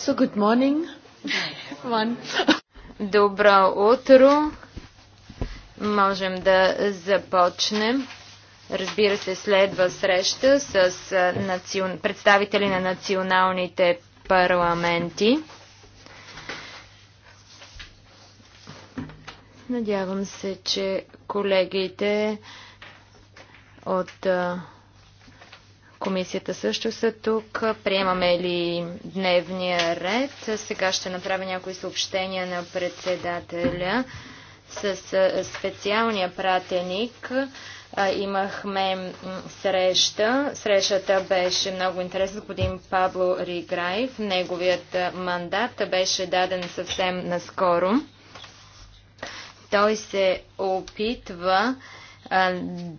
So good morning. Добро утро. Можем да започнем. Разбира се, следва среща с национ... представители на националните парламенти. Надявам се, че колегите от Комисията също са тук. Приемаме ли дневния ред? Сега ще направя някои съобщения на председателя с специалния пратеник. Имахме среща. Срещата беше много интересна. Господин Пабло Риграев. Неговият мандат беше даден съвсем наскоро. Той се опитва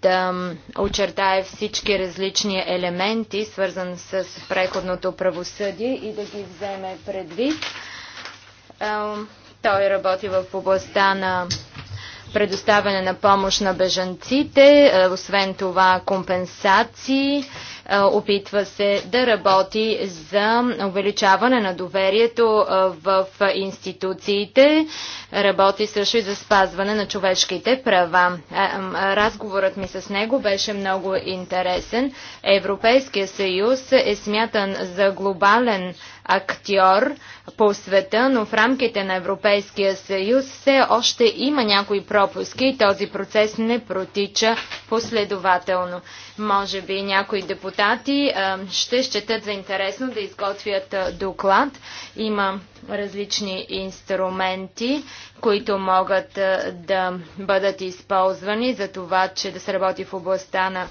да очертае всички различни елементи, свързан с преходното правосъдие и да ги вземе предвид. Той работи в областта на предоставяне на помощ на бежанците, освен това компенсации опитва се да работи за увеличаване на доверието в институциите, работи също и за спазване на човешките права. Разговорът ми с него беше много интересен. Европейския съюз е смятан за глобален актьор по света, но в рамките на Европейския съюз все още има някои пропуски и този процес не протича последователно. Може би някои депутати депутати ще считат за интересно да изготвят доклад. Има различни инструменти, които могат да бъдат използвани за това, че да се работи в областта на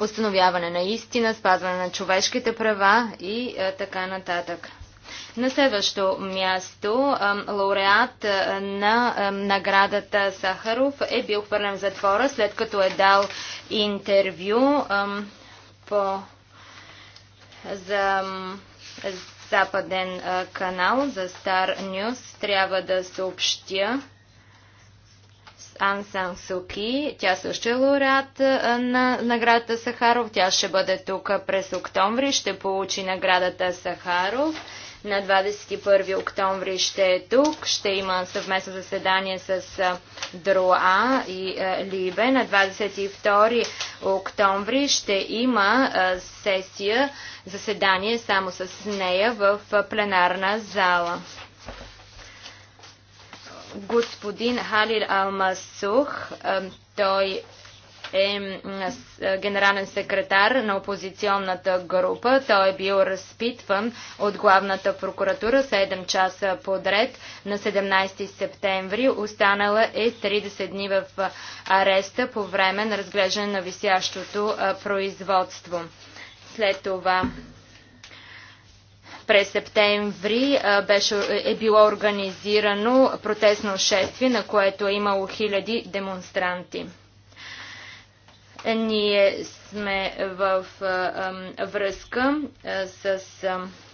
установяване на истина, спазване на човешките права и така нататък. На следващо място лауреат на наградата Сахаров е бил хвърлен в затвора, след като е дал интервю по, за западен канал, за Star News. Трябва да съобщя с Ан Сан Суки. Тя също е лауреат на наградата Сахаров. Тя ще бъде тук през октомври. Ще получи наградата Сахаров на 21 октомври ще е тук. Ще има съвместно заседание с ДРОА и Либе. На 22 октомври ще има сесия, заседание само с нея в пленарна зала. Господин Халил Алмасух, той е, е генерален секретар на опозиционната група. Той е бил разпитван от главната прокуратура 7 часа подред на 17 септември. Останала е 30 дни в е, ареста по време на разглеждане на висящото е, производство. След това през септември беше, е било организирано протестно шествие, на което е имало хиляди демонстранти. Ние сме в връзка с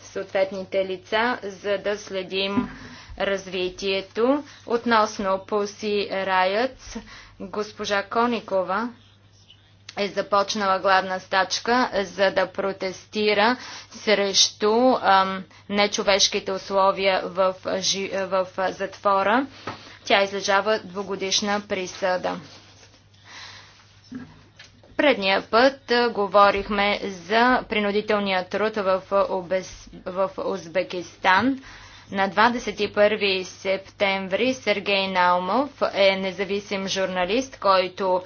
съответните лица, за да следим развитието. Относно Пуси Раяц, госпожа Коникова е започнала гладна стачка, за да протестира срещу нечовешките условия в, в затвора. Тя излежава двогодишна присъда. Предния път говорихме за принудителния труд в, Обез... в Узбекистан. На 21 септември Сергей Наумов е независим журналист, който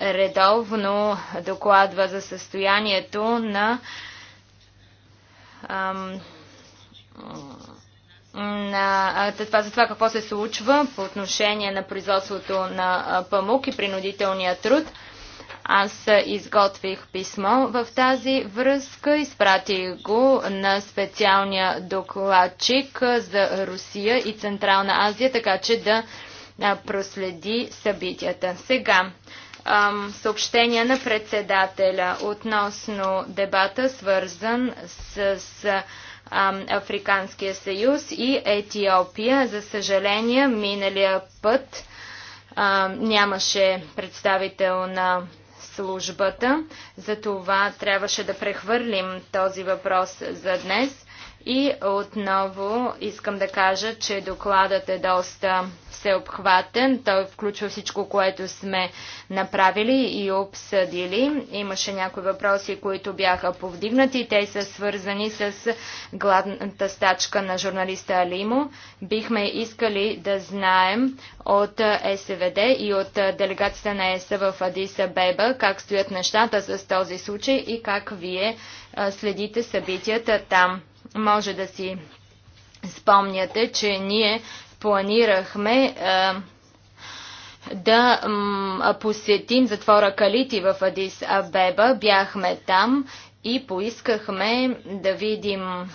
редовно докладва за състоянието на на, това, за това какво се случва по отношение на производството на памук и принудителния труд. Аз изготвих писмо в тази връзка, изпратих го на специалния докладчик за Русия и Централна Азия, така че да проследи събитията. Сега, съобщения на председателя относно дебата, свързан с Африканския съюз и Етиопия. За съжаление, миналия път нямаше представител на службата. За това трябваше да прехвърлим този въпрос за днес. И отново искам да кажа, че докладът е доста всеобхватен. Той включва всичко, което сме направили и обсъдили. Имаше някои въпроси, които бяха повдигнати. Те са свързани с гладната стачка на журналиста Алимо. Бихме искали да знаем от СВД и от делегацията на ЕС в Адиса Беба как стоят нещата с този случай и как вие следите събитията там може да си спомняте, че ние планирахме да посетим затвора Калити в Адис Абеба. Бяхме там и поискахме да видим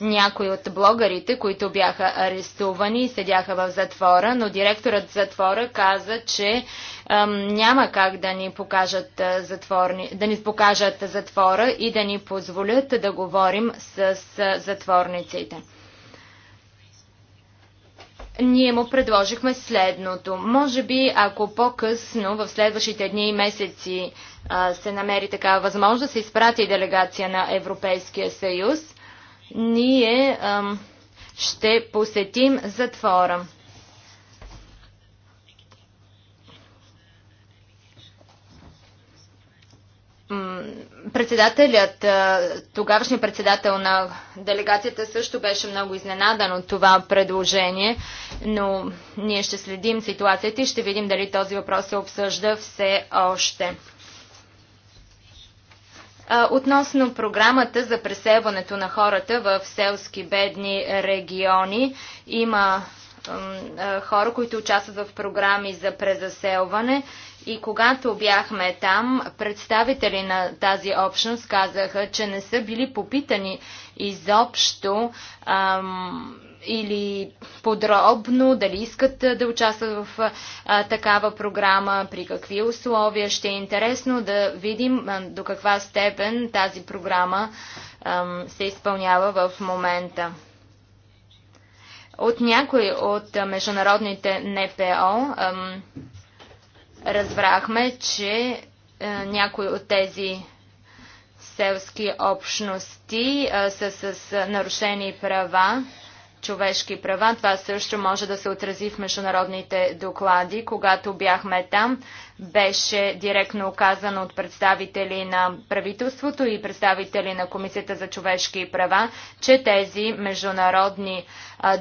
някои от блогърите, които бяха арестувани, седяха в затвора, но директорът затвора каза, че ем, няма как да ни, покажат затворни, да ни покажат затвора и да ни позволят да говорим с, с затворниците. Ние му предложихме следното. Може би, ако по-късно, в следващите дни и месеци, се намери такава възможност, да се изпрати делегация на Европейския съюз ние ам, ще посетим затвора. Председателят, тогавашният председател на делегацията също беше много изненадан от това предложение, но ние ще следим ситуацията и ще видим дали този въпрос се обсъжда все още. Относно програмата за преселването на хората в селски бедни региони, има хора, които участват в програми за презаселване и когато бяхме там, представители на тази общност казаха, че не са били попитани изобщо ам, или подробно, дали искат да участват в а, такава програма, при какви условия. Ще е интересно да видим а, до каква степен тази програма а, се изпълнява в момента. От някои от международните НПО разбрахме, че някои от тези селски общности са с нарушени права човешки права. Това също може да се отрази в международните доклади. Когато бяхме там, беше директно оказано от представители на правителството и представители на Комисията за човешки права, че тези международни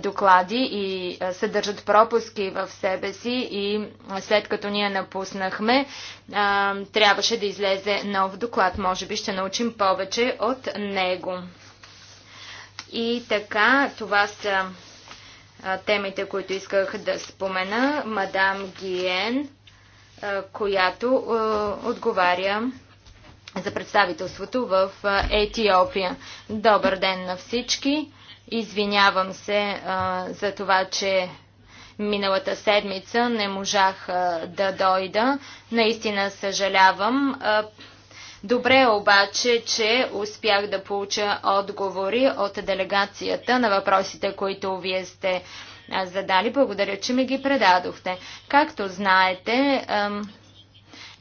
доклади и съдържат пропуски в себе си и след като ние напуснахме, трябваше да излезе нов доклад. Може би ще научим повече от него. И така, това са темите, които исках да спомена. Мадам Гиен, която отговаря за представителството в Етиопия. Добър ден на всички! Извинявам се за това, че миналата седмица не можах да дойда. Наистина съжалявам. Добре е обаче, че успях да получа отговори от делегацията на въпросите, които вие сте задали. Благодаря, че ми ги предадохте. Както знаете,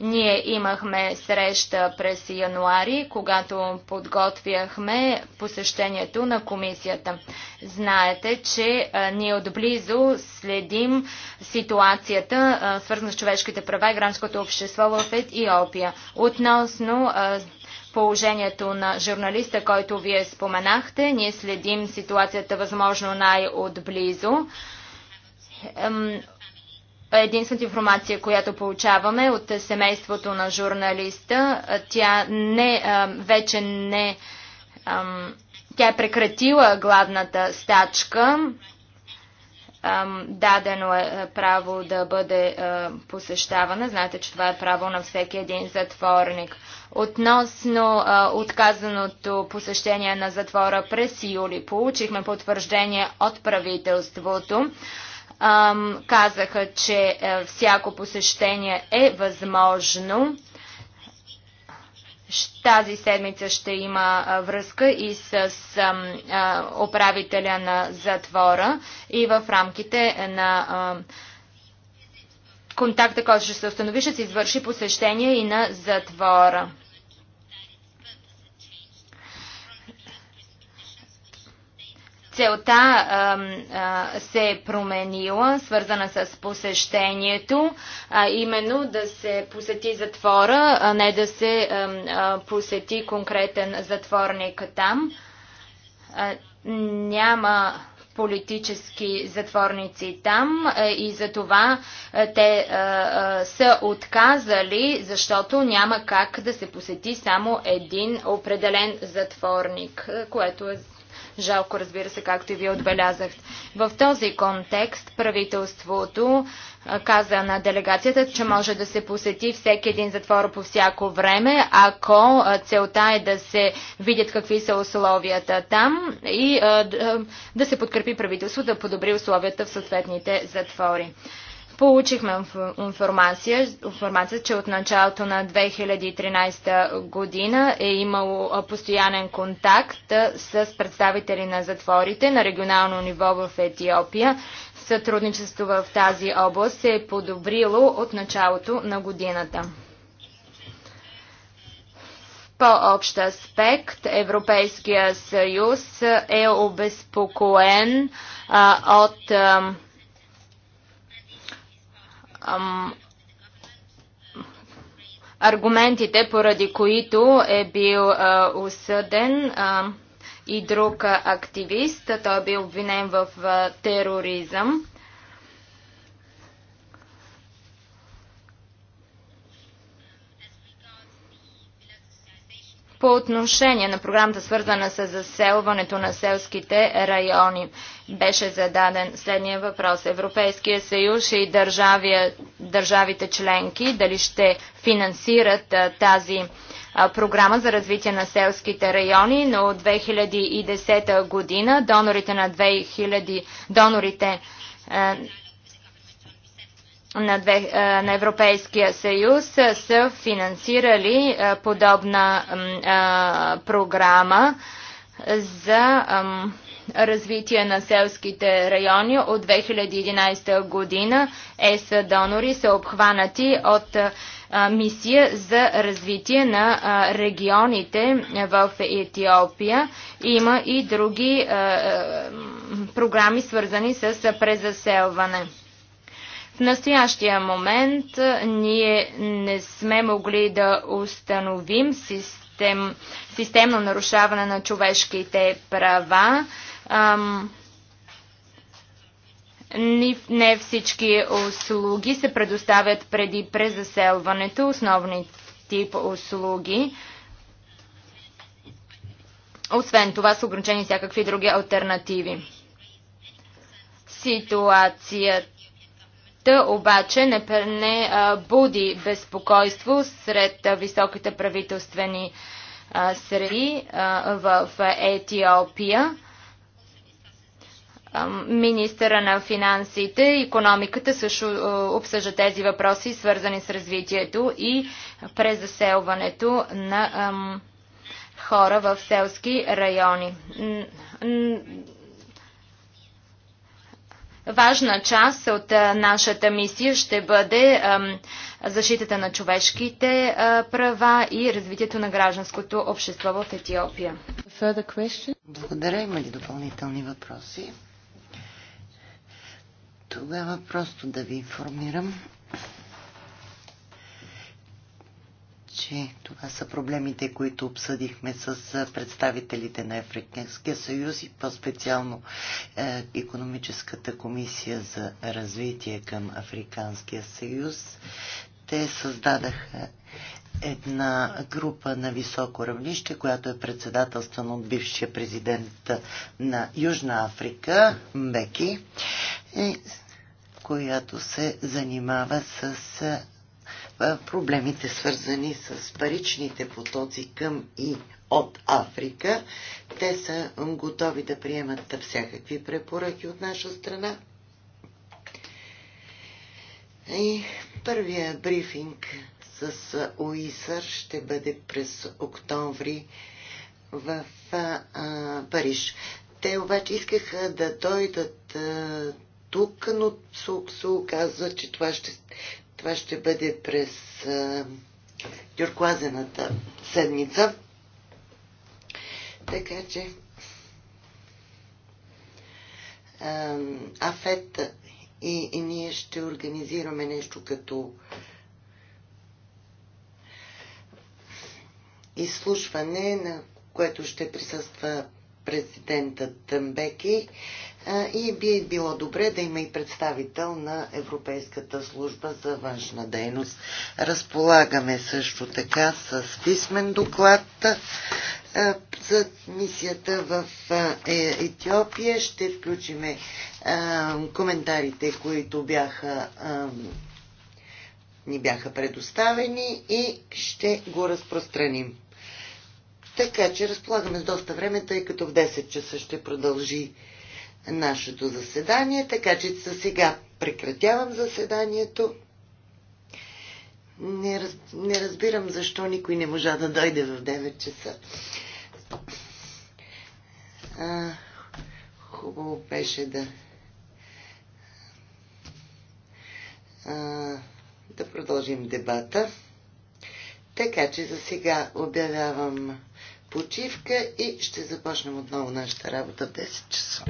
ние имахме среща през януари, когато подготвяхме посещението на комисията. Знаете, че ние отблизо следим ситуацията, свързана с човешките права и гражданското общество в Етиопия. Относно положението на журналиста, който вие споменахте, ние следим ситуацията възможно най-отблизо единствената информация, която получаваме от семейството на журналиста. Тя не, вече не. Тя е прекратила главната стачка. Дадено е право да бъде посещавана. Знаете, че това е право на всеки един затворник. Относно а, отказаното посещение на затвора през юли, получихме потвърждение от правителството. Казаха, че е, всяко посещение е възможно. Тази седмица ще има връзка и с управителя на затвора и в рамките на контакта, който ще се установи, ще се извърши посещение и на затвора. Целта а, а, се е променила, свързана с посещението, а именно да се посети затвора, а не да се а, а, посети конкретен затворник там. А, няма политически затворници там и за това те а, а, са отказали, защото няма как да се посети само един определен затворник, което е Жалко, разбира се, както и вие отбелязахте. В този контекст правителството каза на делегацията, че може да се посети всеки един затвор по всяко време, ако целта е да се видят какви са условията там и да се подкрепи правителството да подобри условията в съответните затвори. Получихме информация, информация, че от началото на 2013 година е имало постоянен контакт с представители на затворите на регионално ниво в Етиопия. Сътрудничество в тази област се е подобрило от началото на годината. В по-общ аспект Европейския съюз е обезпокоен а, от а, ам, аргументите, поради които е бил а, осъден а, и друг активист. Той е бил обвинен в а, тероризъм. по отношение на програмата свързана с заселването на селските райони. Беше зададен следния въпрос. Европейския съюз и държавия, държавите членки дали ще финансират а, тази а, програма за развитие на селските райони, но от 2010 година донорите на 2000, донорите на, две, на Европейския съюз са финансирали подобна програма за развитие на селските райони от 2011 година. с донори са обхванати от мисия за развитие на регионите в Етиопия. Има и други програми, свързани с презаселване. В настоящия момент ние не сме могли да установим систем, системно нарушаване на човешките права. Ам, не всички услуги се предоставят преди презаселването, основни тип услуги. Освен това са ограничени всякакви други альтернативи. Ситуацията Та обаче не, не буди безпокойство сред високите правителствени среди в Етиопия. Министъра на финансите и економиката също обсъжда тези въпроси, свързани с развитието и презаселването на хора в селски райони. Важна част от нашата мисия ще бъде защитата на човешките права и развитието на гражданското общество в Етиопия. Благодаря. Има ли допълнителни въпроси? Тогава просто да ви информирам, че това са проблемите, които обсъдихме с представителите на Африканския съюз и по-специално е, економическата комисия за развитие към Африканския съюз. Те създадаха една група на високо равнище, която е председателствана от бившия президент на Южна Африка, Мбеки, която се занимава с проблемите свързани с паричните потоци към и от Африка. Те са готови да приемат всякакви препоръки от наша страна. И първия брифинг с УИСър ще бъде през октомври в а, а, Париж. Те обаче искаха да дойдат а, тук, но се оказва, че това ще това ще бъде през тюркуазената седмица. Така че Афет и, и ние ще организираме нещо като изслушване, на което ще присъства президента Тъмбеки и би било добре да има и представител на Европейската служба за външна дейност. Разполагаме също така с писмен доклад за мисията в е, Етиопия. Ще включиме коментарите, които бяха ни бяха предоставени и ще го разпространим. Така че разполагаме с доста време, тъй като в 10 часа ще продължи нашето заседание. Така че за сега прекратявам заседанието. Не, раз, не разбирам защо никой не можа да дойде в 9 часа. А, хубаво беше да. А, да продължим дебата. Така че за сега обявявам почивка и ще започнем отново нашата работа в 10 часа.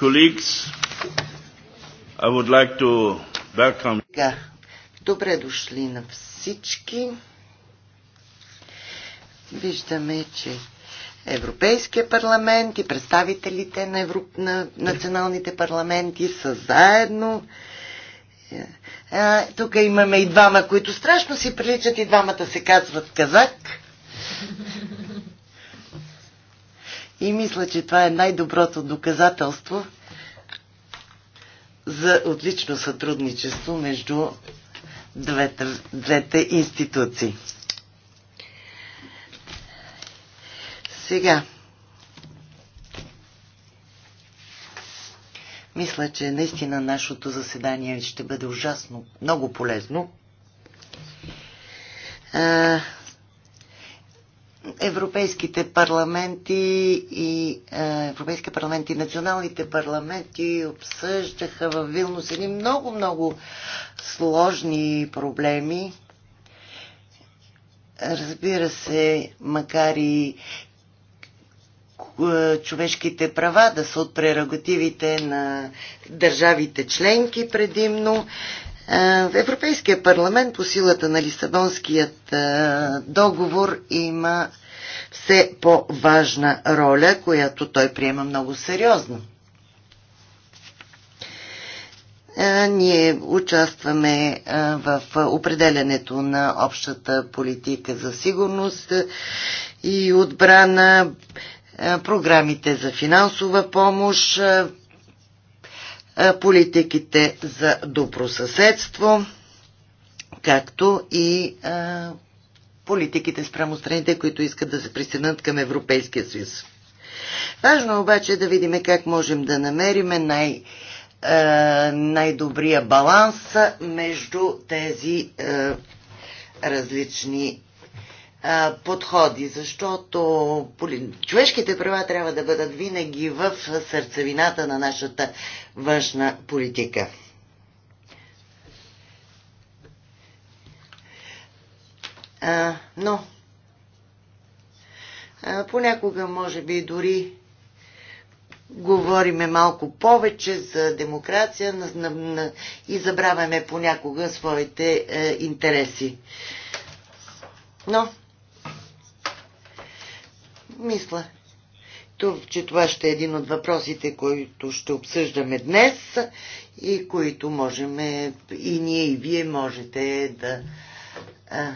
Colleagues, I would like to welcome... Добре дошли на всички. Виждаме, че Европейския парламент и представителите на, Евро... на националните парламенти са заедно. Е, а, тук имаме и двама, които страшно си приличат и двамата се казват казак. мисля, че това е най-доброто доказателство за отлично сътрудничество между двете, двете институции. Сега, мисля, че наистина нашето заседание ще бъде ужасно, много полезно. А, европейските парламенти и е, Европейски парламент и националните парламенти обсъждаха в Вилнус едни много-много сложни проблеми. Разбира се, макар и е, човешките права да са от прерогативите на държавите членки предимно, в е, Европейския парламент по силата на Лисабонският договор има все по-важна роля, която той приема много сериозно. Е, ние участваме е, в определенето на общата политика за сигурност и отбрана, е, програмите за финансова помощ, политиките за добросъседство, както и политиките спрямо страните, които искат да се присъединят към Европейския съюз. Важно е обаче е да видим как можем да намериме най- е, най-добрия баланс между тези е, различни е, подходи, защото човешките права трябва да бъдат винаги в сърцевината на нашата външна политика. А, но а, понякога, може би, дори говориме малко повече за демокрация на, на, и забравяме понякога своите е, интереси. Но, мисля, че това ще е един от въпросите, които ще обсъждаме днес и които можем и ние и вие можете да а,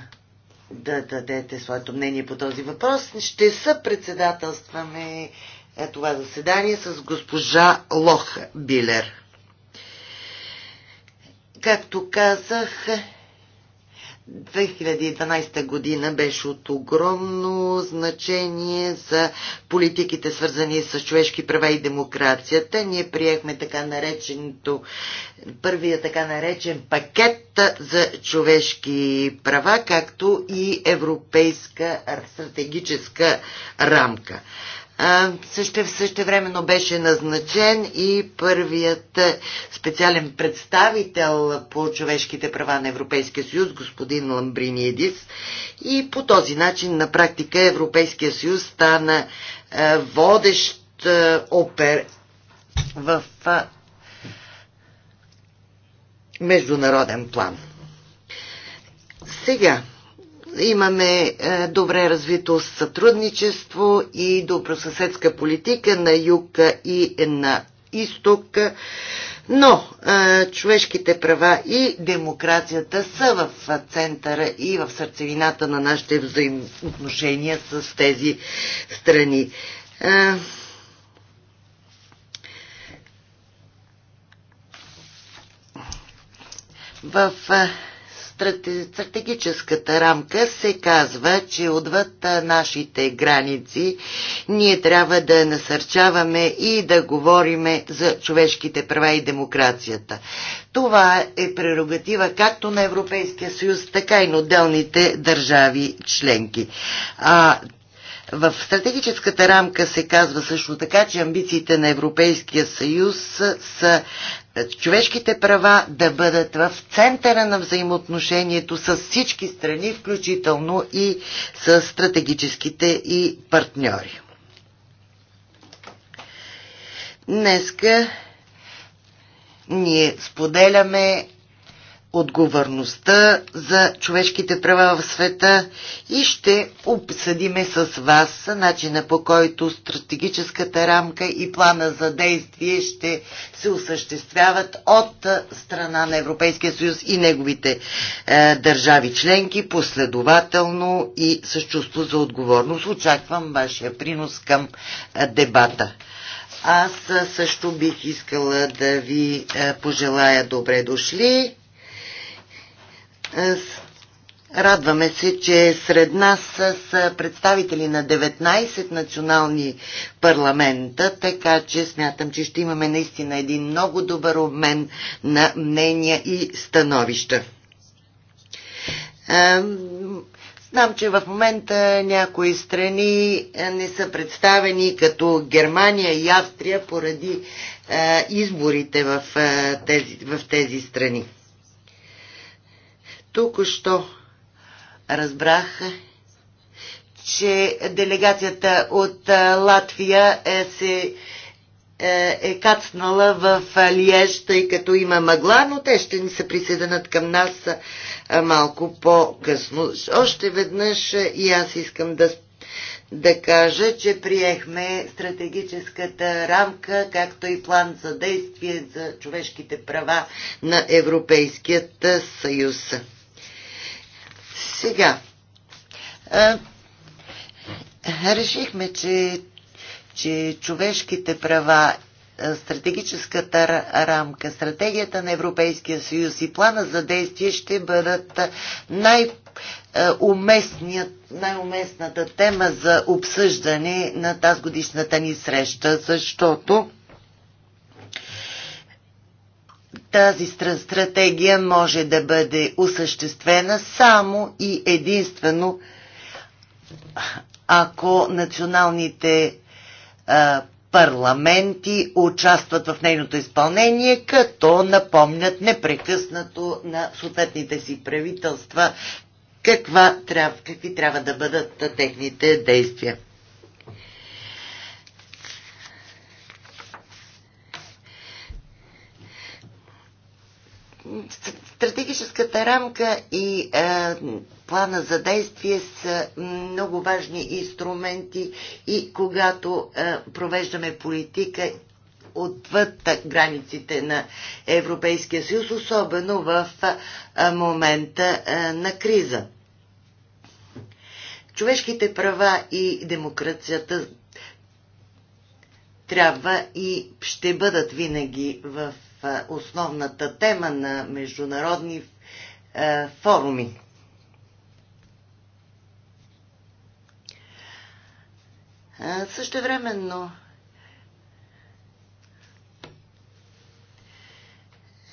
да дадете своето мнение по този въпрос. Ще съпредседателстваме е, това заседание с госпожа Лох Билер. Както казах, 2012 година беше от огромно значение за политиките свързани с човешки права и демокрацията. Ние приехме така нареченото, първия така наречен пакет за човешки права, както и европейска стратегическа рамка. Също, същевременно беше назначен и първият е, специален представител по човешките права на Европейския съюз, господин Ламбриниедис. И по този начин на практика Европейския съюз стана е, водещ е, опер в международен план. Сега, Имаме е, добре развито сътрудничество и добросъседска политика на юг и на изток, но е, човешките права и демокрацията са в центъра и в сърцевината на нашите взаимоотношения с тези страни. Е, в стратегическата рамка се казва, че отвъд нашите граници ние трябва да насърчаваме и да говориме за човешките права и демокрацията. Това е прерогатива както на Европейския съюз, така и на отделните държави членки. А, в стратегическата рамка се казва също така, че амбициите на Европейския съюз са човешките права да бъдат в центъра на взаимоотношението с всички страни, включително и с стратегическите и партньори. Днеска ние споделяме отговорността за човешките права в света и ще обсъдиме с вас начина по който стратегическата рамка и плана за действие ще се осъществяват от страна на Европейския съюз и неговите е, държави членки последователно и с чувство за отговорност. Очаквам вашия принос към е, дебата. Аз също бих искала да ви е, пожелая добре дошли. Радваме се, че сред нас са представители на 19 национални парламента, така че смятам, че ще имаме наистина един много добър обмен на мнения и становища. Знам, че в момента някои страни не са представени като Германия и Австрия поради изборите в тези, в тези страни. Току-що разбрах, че делегацията от Латвия е се е, е кацнала в Лиеж, тъй като има мъгла, но те ще ни се присъединят към нас малко по-късно. Още веднъж и аз искам да, да кажа, че приехме стратегическата рамка, както и план за действие за човешките права на Европейският съюз. Сега, а, решихме, че, че човешките права стратегическата рамка, стратегията на Европейския съюз и плана за действие ще бъдат най- най-уместната тема за обсъждане на тази годишната ни среща, защото Тази стратегия може да бъде осъществена само и единствено ако националните а, парламенти участват в нейното изпълнение, като напомнят непрекъснато на съответните си правителства каква, какви трябва да бъдат техните действия. стратегическата рамка и е, плана за действие са много важни инструменти и когато е, провеждаме политика отвъд границите на Европейския съюз, особено в е, момента е, на криза. Човешките права и демокрацията трябва и ще бъдат винаги в е, основната тема на международни е, форуми. Е, Също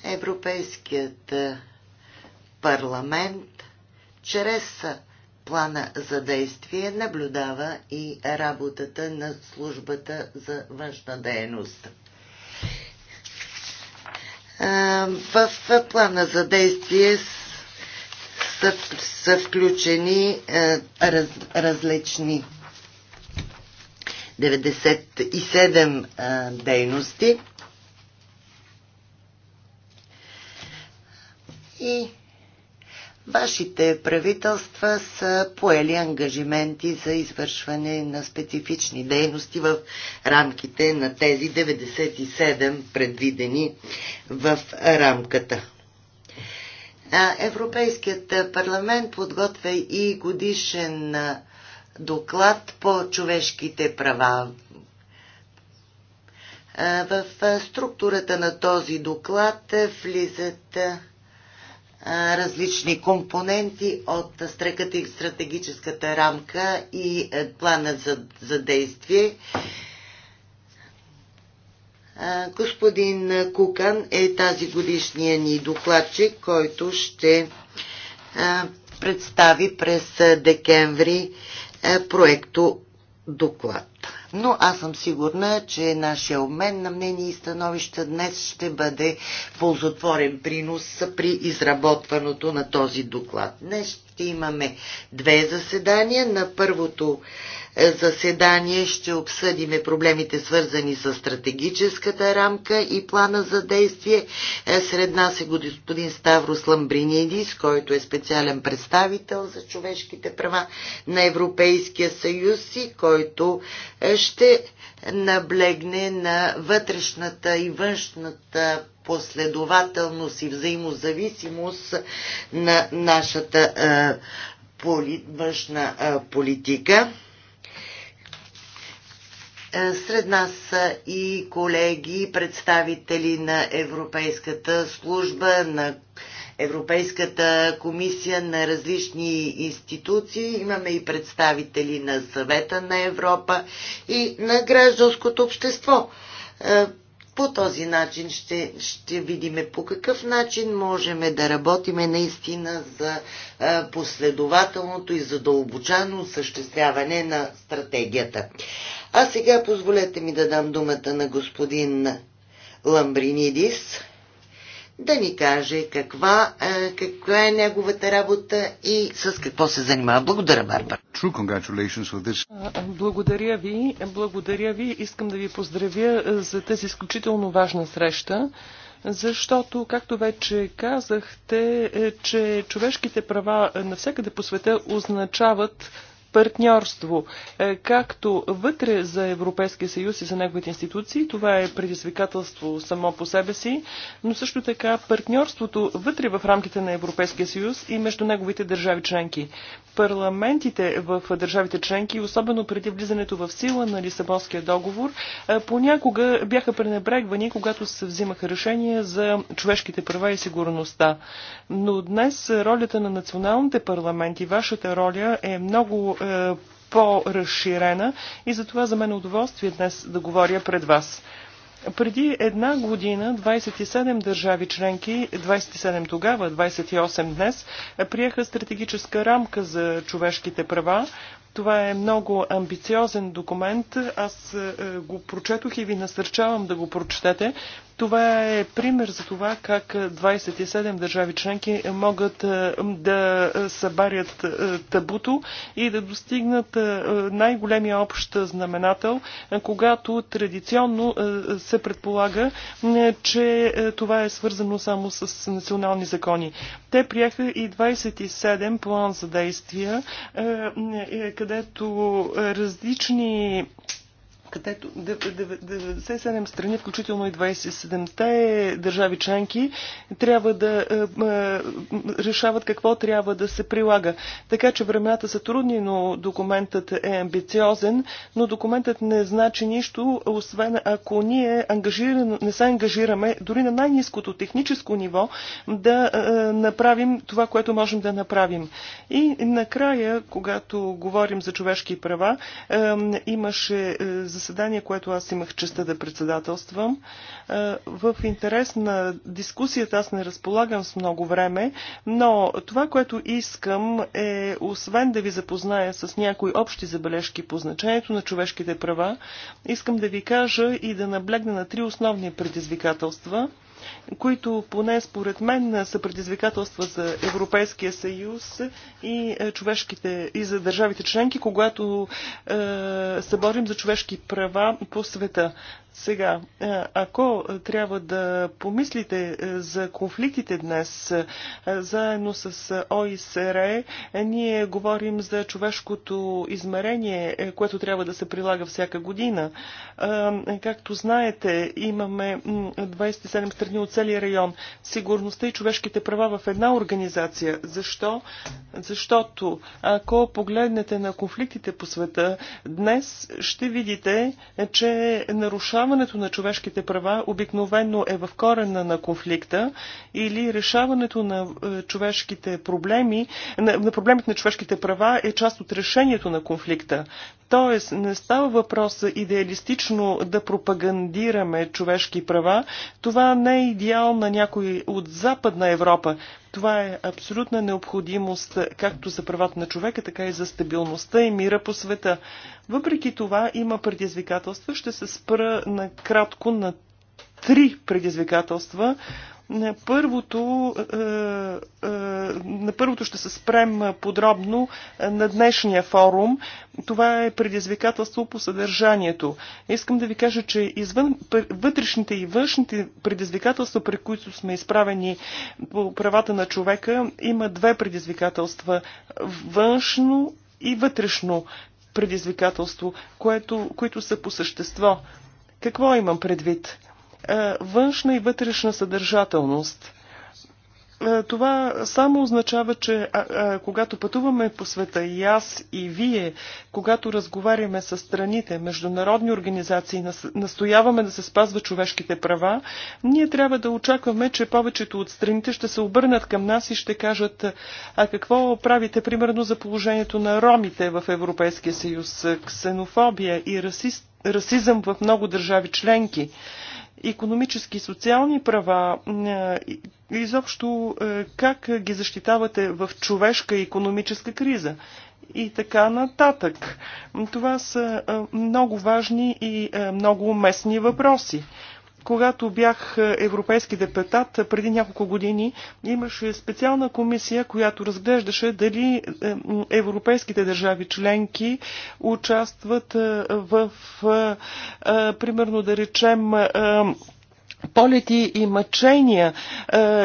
Европейският парламент чрез плана за действие наблюдава и работата на службата за външна дейност. В плана за действие са, са включени е, раз, различни 97 е, дейности. И Вашите правителства са поели ангажименти за извършване на специфични дейности в рамките на тези 97 предвидени в рамката. Европейският парламент подготвя и годишен доклад по човешките права. В структурата на този доклад влизат различни компоненти от стратегическата рамка и е, плана за, за действие. Господин Кукан е тази годишния ни докладчик, който ще е, представи през декември е, проекто доклад но аз съм сигурна, че нашия обмен на мнение и становища днес ще бъде ползотворен принос при изработването на този доклад. Днес ще имаме две заседания. На първото заседание ще обсъдиме проблемите свързани с стратегическата рамка и плана за действие. Е, сред нас е господин Ставрос Ламбринидис, който е специален представител за човешките права на Европейския съюз и който е, ще наблегне на вътрешната и външната последователност и взаимозависимост на нашата е, външна политика. Е, сред нас са и колеги, представители на Европейската служба, на Европейската комисия, на различни институции. Имаме и представители на съвета на Европа и на гражданското общество. Е, по този начин ще, ще видим по какъв начин можем да работиме наистина за последователното и задълбочано осъществяване на стратегията. А сега позволете ми да дам думата на господин Ламбринидис да ни каже каква, е, каква е неговата работа и с какво се занимава. Благодаря, Барбар. Благодаря ви. Благодаря ви. Искам да ви поздравя е, за тази изключително важна среща защото, както вече казахте, е, че човешките права навсякъде по света означават партньорство, е, както вътре за Европейския съюз и за неговите институции. Това е предизвикателство само по себе си, но също така партньорството вътре в рамките на Европейския съюз и между неговите държави членки. Парламентите в държавите членки, особено преди влизането в сила на Лисабонския договор, е, понякога бяха пренебрегвани, когато се взимаха решения за човешките права и сигурността. Но днес ролята на националните парламенти, вашата роля е много е, е, по-разширена и затова за мен е удоволствие днес да говоря пред вас. Преди една година 27 държави членки, 27 тогава, 28 днес, приеха стратегическа рамка за човешките права. Това е много амбициозен документ. Аз е, го прочетох и ви насърчавам да го прочетете, това е пример за това как 27 държави членки могат е, да събарят е, табуто и да достигнат е, най-големия общ знаменател, когато традиционно се предполага, че това е свързано само с национални закони. Те приеха и 27 план за действия, където различни където 97 страни, включително и 27-те държави членки, трябва да е, е, решават какво трябва да се прилага. Така че времената са трудни, но документът е амбициозен, но документът не значи нищо, освен ако ние не се ангажираме дори на най-низкото техническо ниво да е, направим това, което можем да направим. И накрая, когато говорим за човешки права, имаше за заседание, което аз имах честа да председателствам. Е, в интерес на дискусията аз не разполагам с много време, но това, което искам е, освен да ви запозная с някои общи забележки по значението на човешките права, искам да ви кажа и да наблегна на три основни предизвикателства – които поне според мен са предизвикателства за Европейския съюз и е, човешките и за държавите членки, когато е, се борим за човешки права по света. Сега, е, ако трябва да помислите е, за конфликтите днес, е, заедно с ОИСР, ние говорим за човешкото измерение, което трябва да се прилага всяка година. Както знаете, имаме 27 страни от целия район. Сигурността и човешките права в една организация. Защо? Защото ако погледнете на конфликтите по света, днес ще видите, че нарушава нарушаването на човешките права обикновено е в корена на конфликта или решаването на е, човешките проблеми, на проблемите на човешките права е част от решението на конфликта. Тоест, не става въпрос идеалистично да пропагандираме човешки права. Това не е идеал на някой от Западна Европа. Това е абсолютна необходимост както за правата на човека, така и за стабилността и мира по света. Въпреки това има предизвикателства. Ще се спра накратко на три предизвикателства, на първото, е, е, на първото ще се спрем подробно е, на днешния форум. Това е предизвикателство по съдържанието. Искам да ви кажа, че извън вътрешните и външните предизвикателства, при които сме изправени по правата на човека, има две предизвикателства. Външно и вътрешно предизвикателство, което, които са по същество. Какво имам предвид? Е, външна и вътрешна съдържателност. Е, това само означава, че а, а, когато пътуваме по света и аз и вие, когато разговаряме с страните, международни организации, настояваме да се спазва човешките права, ние трябва да очакваме, че повечето от страните ще се обърнат към нас и ще кажат а какво правите примерно за положението на ромите в Европейския съюз, ксенофобия и расист, расизъм в много държави членки економически и социални права, е, изобщо е, как ги защитавате в човешка и економическа криза и така нататък. Това са е, много важни и много уместни въпроси. Когато бях европейски депутат преди няколко години, имаше специална комисия, която разглеждаше дали е, европейските държави членки участват е, в, е, примерно да речем, полети и мъчения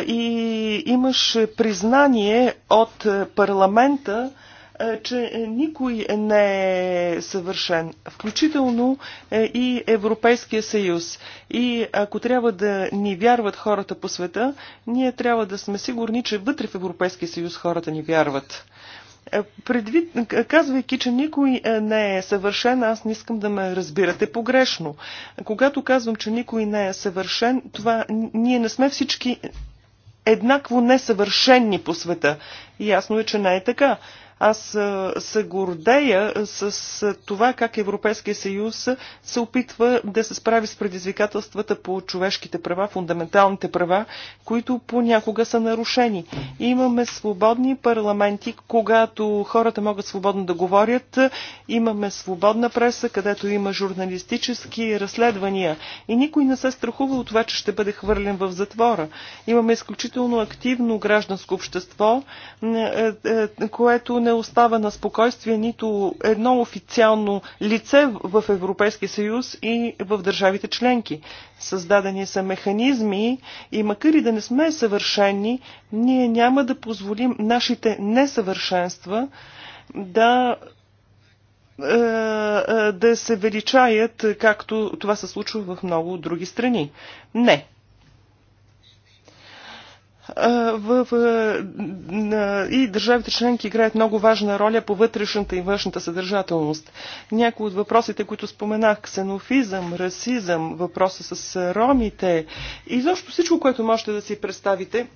и имаше признание от парламента, е, че никой не е съвършен, включително е, и Европейския съюз. И ако трябва да ни вярват хората по света, ние трябва да сме сигурни, че вътре в Европейския съюз хората ни вярват. Е, предвид, казвайки, че никой не е съвършен, аз не искам да ме разбирате погрешно. Когато казвам, че никой не е съвършен, това ние не сме всички еднакво несъвършенни по света. Ясно е, че не е така. Аз се гордея с това как Европейския съюз се опитва да се справи с предизвикателствата по човешките права, фундаменталните права, които понякога са нарушени. Имаме свободни парламенти, когато хората могат свободно да говорят. Имаме свободна преса, където има журналистически разследвания. И никой не се страхува от това, че ще бъде хвърлен в затвора. Имаме изключително активно гражданско общество, е, е, е, което не остава на спокойствие нито едно официално лице в Европейския съюз и в държавите членки. Създадени са механизми и макар и да не сме съвършени, ние няма да позволим нашите несъвършенства да е, е, да се величаят, както това се случва в много други страни. Не, в, в, и държавите членки играят много важна роля по вътрешната и външната съдържателност. Някои от въпросите, които споменах, ксенофизъм, расизъм, въпроса с ромите и защо всичко, което можете да си представите,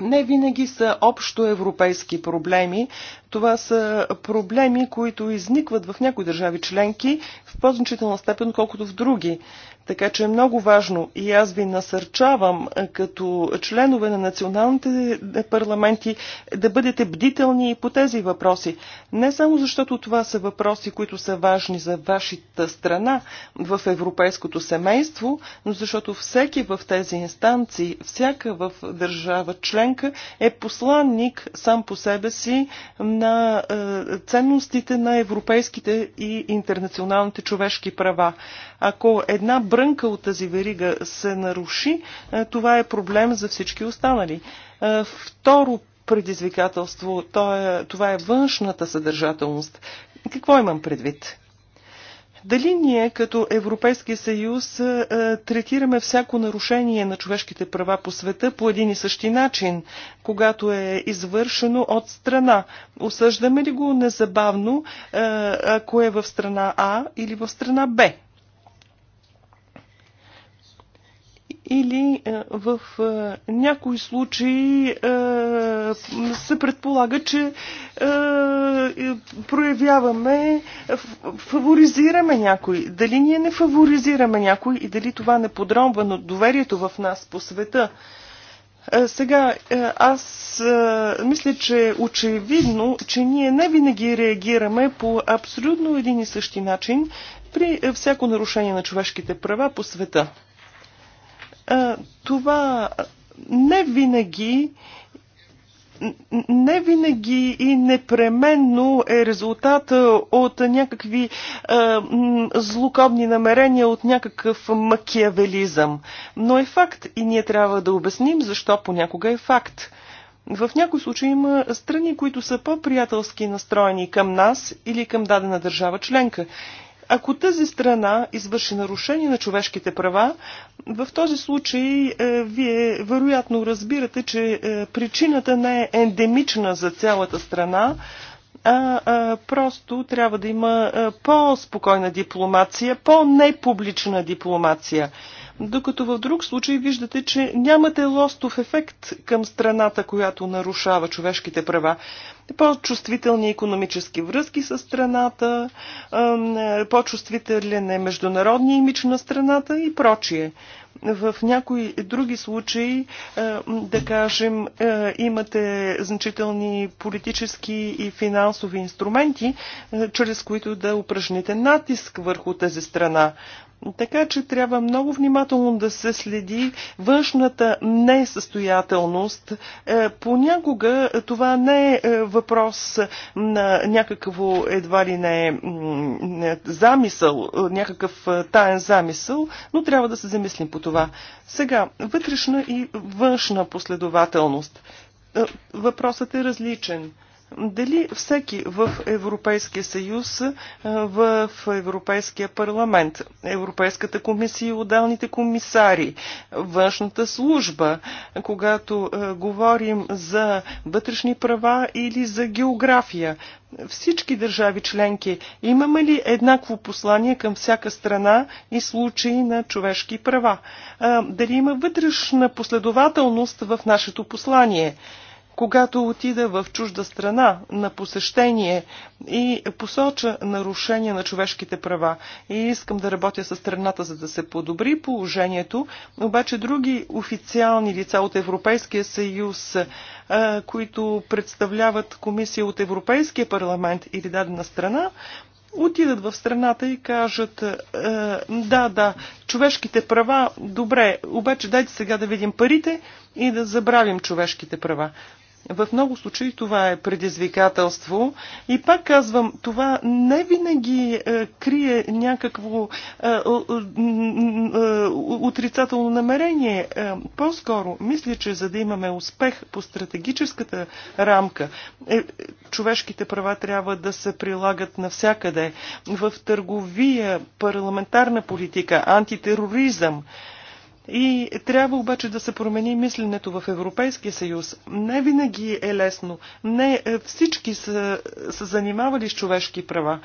не винаги са общо европейски проблеми. Това са проблеми, които изникват в някои държави членки в по-значителна степен, колкото в други. Така че е много важно и аз ви насърчавам е, като членове на националните е, парламенти да бъдете бдителни и по тези въпроси. Не само защото това са въпроси, които са важни за вашата страна в европейското семейство, но защото всеки в тези инстанции, всяка в държава членка е посланник сам по себе си на е, ценностите на европейските и интернационалните човешки права. Ако една брънка от тази верига се наруши, е, това е проблем за всички останали. Е, второ предизвикателство, е, това е външната съдържателност. Какво имам предвид? Дали ние като Европейски съюз третираме всяко нарушение на човешките права по света по един и същи начин, когато е извършено от страна? Осъждаме ли го незабавно, ако е в страна А или в страна Б? или е, в е, някои случаи е, се предполага, че проявяваме, фаворизираме някой. Дали ние не фаворизираме някой и дали това не подромва на доверието в нас по света? Сега, аз мисля, че е очевидно, че ние не винаги реагираме по абсолютно един и същи начин при всяко нарушение на човешките права по света това не винаги не винаги и непременно е резултат от някакви е, злокобни намерения, от някакъв макиавелизъм. Но е факт и ние трябва да обясним защо понякога е факт. В някои случаи има страни, които са по-приятелски настроени към нас или към дадена държава членка. Ако тази страна извърши нарушение на човешките права, в този случай е, вие вероятно разбирате, че е, причината не е ендемична за цялата страна, а, а просто трябва да има е, по-спокойна дипломация, по-непублична дипломация докато в друг случай виждате, че нямате лостов ефект към страната, която нарушава човешките права. По-чувствителни економически връзки с страната, по-чувствителен е международния имидж на страната и прочие. В някои други случаи, да кажем, е, имате значителни политически и финансови инструменти, е, чрез които да упражните натиск върху тази страна. Така че трябва много внимателно да се следи външната несъстоятелност. Е, понякога това не е, е въпрос на някакво едва ли не замисъл, е, някакъв таен замисъл, но трябва да се замислим по това. Сега, вътрешна и външна последователност. Въпросът е различен. Дали всеки в Европейския съюз, в Европейския парламент, Европейската комисия и отделните комисари, външната служба, когато говорим за вътрешни права или за география, всички държави членки, имаме ли еднакво послание към всяка страна и случаи на човешки права? Дали има вътрешна последователност в нашето послание? Когато отида в чужда страна на посещение и посоча нарушение на човешките права и искам да работя с страната, за да се подобри положението, обаче други официални лица от Европейския съюз, които представляват комисия от Европейския парламент или дадена страна, отидат в страната и кажат е, да, да, човешките права, добре, обаче дайте сега да видим парите и да забравим човешките права. В много случаи това е предизвикателство. И пак казвам, това не винаги е, крие някакво е, е, е, отрицателно намерение. Е, по-скоро, мисля, че за да имаме успех по стратегическата рамка, е, човешките права трябва да се прилагат навсякъде. В търговия, парламентарна политика, антитероризъм. Е, и трябва обаче да се промени мисленето в Европейския съюз. Не винаги е лесно. Не е, всички са, са занимавали с човешки права.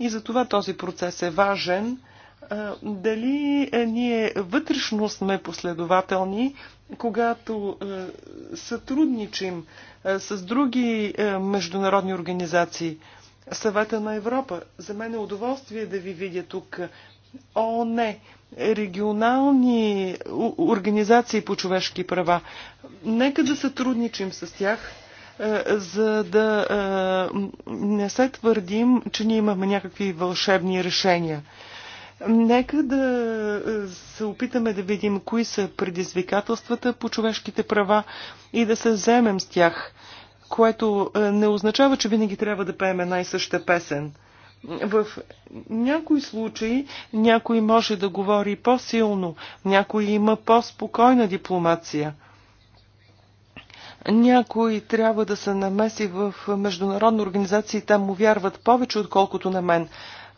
И за това този процес е важен. Дали е, ние вътрешно сме последователни, когато е, сътрудничим с други международни организации? Съвета на Европа. За мен е удоволствие да ви видя тук. ООН, регионални организации по човешки права. Нека да сътрудничим с тях, е, за да е, не се твърдим, че ние имаме някакви вълшебни решения. Нека да е, се опитаме да видим кои са предизвикателствата по човешките права и да се вземем с тях, което не означава, че винаги трябва да пеем най-съща песен – в някои случаи някой може да говори по-силно, някой има по-спокойна дипломация. Някой трябва да се намеси в международна организация и там му вярват повече, отколкото на мен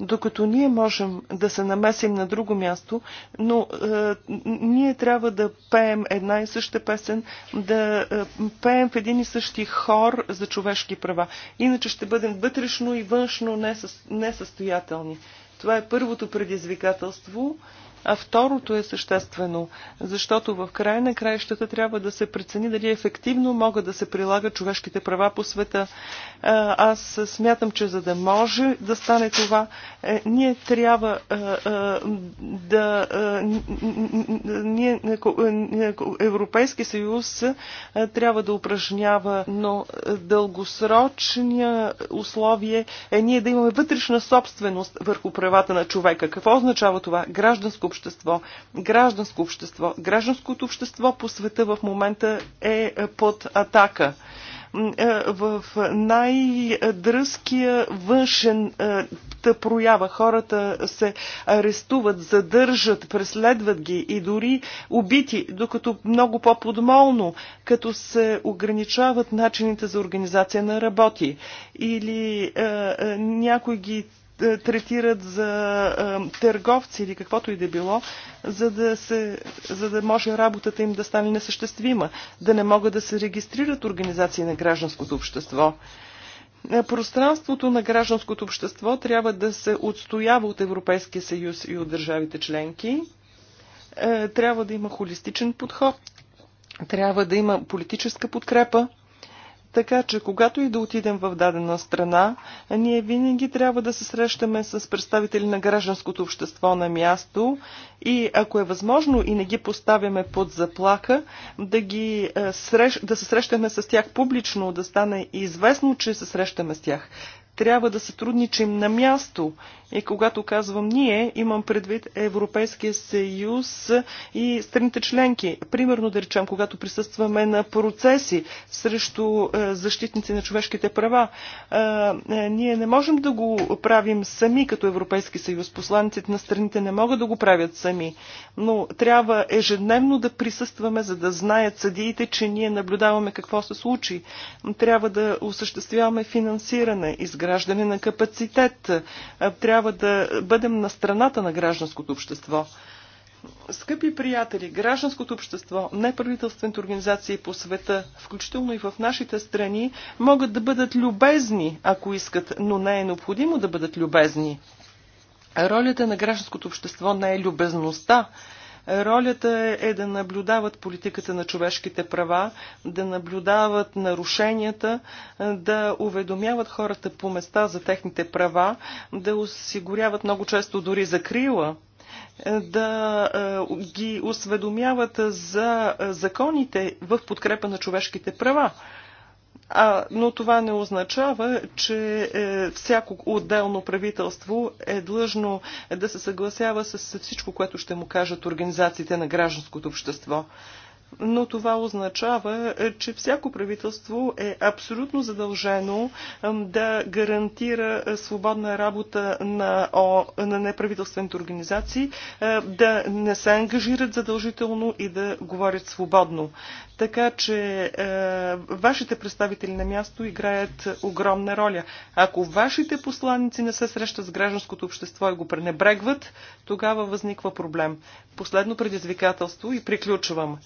докато ние можем да се намесим на друго място, но е, ние трябва да пеем една и съща песен, да е, пеем в един и същи хор за човешки права. Иначе ще бъдем вътрешно и външно несъс, несъстоятелни. Това е първото предизвикателство. А второто е съществено, защото в края на краищата трябва да се прецени дали ефективно могат да се прилагат човешките права по света. Аз смятам, че за да може да стане това, е, ние трябва да. Ние, Европейски съюз трябва да упражнява, но дългосрочния условие е ние да имаме вътрешна собственост върху правата на човека. Какво означава това? Гражданско общество, гражданско общество. Гражданското общество по света в момента е, е под атака е, в най-дръзкия външен е, проява. Хората се арестуват, задържат, преследват ги и дори убити, докато много по-подмолно, като се ограничават начините за организация на работи. Или е, е, някой ги е, третират за е, търговци или каквото и да било, за да, се, за да може работата им да стане несъществима, да не могат да се регистрират организации на гражданското общество. Е, пространството на гражданското общество трябва да се отстоява от Европейския съюз и от държавите членки. Трябва да има холистичен подход, трябва да има политическа подкрепа така че, когато и да отидем в дадена страна, ние винаги трябва да се срещаме с представители на гражданското общество на място и, ако е възможно и не ги поставяме под заплаха, да, ги, е, да се срещаме с тях публично, да стане известно, че се срещаме с тях. Трябва да сътрудничим на място и когато казвам ние, имам предвид Европейския съюз и страните членки. Примерно, да речем, когато присъстваме на процеси срещу е, защитници на човешките права, е, е, ние не можем да го правим сами като Европейски съюз. Посланиците на страните не могат да го правят сами. Но трябва ежедневно да присъстваме, за да знаят съдиите, че ние наблюдаваме какво се случи. Трябва да осъществяваме финансиране, изграждане на капацитет. Трябва трябва да бъдем на страната на гражданското общество. Скъпи приятели, гражданското общество, неправителствените организации по света, включително и в нашите страни, могат да бъдат любезни, ако искат, но не е необходимо да бъдат любезни. Ролята на гражданското общество не е любезността, Ролята е да наблюдават политиката на човешките права, да наблюдават нарушенията, да уведомяват хората по места за техните права, да осигуряват много често дори закрила да е, ги осведомяват за е, законите в подкрепа на човешките права. А, но това не означава, че е, всяко отделно правителство е длъжно да се съгласява с всичко, което ще му кажат организациите на гражданското общество но това означава, е, че всяко правителство е абсолютно задължено да гарантира е, свободна работа на, О, на неправителствените организации, е, да не се ангажират задължително и да говорят свободно. Така че е, вашите представители на място играят огромна роля. Ако вашите посланници не се срещат с гражданското общество и го пренебрегват, тогава възниква проблем. Последно предизвикателство и приключвам.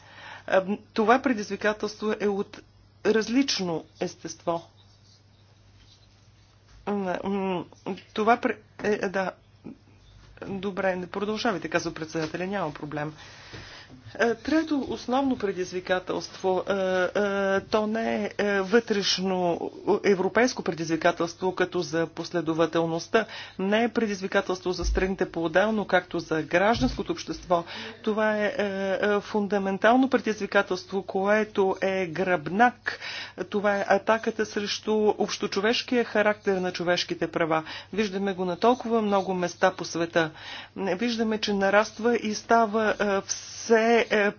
Това предизвикателство е от различно естество. Това. Е, е, да. Добре, не продължавайте, казва председателя, няма проблем. Е, трето основно предизвикателство, е, е, то не е вътрешно европейско предизвикателство, като за последователността, не е предизвикателство за страните по-отделно, както за гражданското общество. Това е фундаментално предизвикателство, което е гръбнак. Това е атаката срещу общочовешкия характер на човешките права. Виждаме го на толкова много места по света. Виждаме, че нараства и става все е, е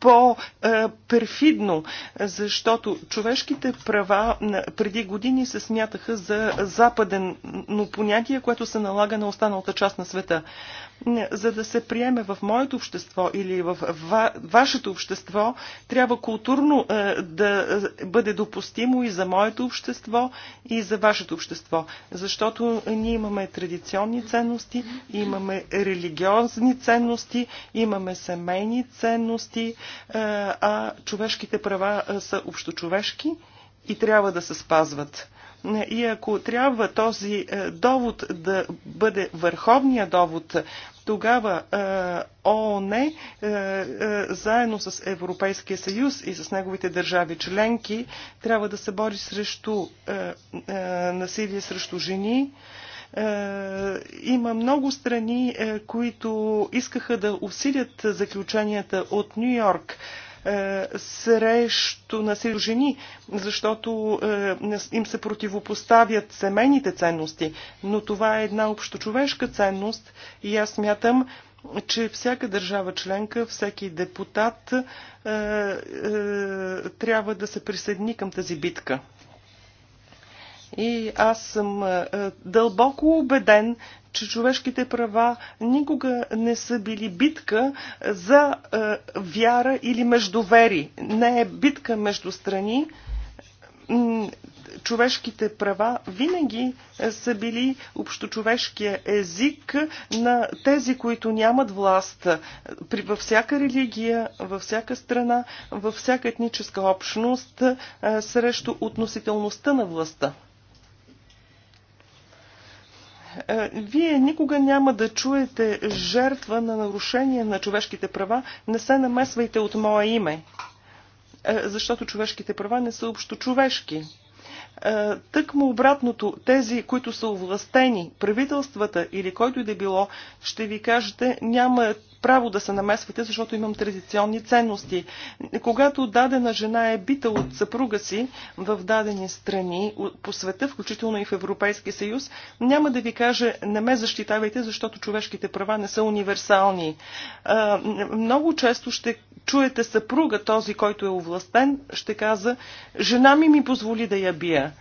по-перфидно, защото човешките права преди години се смятаха за западен понятие, което се налага на останалата част на света за да се приеме в моето общество или в вашето общество, трябва културно е, да бъде допустимо и за моето общество, и за вашето общество. Защото ние имаме традиционни ценности, имаме религиозни ценности, имаме семейни ценности, е, а човешките права е, са общочовешки и трябва да се спазват. И ако трябва този е, довод да бъде върховния довод, тогава е, ООН е, заедно с Европейския съюз и с неговите държави членки трябва да се бори срещу насилие срещу жени има много страни, които искаха да усилят заключенията от Нью Йорк. Е, срещу насилие жени, защото е, им се противопоставят семейните ценности. Но това е една общочовешка ценност и аз смятам, че всяка държава членка, всеки депутат е, трябва да се присъедини към тази битка. И аз съм дълбоко убеден, че човешките права никога не са били битка за е, вяра или междувери. Не е битка между страни. Човешките права винаги е, са били общочовешкия език на тези, които нямат власт при, във всяка религия, във всяка страна, във всяка етническа общност е, срещу относителността на властта. Е, вие никога няма да чуете жертва на нарушение на човешките права. Не се намесвайте от мое име, е, защото човешките права не са общо човешки. Е, тъкмо обратното, тези, които са овластени, правителствата или който и да било, ще ви кажете, няма право да се намесвате, защото имам традиционни ценности. Когато дадена жена е бита от съпруга си в дадени страни по света, включително и в Европейския съюз, няма да ви каже не ме защитавайте, защото човешките права не са универсални. Е, много често ще чуете съпруга, този, който е овластен, ще каза жена ми ми позволи да я бия. Русия.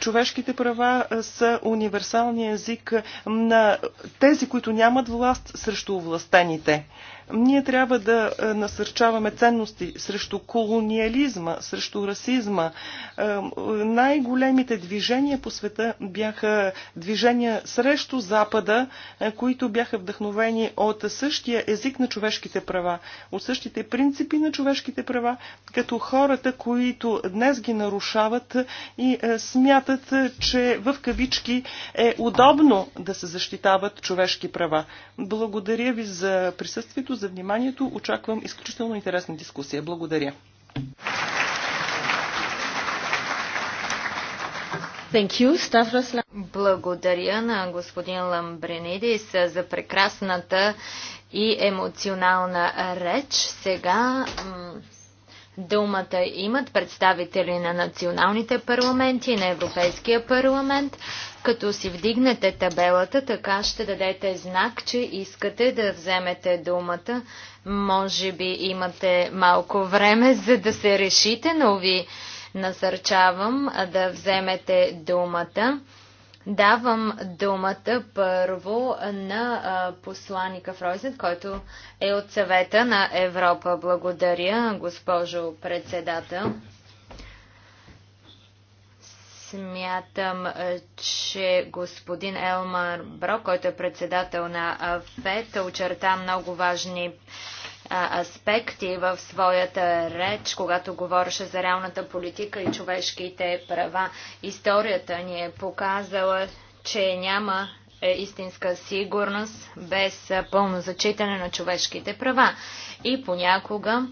Човешките права са универсалния език на тези, които нямат власт срещу властените. Ние трябва да е, насърчаваме ценности срещу колониализма, срещу расизма. Е, най-големите движения по света бяха движения срещу Запада, е, които бяха вдъхновени от същия език на човешките права, от същите принципи на човешките права, като хората, които днес ги нарушават и смятат, че в кавички е удобно да се защитават човешки права. Благодаря ви за присъствието, за вниманието. Очаквам изключително интересна дискусия. Благодаря. Thank you, Stavros. Благодаря на господин Ламбренидис за прекрасната и емоционална реч. Сега думата имат представители на националните парламенти и на Европейския парламент. Като си вдигнете табелата, така ще дадете знак, че искате да вземете думата. Може би имате малко време, за да се решите, но ви насърчавам да вземете думата. Давам думата първо на посланика Фройзен, който е от съвета на Европа. Благодаря, госпожо председател. Смятам, че господин Елмар Бро, който е председател на ФЕТ, очерта много важни аспекти в своята реч, когато говореше за реалната политика и човешките права. Историята ни е показала, че няма е, истинска сигурност без пълно зачитане на човешките права. И понякога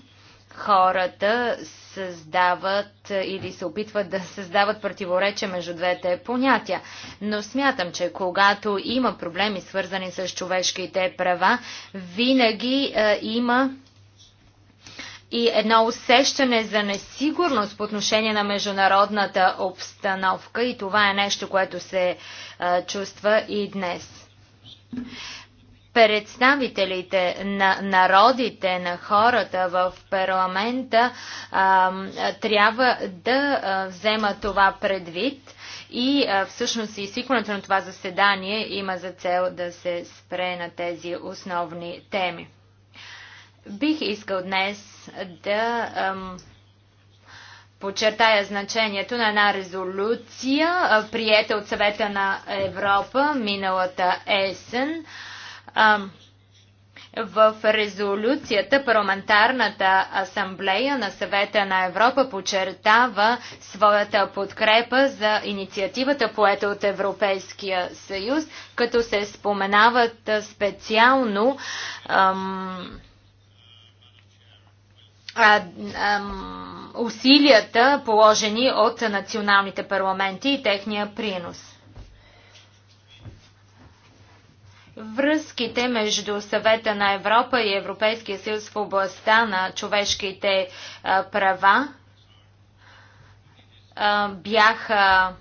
хората създават е, или се опитват да създават противоречия между двете понятия. Но смятам, че когато има проблеми свързани с човешките права, винаги е, има и едно усещане за несигурност по отношение на международната обстановка и това е нещо, което се е, чувства и днес представителите на народите, на хората в парламента а, трябва да взема това предвид и а, всъщност и свикването на това заседание има за цел да се спре на тези основни теми. Бих искал днес да ам, подчертая значението на една резолюция, а, приета от съвета на Европа миналата есен. А, в резолюцията Парламентарната асамблея на съвета на Европа подчертава своята подкрепа за инициативата поета от Европейския съюз, като се споменават специално ам, а, ам, усилията положени от националните парламенти и техния принос. Връзките между съвета на Европа и Европейския съюз в областта на човешките права бяха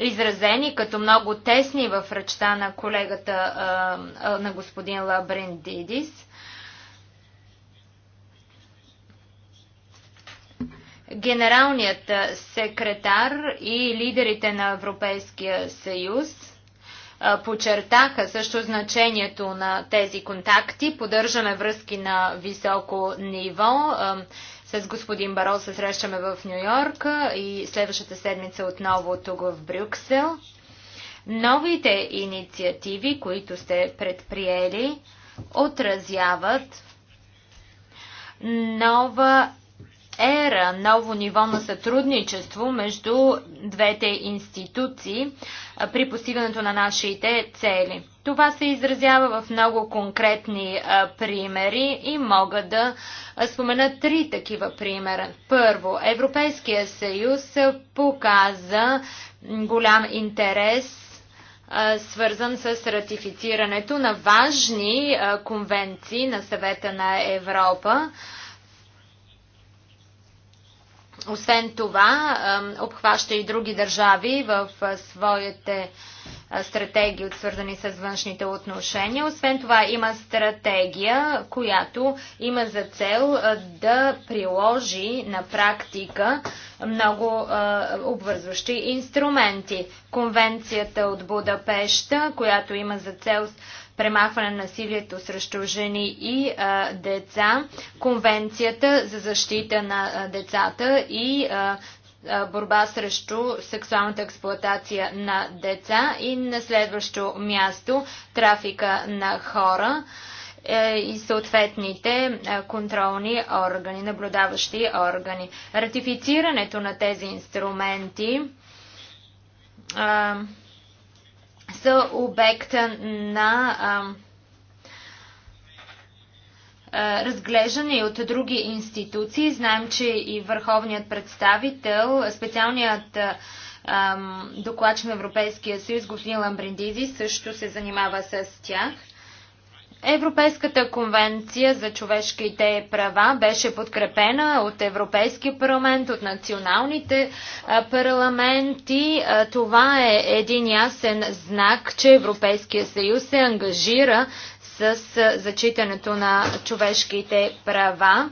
изразени като много тесни в ръчта на колегата на господин Лабрин Дидис. Генералният секретар и лидерите на Европейския съюз подчертаха също значението на тези контакти. Поддържаме връзки на високо ниво. С господин Барол се срещаме в Нью Йорк и следващата седмица отново тук в Брюксел. Новите инициативи, които сте предприели, отразяват нова ера, ново ниво на сътрудничество между двете институции при постигането на нашите цели. Това се изразява в много конкретни а, примери и мога да спомена три такива примера. Първо, Европейския съюз показа голям интерес а, свързан с ратифицирането на важни а, конвенции на съвета на Европа. Освен това, обхваща и други държави в своите стратегии, свързани с външните отношения. Освен това, има стратегия, която има за цел да приложи на практика много обвързващи инструменти. Конвенцията от Будапешта, която има за цел премахване на насилието срещу жени и а, деца, Конвенцията за защита на а, децата и а, борба срещу сексуалната експлоатация на деца и на следващо място трафика на хора е, и съответните контролни органи, наблюдаващи органи. Ратифицирането на тези инструменти са обекта на разглеждане от други институции. Знаем, че и върховният представител, специалният докладчик на Европейския съюз, господин Ламбрендизи, също се занимава с тях. Европейската конвенция за човешките права беше подкрепена от Европейския парламент, от националните парламенти. Това е един ясен знак, че Европейския съюз се ангажира с зачитането на човешките права.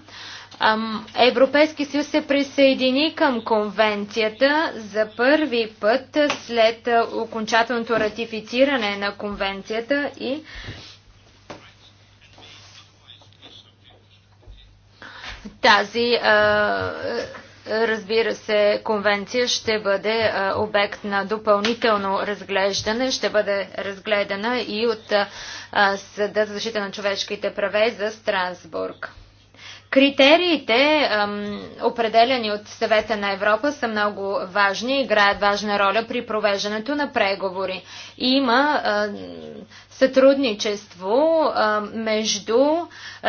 Европейски съюз се присъедини към конвенцията за първи път след окончателното ратифициране на конвенцията и Тази Разбира се, конвенция ще бъде обект на допълнително разглеждане, ще бъде разгледана и от Съда за защита на човешките праве за Страсбург. Критериите, определени от съвета на Европа, са много важни и играят важна роля при провеждането на преговори. Има сътрудничество между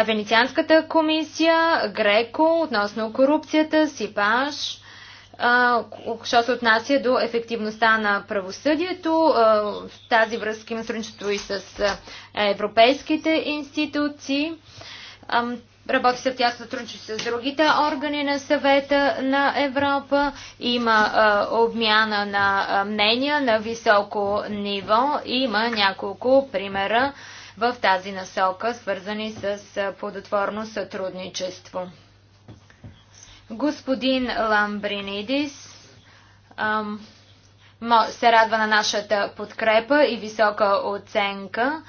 Венецианската комисия, Греко, относно корупцията, СИПАШ, що се отнася до ефективността на правосъдието. В тази връзка има сътрудничество и с европейските институции. Работи се в тясно сътрудничество с другите органи на съвета на Европа. Има а, обмяна на мнения на високо ниво. Има няколко примера в тази насока, свързани с плодотворно сътрудничество. Господин Ламбринидис се радва на нашата подкрепа и висока оценка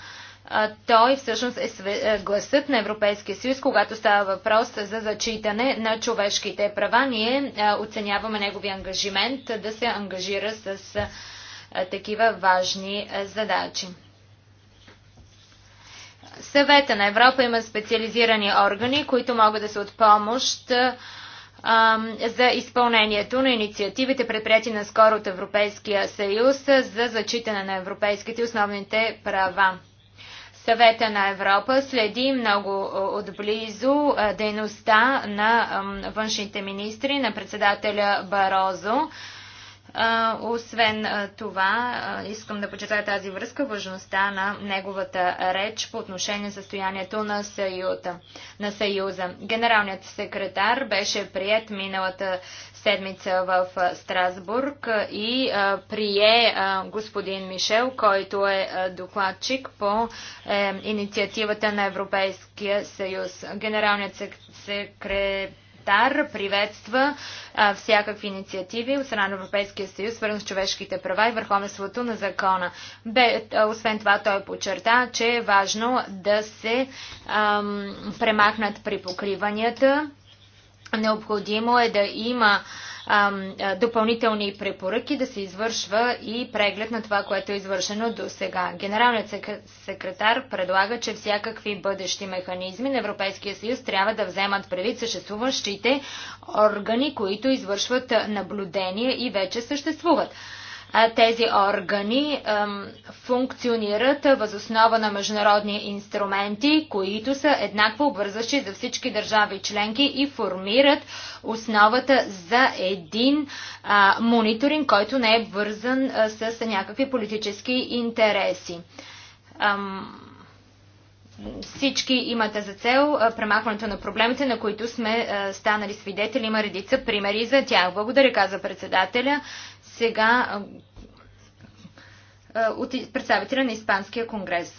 той всъщност е, е гласът на Европейския съюз, когато става въпрос за зачитане на човешките права. Ние оценяваме неговия ангажимент да се ангажира с такива важни задачи. Съвета на Европа има специализирани органи, които могат да са от помощ за изпълнението на инициативите, предприяти наскоро от Европейския съюз за зачитане на европейските основните права съвета на Европа следи много отблизо дейността на външните министри, на председателя Барозо. Освен това, искам да почитая тази връзка, важността на неговата реч по отношение на състоянието на, на Съюза. Генералният секретар беше прият миналата седмица в Страсбург и прие господин Мишел, който е докладчик по е, инициативата на Европейския съюз. Генералният секретар приветства всякакви инициативи от страна на Европейския съюз, свързани с човешките права и върховенството на закона. Бе, освен това, той подчерта, че е важно да се ам, премахнат припокриванията Необходимо е да има допълнителни препоръки да се извършва и преглед на това, което е извършено до сега. Генералният секретар предлага, че всякакви бъдещи механизми на Европейския съюз трябва да вземат предвид съществуващите органи, които извършват наблюдения и вече съществуват тези органи функционират възоснова на международни инструменти, които са еднакво обвързващи за всички държави членки и формират основата за един мониторинг, който не е вързан с някакви политически интереси всички имат за цел премахването на проблемите, на които сме станали свидетели. Има редица примери за тях. Благодаря, каза председателя сега от представителя на Испанския конгрес.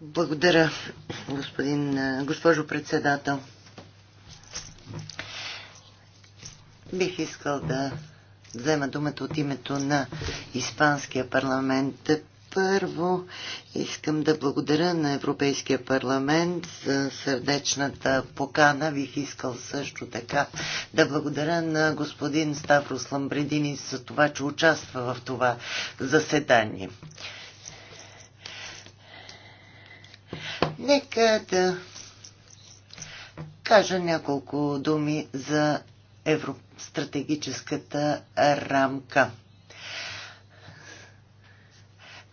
Благодаря, господин, госпожо председател. Бих искал да взема думата от името на Испанския парламент първо искам да благодаря на Европейския парламент за сърдечната покана. Бих искал също така да благодаря на господин Ставрос Ламбредини за това, че участва в това заседание. Нека да кажа няколко думи за Европейския стратегическата рамка.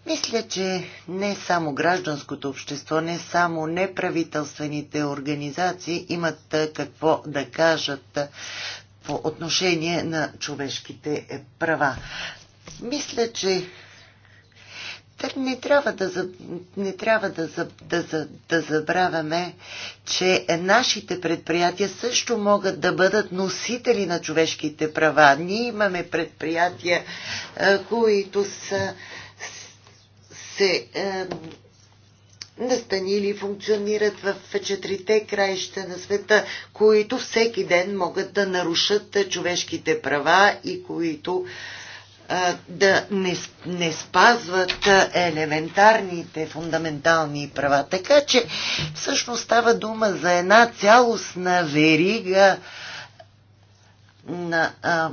Мисля, че не само гражданското общество, не само неправителствените организации имат какво да кажат по отношение на човешките е, права. Мисля, че не трябва да, не трябва да, да, да забравяме, че нашите предприятия също могат да бъдат носители на човешките права. Ние имаме предприятия, които са се е, настанили и функционират в четирите краища на света, които всеки ден могат да нарушат човешките права и които е, да не, не спазват елементарните, фундаментални права. Така че всъщност става дума за една цялостна верига на а,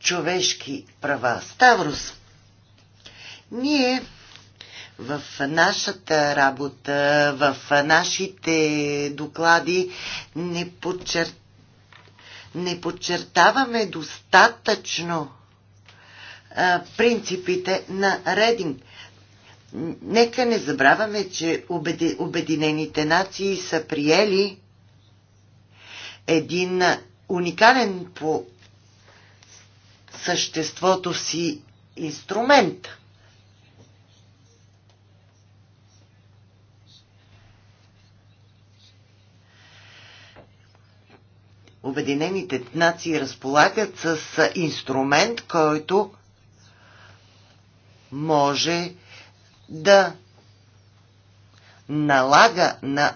човешки права. Ставрус, ние в нашата работа, в нашите доклади не, подчер... не подчертаваме достатъчно а, принципите на Рединг. Нека не забравяме, че Обединените нации са приели един уникален по съществото си инструмент – Обединените нации разполагат с инструмент, който може да налага на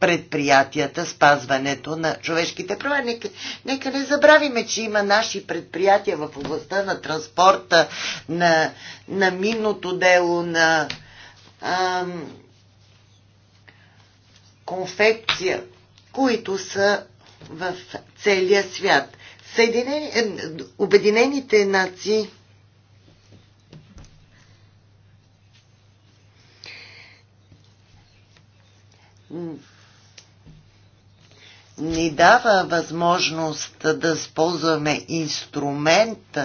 предприятията спазването на човешките права. Нека, нека не забравиме, че има наши предприятия в областта на транспорта, на, на минното дело, на ам, конфекция, които са в целия свят. Съединени, е, обединените нации ни дава възможност да използваме инструмент,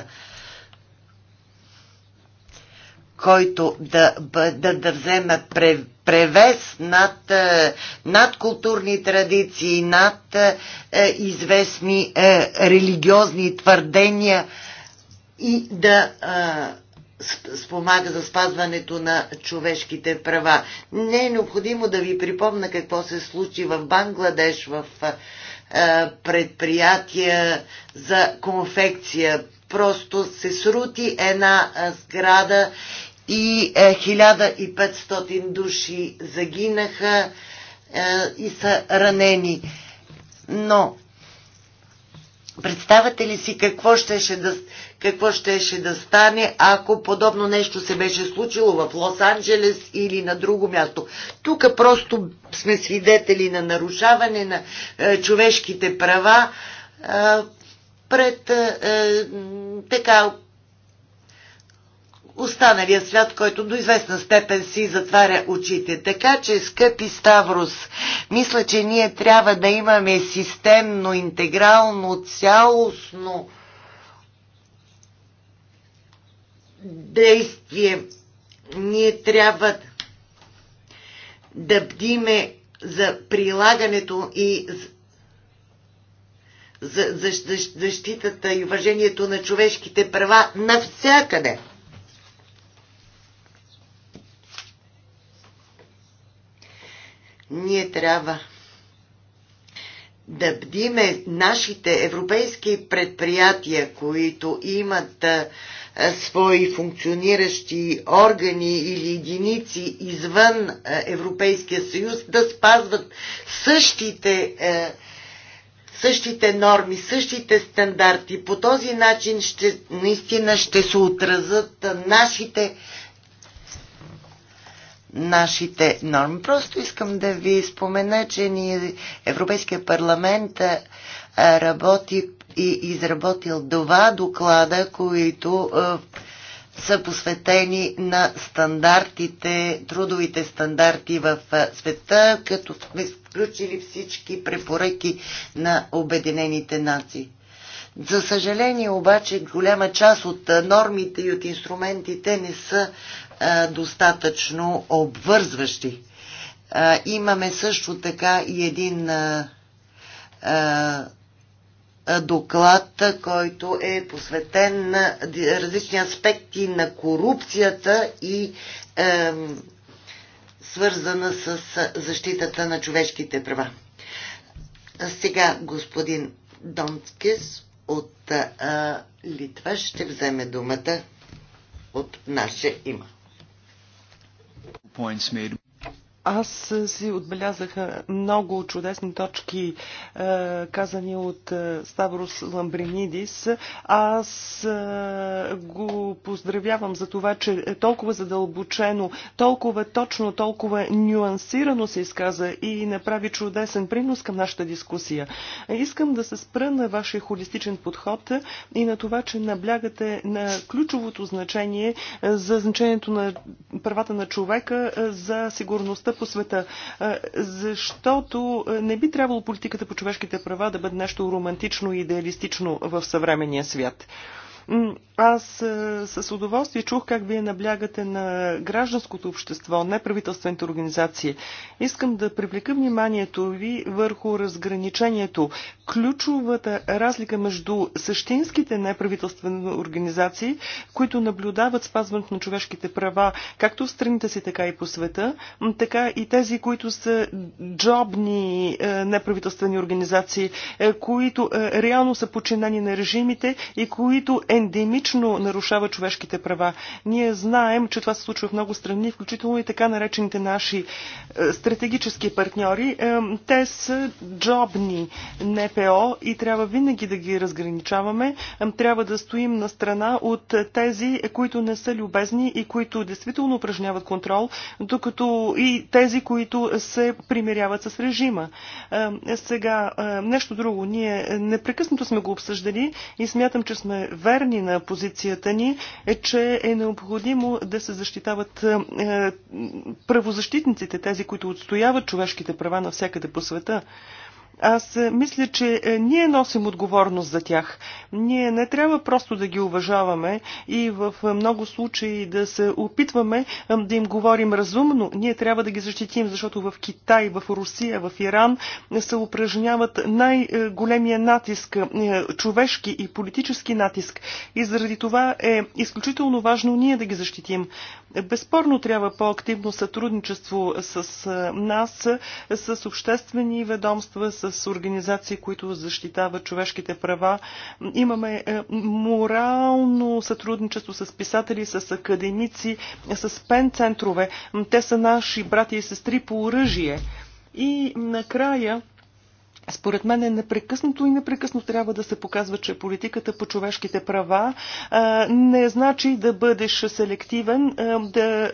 който да, да, да вземе пред превес над, е, над културни традиции, над е, е, известни е, религиозни твърдения и да е, спомага за спазването на човешките права. Не е необходимо да ви припомна какво се случи в Бангладеш, в е, предприятия за конфекция. Просто се срути една сграда и 1500 е, души загинаха е, и са ранени. Но представате ли си какво щеше да, какво щеше да стане, ако подобно нещо се беше случило в Лос-Анджелес или на друго място. Тук просто сме свидетели на нарушаване на е, човешките права е, пред е, е така останалия свят, който до известна степен си затваря очите. Така че, скъпи Ставрос, мисля, че ние трябва да имаме системно, интегрално, цялостно действие. Ние трябва да бдиме за прилагането и за защитата и уважението на човешките права навсякъде. Ние трябва да бдиме нашите европейски предприятия, които имат а, свои функциониращи органи или единици извън а, Европейския съюз, да спазват същите, а, същите норми, същите стандарти. По този начин ще, наистина ще се отразят нашите нашите норми. Просто искам да ви спомена, че ни Европейския парламент работи и изработил два доклада, които са посветени на стандартите, трудовите стандарти в света, като сме включили всички препоръки на Обединените нации. За съжаление обаче голяма част от нормите и от инструментите не са е, достатъчно обвързващи. Е, имаме също така и един е, доклад, който е посветен на различни аспекти на корупцията и а, свързана с защитата на човешките права. Сега господин Донскис от а, Литва ще вземе думата от наше име points made аз си отбелязах много чудесни точки, е, казани от е, Ставрос Ламбринидис. Аз е, го поздравявам за това, че е толкова задълбочено, толкова точно, толкова нюансирано се изказа и направи чудесен принос към нашата дискусия. Искам да се спра на вашия холистичен подход и на това, че наблягате на ключовото значение за значението на правата на човека за сигурността по света. Защото не би трябвало политиката по човешките права да бъде нещо романтично и идеалистично в съвременния свят. Аз е, с удоволствие чух как вие наблягате на гражданското общество, неправителствените организации. Искам да привлека вниманието ви върху разграничението, ключовата разлика между същинските неправителствени организации, които наблюдават спазването на човешките права, както в страните си, така и по света, така и тези, които са джобни е, неправителствени организации, е, които реално са подчинени на режимите и които е ендемично нарушава човешките права. Ние знаем, че това се случва в много страни, включително и така наречените наши е, стратегически партньори. Е, те са джобни НПО и трябва винаги да ги разграничаваме. Е, трябва да стоим на страна от тези, които не са любезни и които действително упражняват контрол, докато и тези, които се примиряват с режима. Сега, нещо друго. Ние непрекъснато сме го обсъждали и смятам, че сме верни страни на позицията ни е, че е необходимо да се защитават е, правозащитниците, тези, които отстояват човешките права навсякъде по света. Аз е, мисля, че е, ние носим отговорност за тях. Ние не трябва просто да ги уважаваме и в е, много случаи да се опитваме да им говорим разумно. Ние трябва да ги защитим, защото в Китай, в Русия, в Иран се упражняват най-големия натиск, човешки и политически натиск. И заради това е изключително важно ние да ги защитим. Безспорно трябва по-активно сътрудничество с нас, с обществени ведомства, с с организации, които защитават човешките права. Имаме е, морално сътрудничество с писатели, с академици, с пен-центрове. Те са наши брати и сестри по оръжие. И накрая според мен е непрекъснато и непрекъснато трябва да се показва, че политиката по човешките права а, не значи да бъдеш селективен, а, да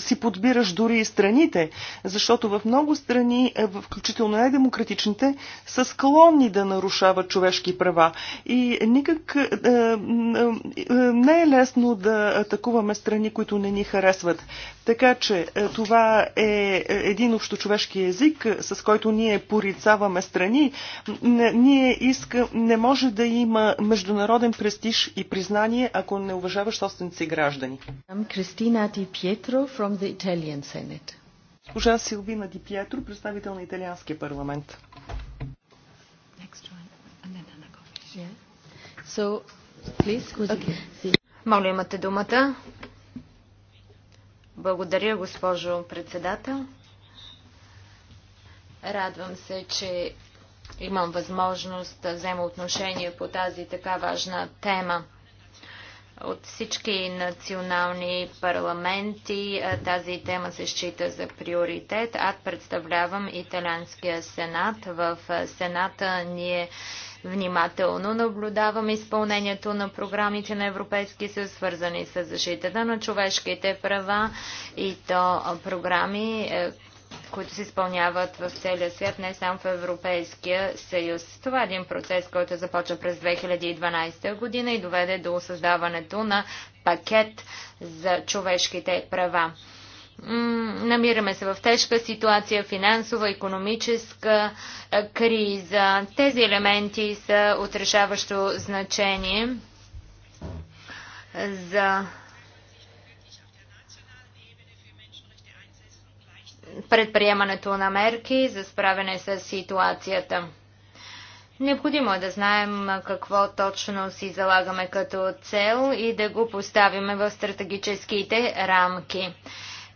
си подбираш дори и страните, защото в много страни, включително най-демократичните, са склонни да нарушават човешки права. И никак а, а, не е лесно да атакуваме страни, които не ни харесват. Така че а, това е един общочовешки език, с който ние порицаваме страни, страни, ние иска, не може да има международен престиж и признание, ако не уважава собствените си граждани. Кристина Ди Пьетро from the Italian Senate. Госпожа Силвина Ди Пьетро, представител на Италианския парламент. Моля, имате думата. Благодаря, госпожо председател. Радвам се, че имам възможност да взема отношение по тази така важна тема. От всички национални парламенти тази тема се счита за приоритет. Аз представлявам италянския сенат. В сената ние Внимателно наблюдаваме изпълнението на програмите на Европейски съюз, свързани с защитата на човешките права и то програми, е, които се изпълняват в целия свят, не само в Европейския съюз. Това е един процес, който започва през 2012 година и доведе до създаването на пакет за човешките права. Намираме се в тежка ситуация, финансова, економическа е, криза. Тези елементи са отрешаващо значение за предприемането на мерки за справяне с ситуацията. Необходимо е да знаем какво точно си залагаме като цел и да го поставиме в стратегическите рамки.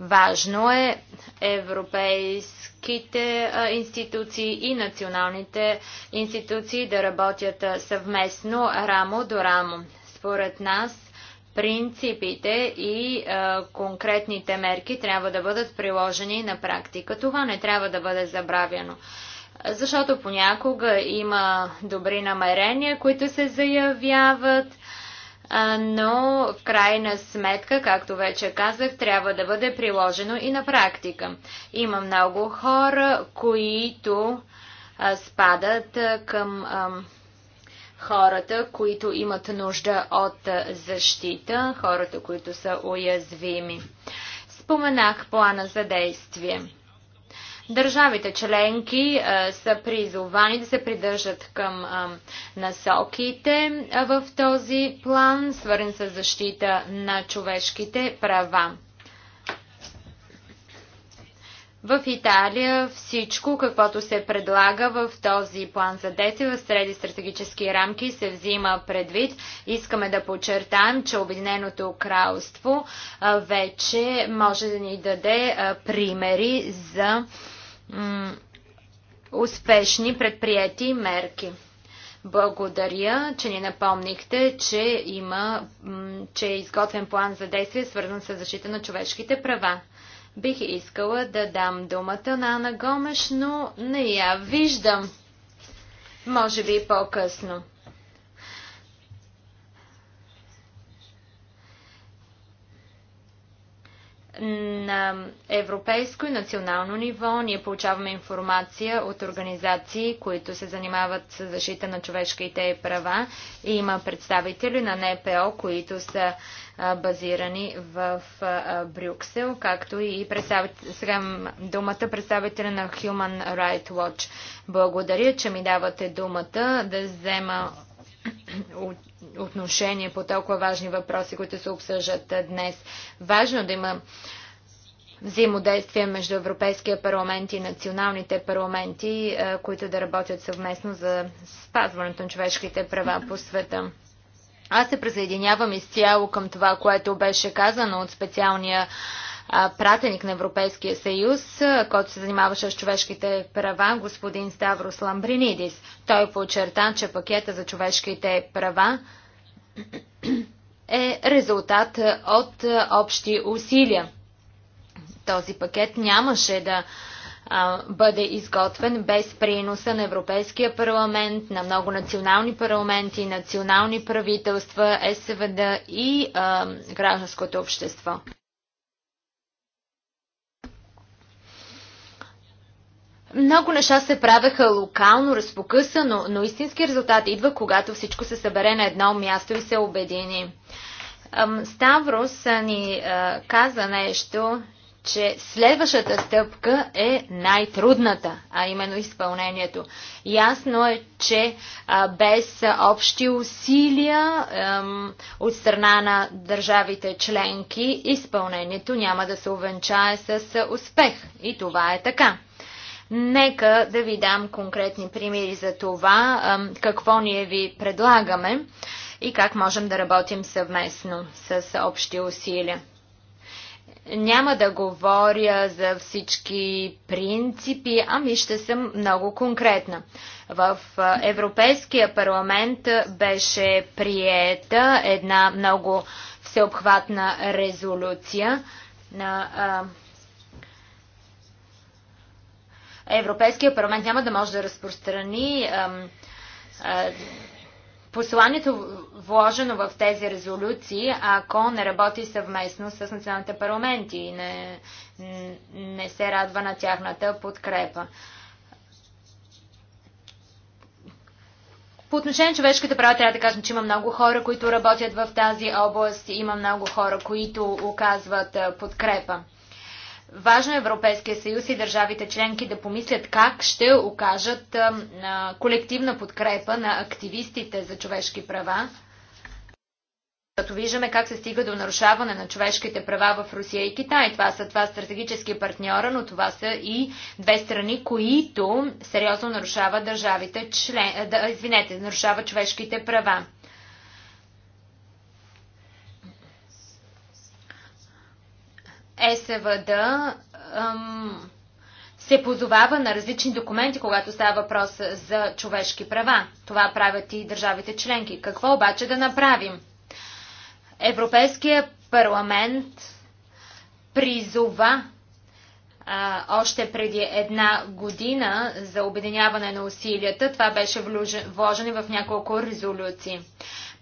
Важно е европейските институции и националните институции да работят съвместно рамо до рамо. Според нас принципите и а, конкретните мерки трябва да бъдат приложени на практика. Това не трябва да бъде забравяно. Защото понякога има добри намерения, които се заявяват, а, но в крайна сметка, както вече казах, трябва да бъде приложено и на практика. Има много хора, които а, спадат към хората, които имат нужда от защита, хората, които са уязвими. Споменах плана за действие. Държавите членки а, е, са призовани да се придържат към а, е, насоките а, е, в този план, свързан с защита на човешките права. В Италия всичко, каквото се предлага в този план за действие в среди стратегически рамки се взима предвид. Искаме да подчертаем, че Обединеното кралство вече може да ни даде примери за успешни предприяти мерки. Благодаря, че ни напомнихте, че има, че е изготвен план за действие, свързан с защита на човешките права. Бих искала да дам думата на Ана Гомеш, но не я виждам. Може би по-късно. на европейско и национално ниво ние получаваме информация от организации, които се занимават с защита на човешките права и има представители на НПО, които са базирани в Брюксел, както и представител, сега думата представителя на Human Rights Watch. Благодаря, че ми давате думата да взема отношение по толкова важни въпроси, които се обсъждат днес. Важно е да има взаимодействие между Европейския парламент и националните парламенти, които да работят съвместно за спазването на човешките права по света. Аз се присъединявам изцяло към това, което беше казано от специалния пратеник на Европейския съюз, който се занимаваше с човешките права, господин Ставрос Ламбринидис. Той подчерта, че пакета за човешките права е резултат от общи усилия. Този пакет нямаше да бъде изготвен без приноса на Европейския парламент, на много национални парламенти, национални правителства, СВД и а, гражданското общество. Много неща се правеха локално, разпокъсано, но истински резултат идва, когато всичко се събере на едно място и се обедини. Ставрос ни каза нещо, че следващата стъпка е най-трудната, а именно изпълнението. Ясно е, че без общи усилия от страна на държавите членки, изпълнението няма да се увенчае с успех. И това е така. Нека да ви дам конкретни примери за това, какво ние ви предлагаме и как можем да работим съвместно с общи усилия. Няма да говоря за всички принципи, ами ще съм много конкретна. В Европейския парламент беше приета една много всеобхватна резолюция на Европейския парламент няма да може да разпространи посланието вложено в тези резолюции, ако не работи съвместно с националните парламенти и не, не се радва на тяхната подкрепа. По отношение на човешките права трябва да кажем, че има много хора, които работят в тази област, има много хора, които оказват подкрепа. Важно е Европейския съюз и държавите членки да помислят как ще окажат колективна подкрепа на активистите за човешки права. Като виждаме как се стига до нарушаване на човешките права в Русия и Китай. Това са това стратегически партньора, но това са и две страни, които сериозно нарушават държавите член... Да, извинете, нарушават човешките права. СВД ам, се позовава на различни документи, когато става въпрос за човешки права. Това правят и държавите членки. Какво обаче да направим? Европейския парламент призова а, още преди една година за обединяване на усилията. Това беше вложено в няколко резолюции.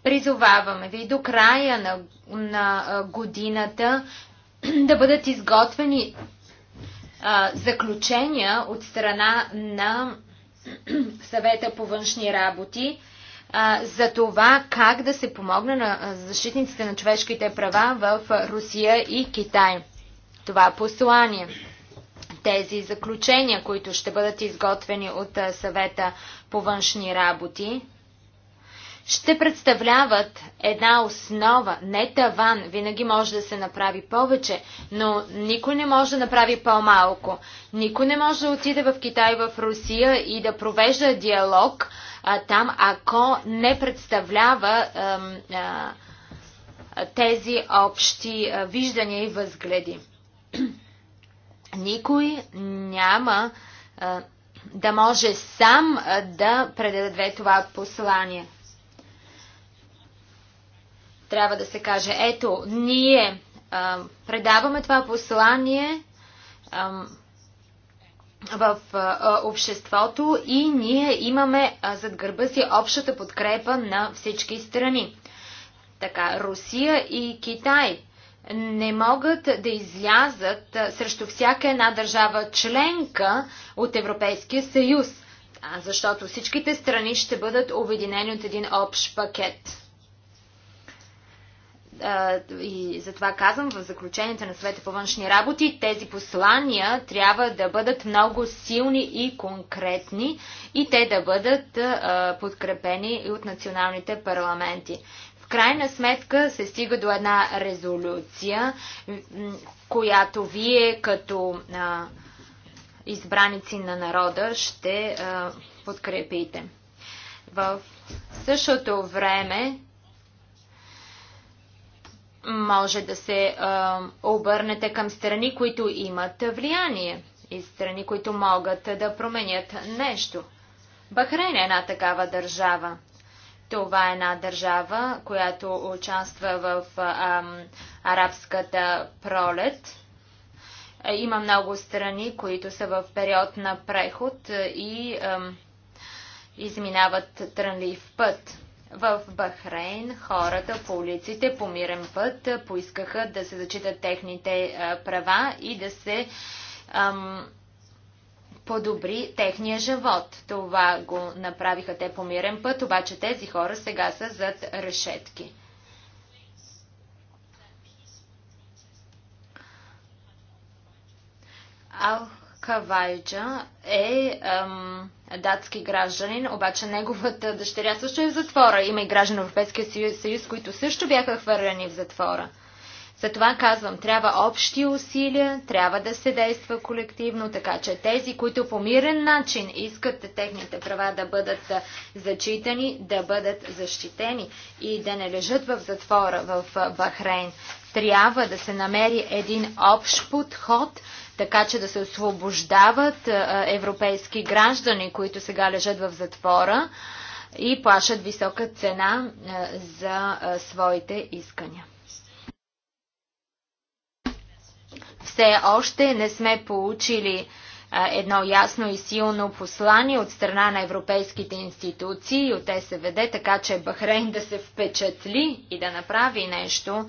Призоваваме ви до края на, на годината да бъдат изготвени а, заключения от страна на съвета по външни работи а, за това как да се помогне на защитниците на човешките права в Русия и Китай. Това послание тези заключения, които ще бъдат изготвени от съвета по външни работи, ще представляват една основа, не таван. Винаги може да се направи повече, но никой не може да направи по-малко. Никой не може да отиде в Китай, в Русия и да провежда диалог а, там, ако не представлява а, а, тези общи а, виждания и възгледи. Никой няма а, да може сам а, да предаде това послание. Трябва да се каже, ето, ние а, предаваме това послание а, в а, обществото и ние имаме а, зад гърба си общата подкрепа на всички страни. Така, Русия и Китай не могат да излязат срещу всяка една държава членка от Европейския съюз, защото всичките страни ще бъдат обединени от един общ пакет и затова казвам в заключенията на съвета по външни работи, тези послания трябва да бъдат много силни и конкретни и те да бъдат подкрепени и от националните парламенти. В крайна сметка се стига до една резолюция, която вие като избраници на народа ще подкрепите. В същото време може да се а, обърнете към страни, които имат влияние и страни, които могат да променят нещо. Бахрейн е една такава държава. Това е една държава, която участва в а, арабската пролет. Е, има много страни, които са в период на преход и а, изминават трънлив път. В Бахрейн хората по улиците по мирен път поискаха да се зачитат техните права и да се ам, подобри техния живот. Това го направиха те по мирен път, обаче тези хора сега са зад решетки. Ал Кавайджа е ам, датски гражданин, обаче неговата дъщеря също е в затвора. Има и граждани на Европейския съюз, съюз, които също бяха хвърлени в затвора. Затова казвам, трябва общи усилия, трябва да се действа колективно, така че тези, които по мирен начин искат техните права да бъдат зачитани, да бъдат защитени и да не лежат в затвора в Бахрейн, трябва да се намери един общ подход – така че да се освобождават европейски граждани, които сега лежат в затвора и плашат висока цена за своите искания. Все още не сме получили едно ясно и силно послание от страна на европейските институции и от СВД, така че Бахрейн да се впечатли и да направи нещо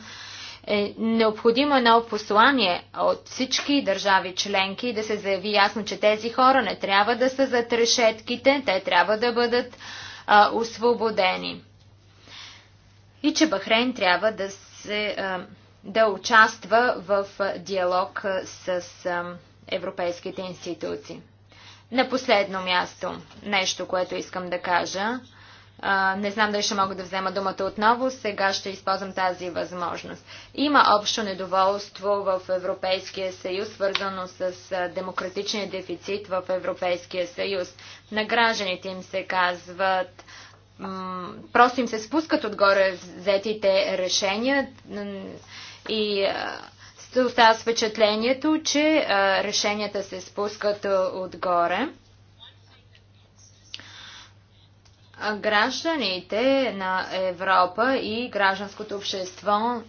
е необходимо едно послание от всички държави членки да се заяви ясно, че тези хора не трябва да са зад решетките, те трябва да бъдат а, освободени. И че Бахрейн трябва да, се, а, да участва в диалог с а, европейските институции. На последно място, нещо, което искам да кажа – не знам дали ще мога да взема думата отново, сега ще използвам тази възможност. Има общо недоволство в Европейския съюз, свързано с демократичния дефицит в Европейския съюз. На гражданите им се казват, просто им се спускат отгоре взетите решения и остава впечатлението, че решенията се спускат отгоре. Гражданите на Европа и гражданското общество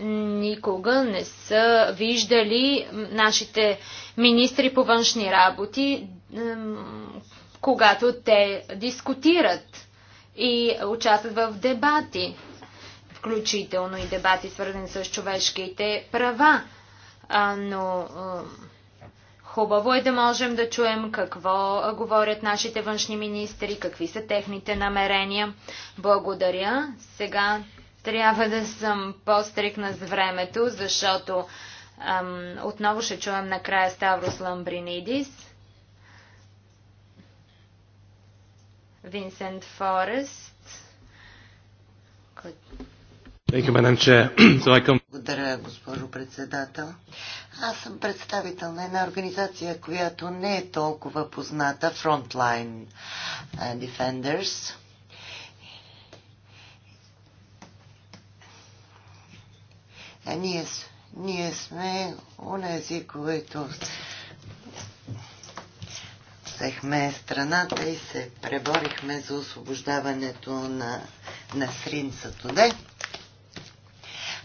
никога не са виждали нашите министри по външни работи, когато те дискутират и участват в дебати, включително и дебати свързани с човешките права. Но Хубаво е да можем да чуем какво говорят нашите външни министри, какви са техните намерения. Благодаря. Сега трябва да съм по-стрикна с времето, защото ам, отново ще чуем накрая Ставрос Ламбринидис, Винсент Форест, който Благодаря, госпожо председател. Аз съм представител на една организация, която не е толкова позната, Frontline Defenders. А ние, ние сме унези, които взехме страната и се преборихме за освобождаването на Насрин Сатуде.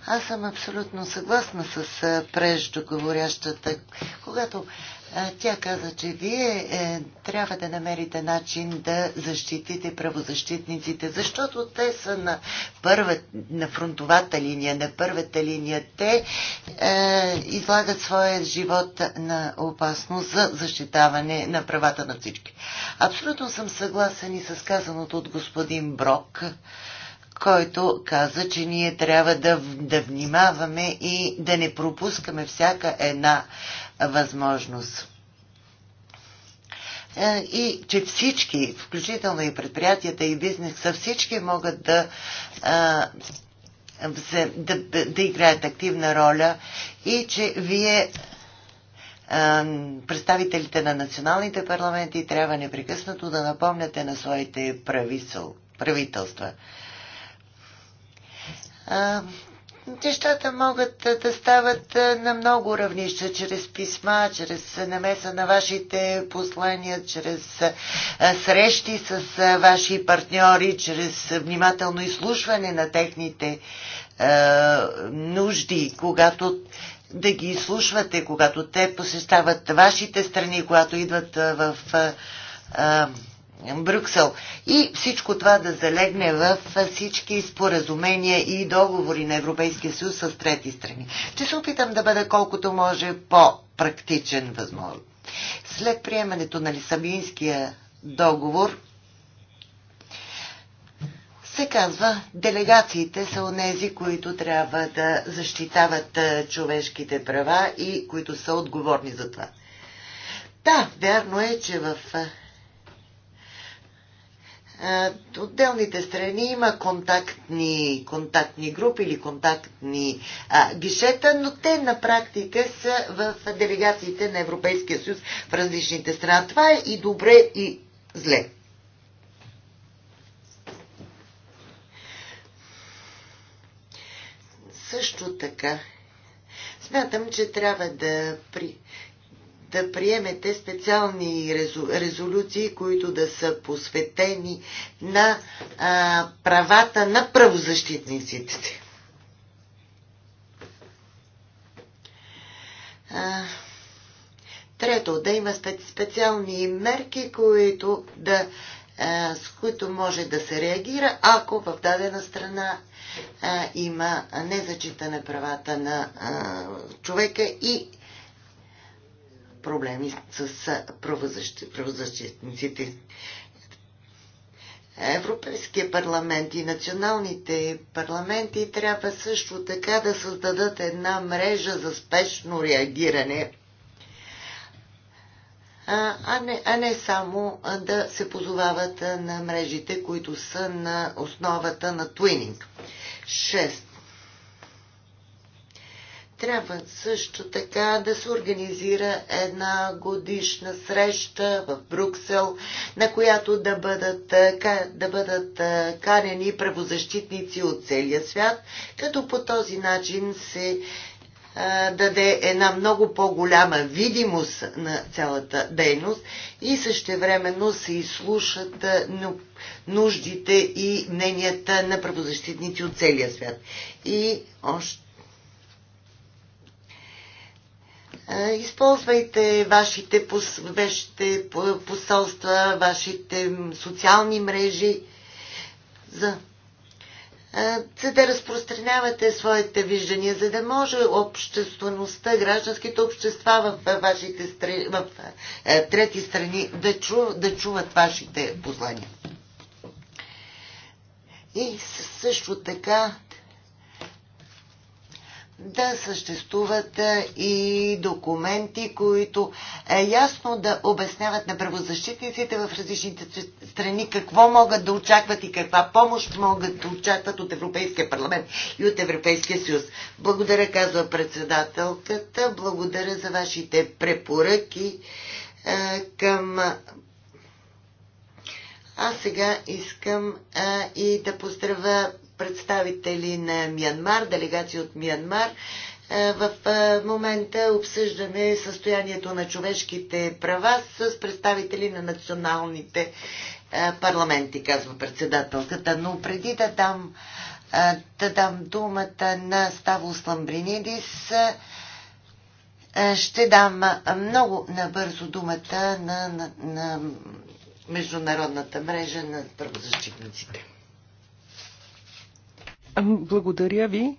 Аз съм абсолютно съгласна с преждоговорящата, когато тя каза, че вие е, трябва да намерите начин да защитите правозащитниците, защото те са на, първа, на фронтовата линия, на първата линия. Те е, излагат своя живот на опасност за защитаване на правата на всички. Абсолютно съм съгласен и с казаното от господин Брок. Е, който каза, че ние трябва да, да внимаваме и да не пропускаме всяка една възможност. Е, и че всички, включително и предприятията и бизнеса, всички могат да, да, да играят активна роля и че вие представителите на националните парламенти трябва непрекъснато да напомняте на своите правителства Нещата могат да стават на много равнища, чрез писма, чрез намеса на вашите послания, чрез срещи с ваши партньори, чрез внимателно изслушване на техните нужди, когато да ги изслушвате, когато те посещават вашите страни, когато идват в Брюксел. И всичко това да залегне в всички споразумения и договори на Европейския съюз с трети страни. Ще се опитам да бъда колкото може по-практичен възможно. След приемането на Лисабинския договор се казва, делегациите са онези, които трябва да защитават човешките права и които са отговорни за това. Да, вярно е, че в отделните страни има контактни, контактни групи или контактни а, гишета, но те на практика са в делегациите на Европейския съюз в различните страни. Това е и добре, и зле. Също така, смятам, че трябва да при да приемете специални резолюции, които да са посветени на а, правата на правозащитниците. А, трето, да има специални мерки, които да, а, с които може да се реагира, ако в дадена страна а, има незачитане правата на а, човека и проблеми с правозащитниците. Европейския парламент и националните парламенти трябва също така да създадат една мрежа за спешно реагиране, а не, а не само да се позовават на мрежите, които са на основата на Twinning. 6. Трябва също така да се организира една годишна среща в Бруксел, на която да бъдат, е, да бъдат е, канени правозащитници от целия свят, като по този начин се е, даде една много по-голяма видимост на цялата дейност и същевременно се изслушат нуждите и мненията на правозащитници от целия свят. И още Използвайте вашите, посолства, вашите социални мрежи, за... за да разпространявате своите виждания, за да може обществеността, гражданските общества в, вашите страни, в трети страни да, чу... да чуват вашите послания. И също така да съществуват и документи, които е ясно да обясняват на правозащитниците в различните страни какво могат да очакват и каква помощ могат да очакват от Европейския парламент и от Европейския съюз. Благодаря, казва председателката, благодаря за вашите препоръки е, към А сега искам а, е, и да поздравя представители на Миянмар, делегация от Миянмар. Е, в е, момента обсъждаме състоянието на човешките права с представители на националните е, парламенти, казва председателката. Но преди да дам, да дам думата на Ставо Сламбринидис, ще дам много набързо думата на, на, на Международната мрежа на правозащитниците. Благодаря ви.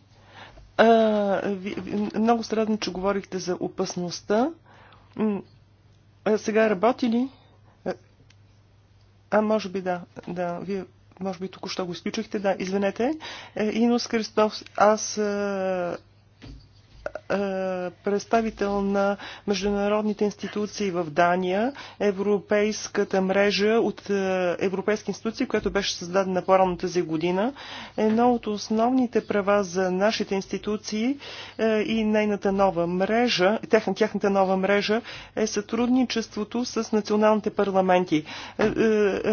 Много се радвам, че говорихте за опасността. Сега работи ли? А, може би да. Да, вие може би току-що го изключихте. Да, извинете. Е, Инос Христов, аз е, представител на международните институции в Дания, европейската мрежа от е, европейски институции, която беше създадена по-рано тази година. Е едно от основните права за нашите институции и нейната нова мрежа, техна, тяхната нова мрежа е сътрудничеството с националните парламенти.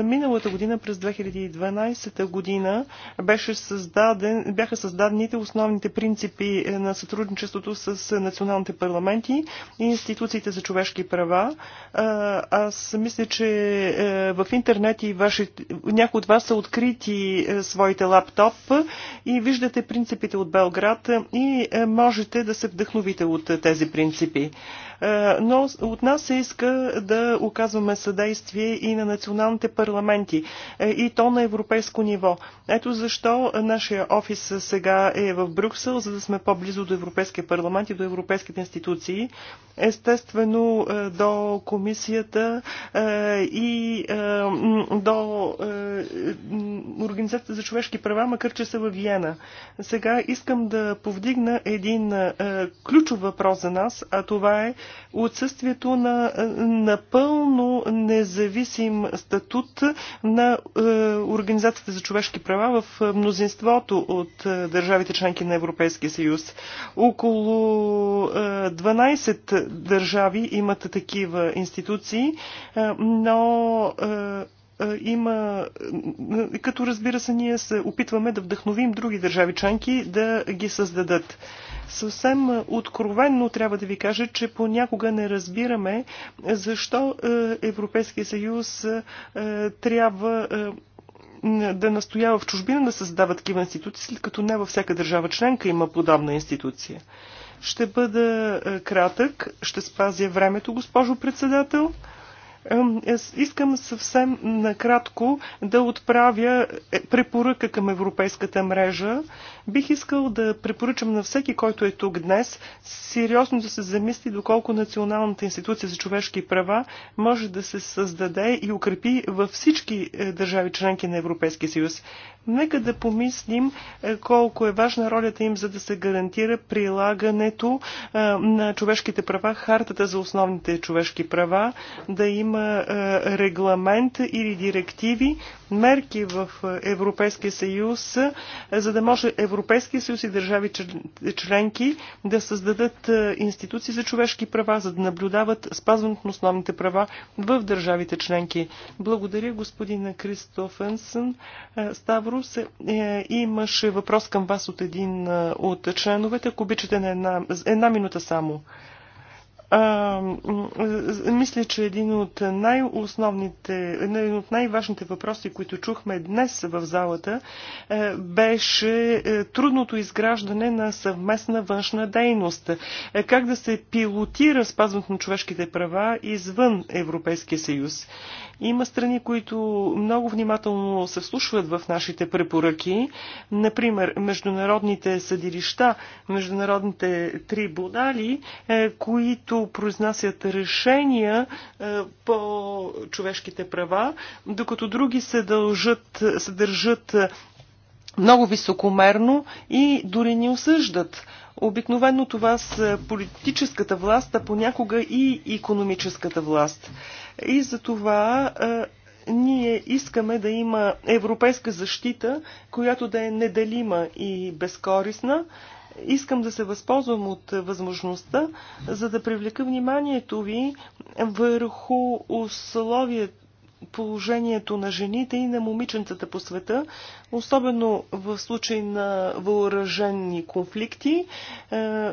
Миналата година, през 2012 година, беше създаден, бяха създадените основните принципи на сътрудничеството с с националните парламенти и институциите за човешки права. Аз мисля, че е, в интернет и ваши, някои от вас са открити е, своите лаптоп и виждате принципите от Белград и е, можете да се вдъхновите от тези принципи. Е, но от нас се иска да оказваме съдействие и на националните парламенти, е, и то на европейско ниво. Ето защо нашия офис сега е в Брюксел, за да сме по-близо до Европейския парламент и до европейските институции, естествено е, до комисията и до Организацията за човешки права, макар че са в Виена. Сега искам да повдигна един ключов въпрос за нас, а това е отсъствието на е, напълно независим статут на е, Организацията за човешки права в е, мнозинството от държавите членки на Европейския съюз. Около 12 държави имат такива институции, но има, като разбира се, ние се опитваме да вдъхновим други държави членки да ги създадат. Съвсем откровенно трябва да ви кажа, че понякога не разбираме защо Европейския съюз трябва да настоява в чужбина да създава такива институции, след като не във всяка държава членка има подобна институция. Ще бъда кратък, ще спазя времето, госпожо председател. Искам съвсем накратко да отправя е, препоръка към Европейската мрежа. Бих искал да препоръчам на всеки, който е тук днес, сериозно да се замисли доколко Националната институция за човешки права може да се създаде и укрепи във всички е, държави членки на Европейския съюз. Нека да помислим е, колко е важна ролята им, за да се гарантира прилагането на човешките права, хартата за основните човешки права, да има има е, регламент или директиви, мерки в е, Европейския съюз, е, за да може Европейския съюз и държави членки да създадат институции за човешки права, за да наблюдават спазването на основните права в държавите членки. Благодаря господин Кристофенсен. Ставрус, имаше въпрос към вас от един от членовете. Ако обичате на една, една минута само. А, мисля, че един от най-основните, един от най-важните въпроси, които чухме днес в залата, е, беше е, трудното изграждане на съвместна външна дейност. Е, как да се пилотира спазването на човешките права извън Европейския съюз? Има страни, които много внимателно се слушват в нашите препоръки. Например, международните съдилища, международните трибунали, е, които произнасят решения е, по човешките права, докато други се, дължат, се държат много високомерно и дори ни осъждат. Обикновено това с политическата власт, а понякога и економическата власт. И за това ние искаме да има европейска защита, която да е неделима и безкорисна. Искам да се възползвам от възможността, за да привлека вниманието ви върху условията положението на жените и на момиченцата по света, особено в случай на въоръжени конфликти. Е,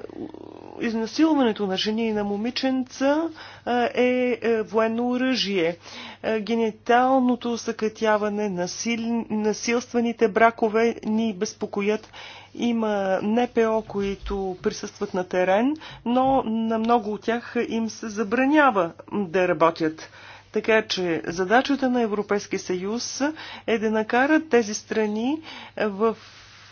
изнасилването на жени и на момиченца е, е военно оръжие. Е, гениталното съкътяване, насил... насилствените бракове ни безпокоят има НПО, които присъстват на терен, но на много от тях им се забранява да работят. Така че задачата на Европейския съюз е да накарат тези страни в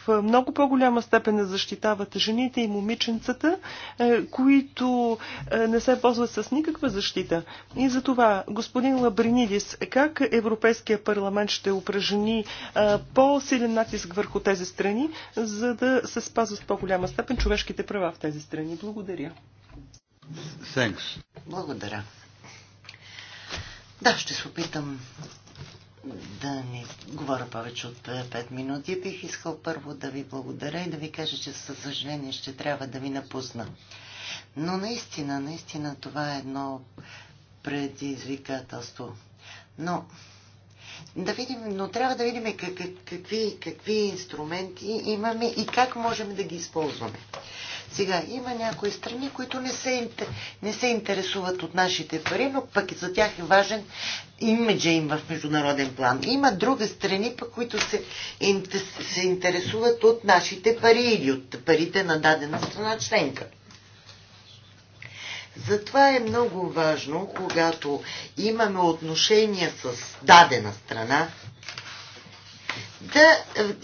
в много по-голяма степен да защитават жените и момиченцата, е, които е, не се ползват с никаква защита. И за това, господин Лабринидис, как Европейския парламент ще упражни е, по-силен натиск върху тези страни, за да се спазват в по-голяма степен човешките права в тези страни? Благодаря. Thanks. Благодаря. Да, ще се опитам да не говоря повече от 5 е, минути. Бих искал първо да ви благодаря и да ви кажа, че със съжаление ще трябва да ви напусна. Но наистина, наистина това е едно предизвикателство. Но да видим, но трябва да видим как, как, какви, какви инструменти имаме и как можем да ги използваме. Сега има някои страни, които не се, не се интересуват от нашите пари, но пък и за тях е важен имиджа им в международен план. Има други страни, пък които се, се интересуват от нашите пари или от парите на дадена страна членка. Затова е много важно, когато имаме отношения с дадена страна, да,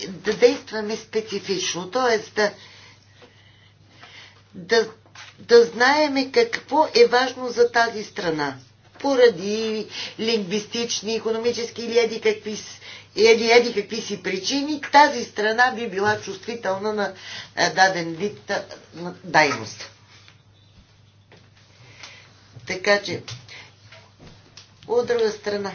да действаме специфично, т.е. да да, да знаеме какво е важно за тази страна. Поради лингвистични, економически или еди какви еди, еди какви си причини, тази страна би била чувствителна на е, даден вид е, дайност. Така че, от друга страна,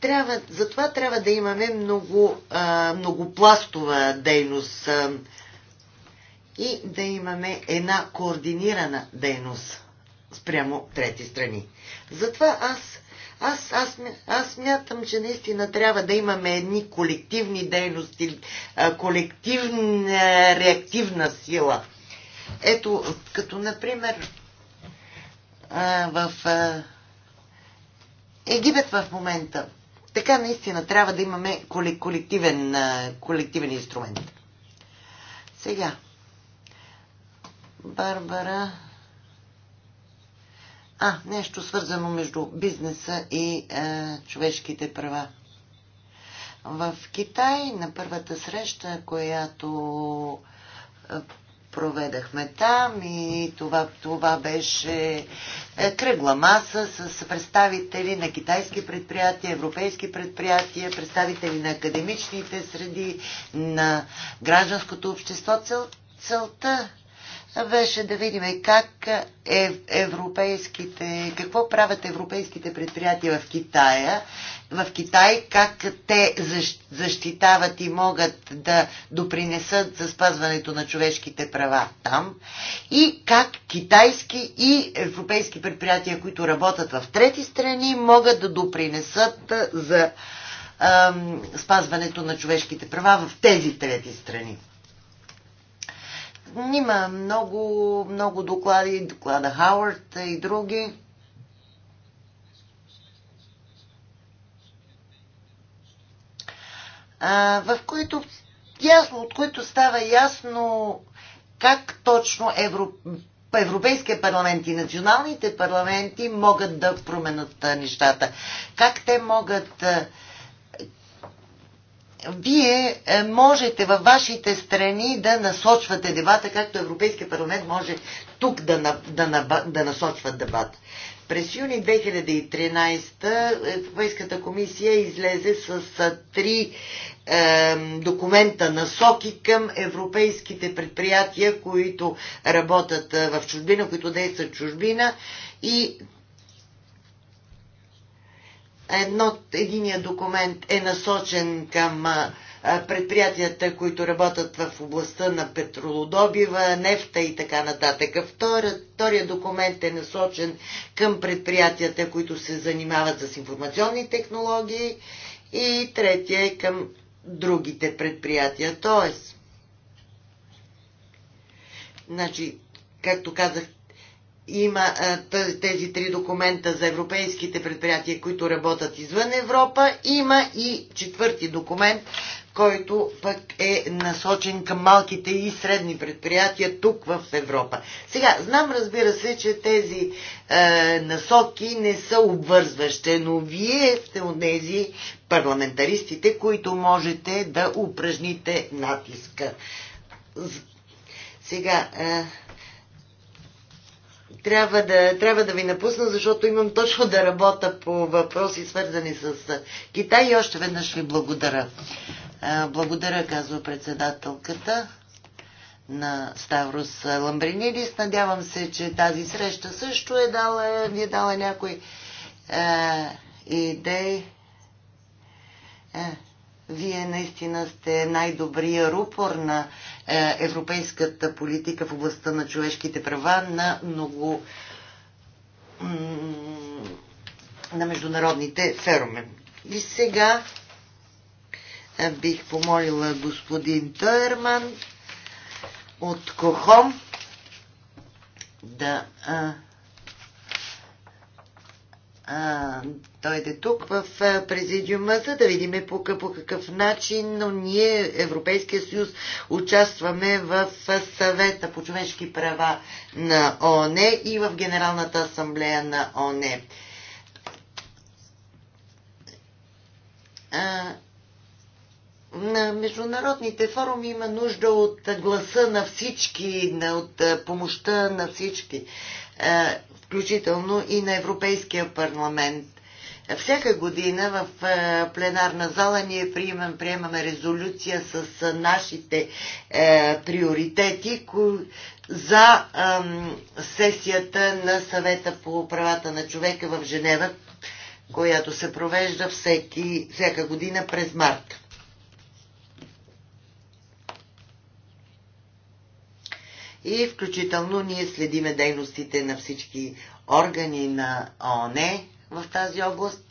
Трябва, затова трябва да имаме много, а, многопластова дейност а, и да имаме една координирана дейност спрямо трети страни. Затова аз, аз, аз, аз мятам, че наистина трябва да имаме едни колективни дейности, колективна реактивна сила. Ето, като например в Египет в момента така наистина трябва да имаме колективен, колективен инструмент. Сега. Барбара. А, нещо свързано между бизнеса и е, човешките права. В Китай на първата среща, която проведахме там и това, това беше е, кръгла маса с представители на китайски предприятия, европейски предприятия, представители на академичните среди, на гражданското общество. Цел, целта беше да видим как е европейските, какво правят европейските предприятия в Китая, в Китай, как те защитават и могат да допринесат за спазването на човешките права там и как китайски и европейски предприятия, които работят в трети страни, могат да допринесат за ам, спазването на човешките права в тези трети страни. Има много, много доклади, доклада Хауърд и други. в които ясно, от които става ясно как точно Европ... Европейския парламент и националните парламенти могат да променят нещата. Как те могат вие е, можете във вашите страни да насочвате дебата, както Европейския парламент може тук да, да, да насочва дебата. През юни 2013 е, Европейската комисия излезе с три е, документа насоки към европейските предприятия, които работят в чужбина, които действат в чужбина и едно, единия документ е насочен към предприятията, които работят в областта на петролодобива, нефта и така нататък. Втория, вторият документ е насочен към предприятията, които се занимават с информационни технологии и третия е към другите предприятия. Тоест, значи, както казах, има тези три документа за европейските предприятия, които работят извън Европа. Има и четвърти документ, който пък е насочен към малките и средни предприятия тук в Европа. Сега, знам разбира се, че тези е, насоки не са обвързващи, но вие сте от тези парламентаристите, които можете да упражните натиска. Сега, е, трябва да, трябва да ви напусна, защото имам точно да работя по въпроси, свързани с Китай и още веднъж ви благодаря. Благодаря, казва председателката на Ставрос Ламбринидис. Надявам се, че тази среща също е дала, ни е дала някои е, идеи. Е, вие наистина сте най-добрия рупор на е, европейската политика в областта на човешките права на много на международните феруми. И сега е, бих помолила господин Тойерман от Кохом да а, е, а, дойде тук в президиума, за да видим по, по какъв начин, но ние, Европейския съюз, участваме в съвета по човешки права на ООН и в Генералната асамблея на ООН. на международните форуми има нужда от гласа на всички, от помощта на всички включително и на Европейския парламент. Всяка година в е, пленарна зала ние приемам, приемаме резолюция с е, нашите е, приоритети ко... за е, сесията на съвета по правата на човека в Женева, която се провежда всеки, всяка година през март. и включително ние следиме дейностите на всички органи на ООН в тази област.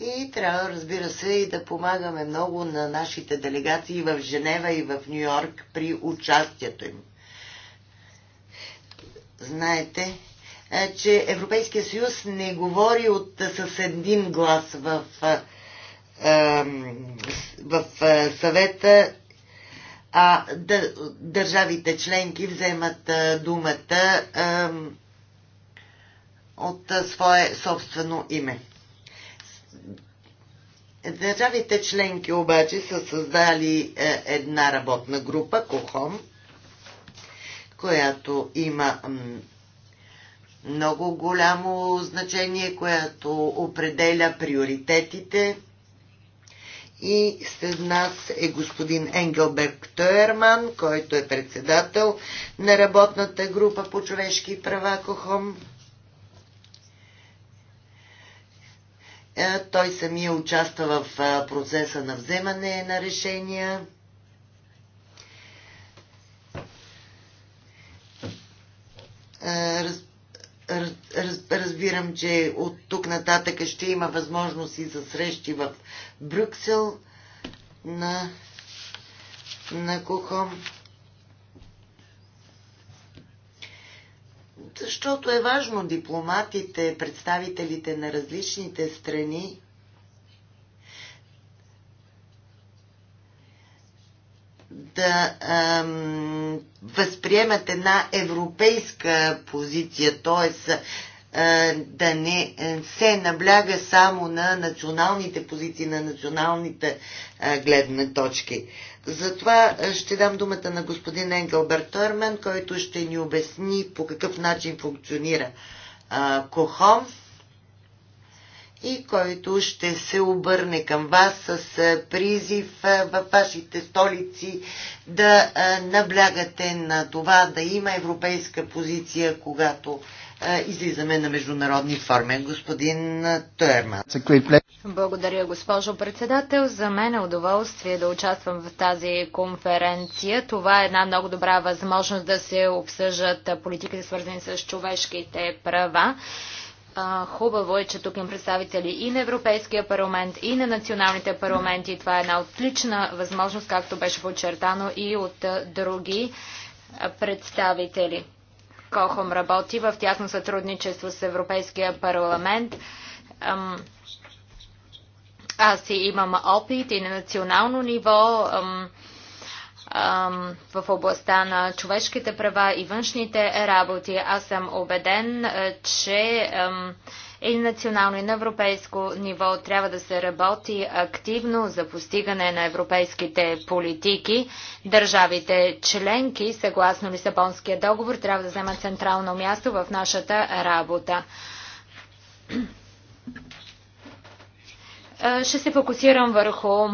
И трябва, разбира се, и да помагаме много на нашите делегации в Женева и в Нью Йорк при участието им. Знаете, е, че Европейския съюз не говори от, с един глас в е, в съвета, а държавите членки вземат думата от свое собствено име. Държавите членки обаче са създали е, една работна група, КОХОМ, която има много голямо значение, която определя приоритетите и след нас е господин Енгелберг Тойерман, който е председател на работната група по човешки права КОХОМ. Е, той самия участва в е, процеса на вземане на решения. Е, раз разбирам, че от тук нататък ще има възможности за срещи в Брюксел на, на Кухом. Защото е важно дипломатите, представителите на различните страни да ам, възприемат една европейска позиция, т.е. да не се набляга само на националните позиции, на националните а, гледни точки. Затова ще дам думата на господин Енгелберт Торман, който ще ни обясни по какъв начин функционира а, КОХОМС и който ще се обърне към вас с призив във вашите столици да наблягате на това да има европейска позиция, когато излизаме на международни форми. Господин Терма. Благодаря, госпожо председател. За мен е удоволствие да участвам в тази конференция. Това е една много добра възможност да се обсъждат политиките, свързани с човешките права. Хубаво е, че тук им представители и на Европейския парламент, и на националните парламенти. Това е една отлична възможност, както беше подчертано и от други представители. Кохом работи в тясно сътрудничество с Европейския парламент. Аз имам опит и на национално ниво в областта на човешките права и външните работи. Аз съм убеден, е, че и национално, и на европейско ниво трябва да се работи активно за постигане на европейските политики. Държавите членки, съгласно Лисабонския договор, трябва да вземат централно място в нашата работа. Ще се фокусирам върху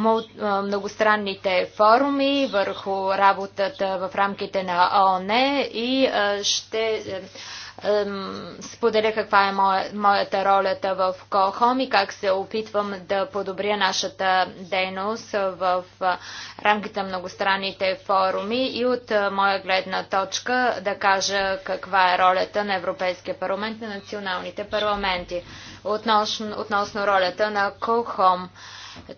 многостранните форуми, върху работата в рамките на ООН и ще споделя каква е моя, моята ролята в КОХОМ и как се опитвам да подобря нашата дейност в рамките на многостранните форуми и от моя гледна точка да кажа каква е ролята на Европейския парламент и на националните парламенти относно, относно ролята на КОХОМ.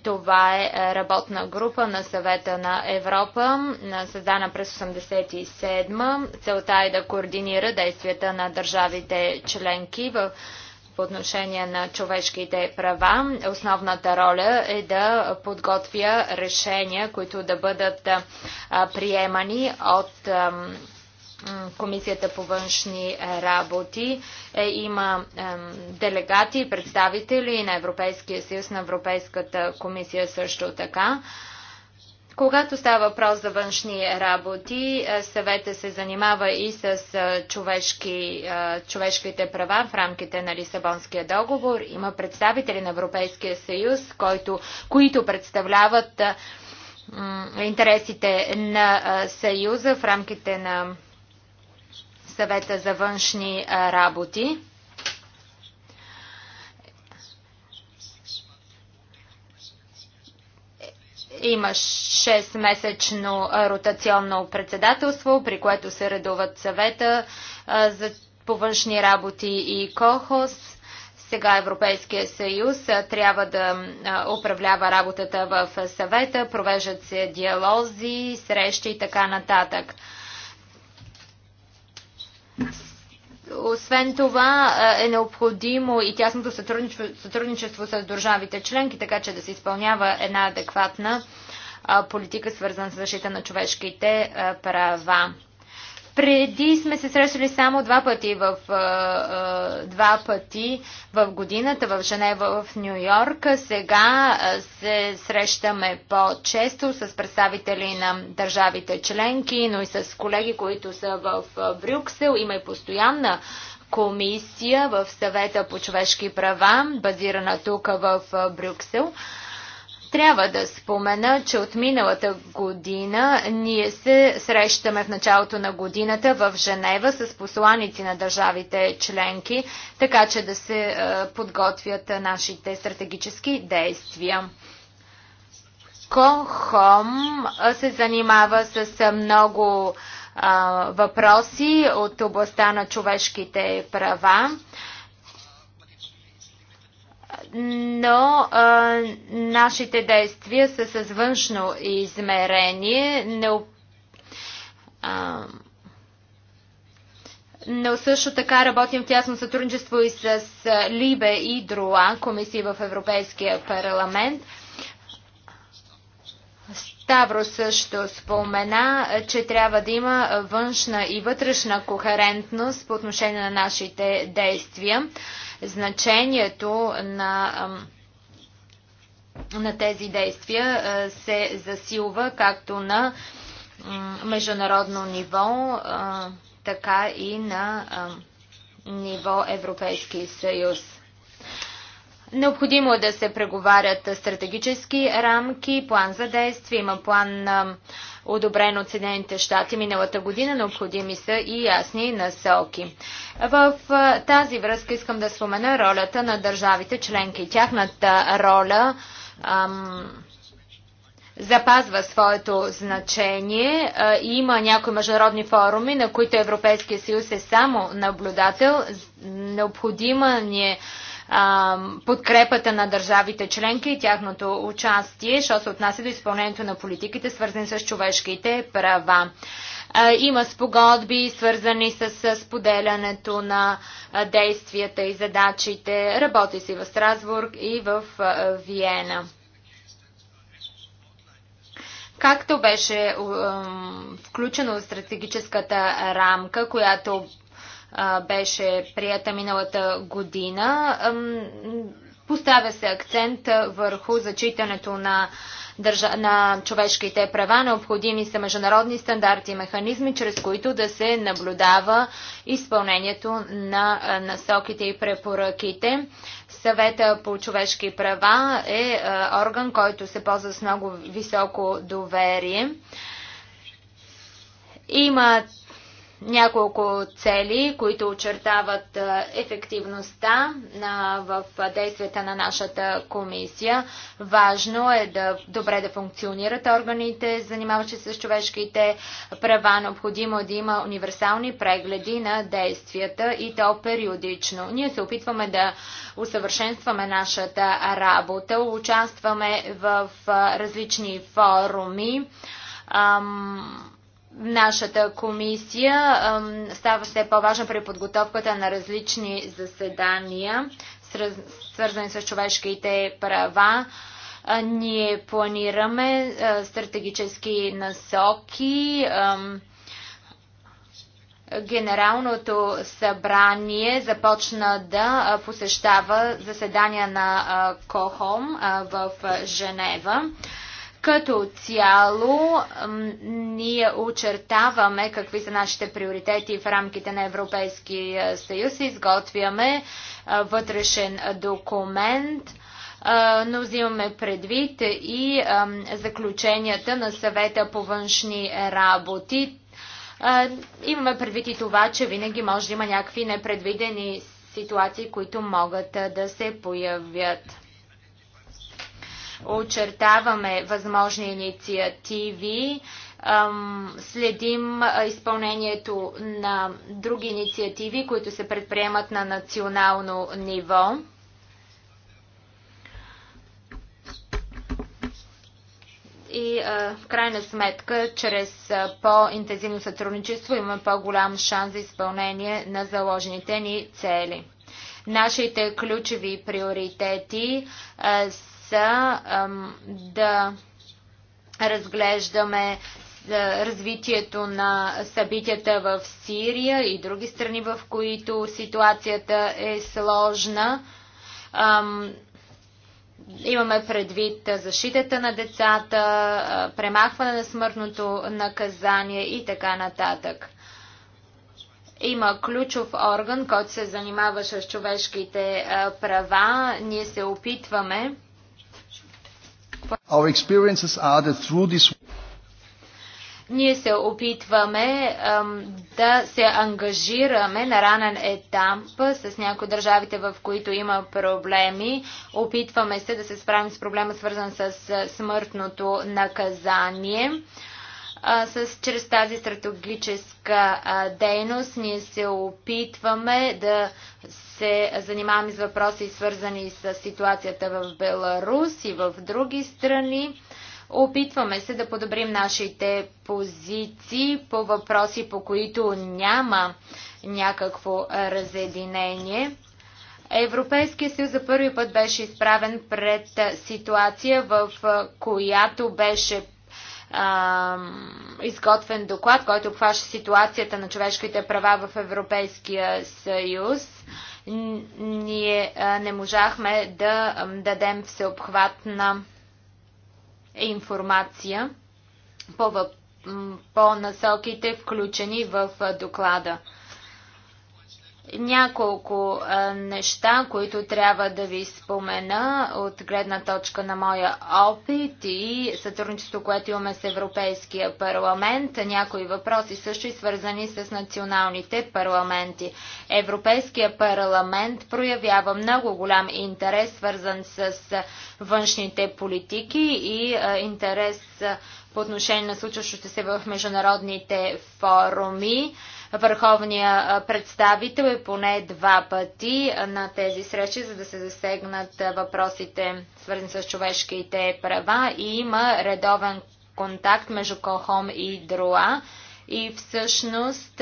Това е, е работна група на съвета на Европа, създана през 1987. Целта е да координира действията на държавите членки в по отношение на човешките права. Основната роля е да подготвя решения, които да бъдат приемани от Комисията по външни работи. Е, има делегати и представители на Европейския съюз, на Европейската комисия също така. Когато става въпрос за външни работи, е, съвета се занимава и с е, човешки, човешките права в рамките на Лисабонския договор. Има представители на Европейския съюз, който, които представляват интересите на Съюза в рамките на съвета за външни работи. Има 6-месечно ротационно председателство, при което се редуват съвета за по външни работи и КОХОС. Сега Европейския съюз трябва да управлява работата в съвета, провеждат се диалози, срещи и така нататък. Освен това е необходимо и тясното сътрудничество, с държавите членки, така че да се изпълнява една адекватна политика, свързана с защита на човешките права. Преди сме се срещали само два пъти в, два пъти в годината в Женева, в Нью Йорк. Сега се срещаме по-често с представители на държавите членки, но и с колеги, които са в Брюксел. Има и постоянна комисия в съвета по човешки права, базирана тук в Брюксел. Трябва да спомена, че от миналата година ние се срещаме в началото на годината в Женева с посланици на държавите членки, така че да се е, подготвят нашите стратегически действия. Кохом е, се занимава с е, много въпроси от областта на човешките права но а, нашите действия са с външно измерение, но, а, но също така работим в тясно сътрудничество и с Либе и Друа, комисии в Европейския парламент. А, Тавро също спомена, е, че трябва да има е, външна и вътрешна кохерентност по отношение на нашите действия. Значението на, на тези действия е, се засилва както на международно ниво, така и на ниво Европейски съюз. Необходимо е да се преговарят стратегически рамки, план за действие, има план одобрен от Съединените щати миналата година, необходими са и ясни насоки. В тази връзка искам да спомена ролята на държавите членки. Тяхната роля ам, запазва своето значение. Има някои международни форуми, на които Европейския съюз е само наблюдател. Необходима ни е подкрепата на държавите членки и тяхното участие, що се отнася до изпълнението на политиките, свързани с човешките права. Има спогодби, свързани с споделянето на действията и задачите. Работи си в Страсбург и в Виена. Както беше включено в стратегическата рамка, която беше прията миналата година. Поставя се акцент върху зачитането на, на човешките права. Необходими са международни стандарти и механизми, чрез които да се наблюдава изпълнението на насоките и препоръките. Съвета по човешки права е орган, който се ползва с много високо доверие. Има няколко цели, които очертават ефективността на, в действията на нашата комисия. Важно е да добре да функционират органите, занимаващи се с човешките права. Необходимо е да има универсални прегледи на действията и то периодично. Ние се опитваме да усъвършенстваме нашата работа, участваме в различни форуми. Ам Нашата комисия става все по-важна при подготовката на различни заседания, свързани с човешките права. Ние планираме стратегически насоки. Генералното събрание започна да посещава заседания на КОХОМ в Женева. Като цяло ние очертаваме какви са нашите приоритети в рамките на Европейския съюз, изготвяме вътрешен документ, но взимаме предвид и заключенията на съвета по външни работи. Имаме предвид и това, че винаги може да има някакви непредвидени ситуации, които могат да се появят очертаваме възможни инициативи, следим изпълнението на други инициативи, които се предприемат на национално ниво. и в крайна сметка, чрез по-интензивно сътрудничество имаме по-голям шанс за изпълнение на заложените ни цели. Нашите ключови приоритети са са да разглеждаме развитието на събитията в Сирия и други страни, в които ситуацията е сложна. Имаме предвид защитата на децата, премахване на смъртното наказание и така нататък. Има ключов орган, който се занимава с човешките права. Ние се опитваме This... Ние се опитваме ам, да се ангажираме на ранен етап с някои държавите, в които има проблеми. Опитваме се да се справим с проблема, свързан с смъртното наказание. Ам, а, с, чрез тази стратегическа а, дейност ние се опитваме да се занимаваме с въпроси, свързани с ситуацията в Беларус и в други страни. Опитваме се да подобрим нашите позиции по въпроси, по които няма някакво разединение. Европейския съюз за първи път беше изправен пред ситуация, в която беше изготвен доклад, който обхваща ситуацията на човешките права в Европейския съюз. Ние не можахме да дадем всеобхватна информация по, по насоките, включени в доклада. Няколко а, неща, които трябва да ви спомена от гледна точка на моя опит и сътрудничество, което имаме с Европейския парламент. Някои въпроси също и свързани с националните парламенти. Европейския парламент проявява много голям интерес, свързан с външните политики и а, интерес по отношение на случващото се в международните форуми. А, върховния представител и е поне два пъти на тези срещи, за да се засегнат въпросите свързани с човешките права и има редовен контакт между Кохом и Друа и всъщност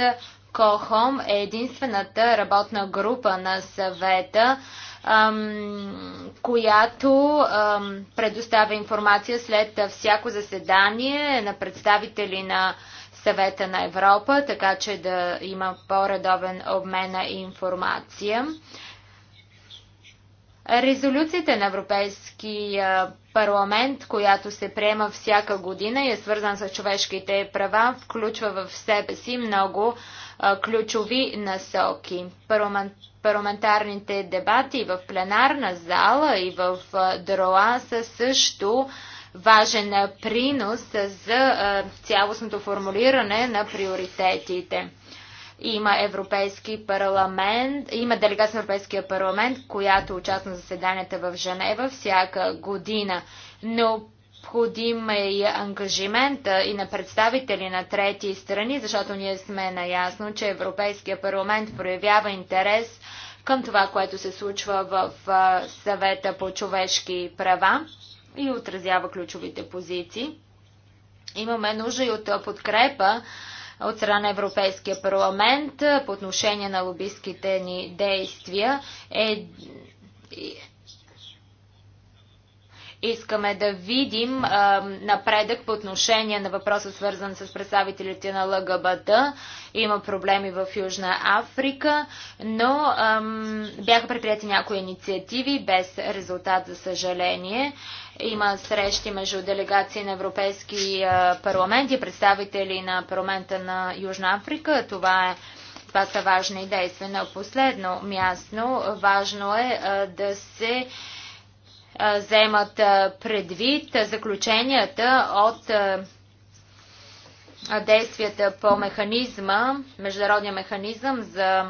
КОХОМ е единствената работна група на съвета, която предоставя информация след всяко заседание на представители на съвета на Европа, така че да има по-редовен обмен на информация. Резолюцията на Европейския парламент, която се приема всяка година и е свързана с човешките права, включва в себе си много ключови насоки. парламентарните дебати в пленарна зала и в дроа са също важен принос за цялостното формулиране на приоритетите. Има Европейски парламент, има делегация на Европейския парламент, която участва на заседанията в Женева всяка година. Но Необходим е и ангажимент и на представители на трети страни, защото ние сме наясно, че Европейския парламент проявява интерес към това, което се случва в съвета по човешки права и отразява ключовите позиции. Имаме нужда и от подкрепа от страна на Европейския парламент по отношение на лобистските ни действия. Е, Искаме да видим а, напредък по отношение на въпроса, свързан с представителите на ЛГБТ. Има проблеми в Южна Африка, но ам, бяха предприяти някои инициативи без резултат, за съжаление. Има срещи между делегации на Европейски парламент и представители на парламента на Южна Африка. Това е това са важни действия. На последно място важно е а, да се вземат предвид заключенията от действията по механизма, международния механизъм за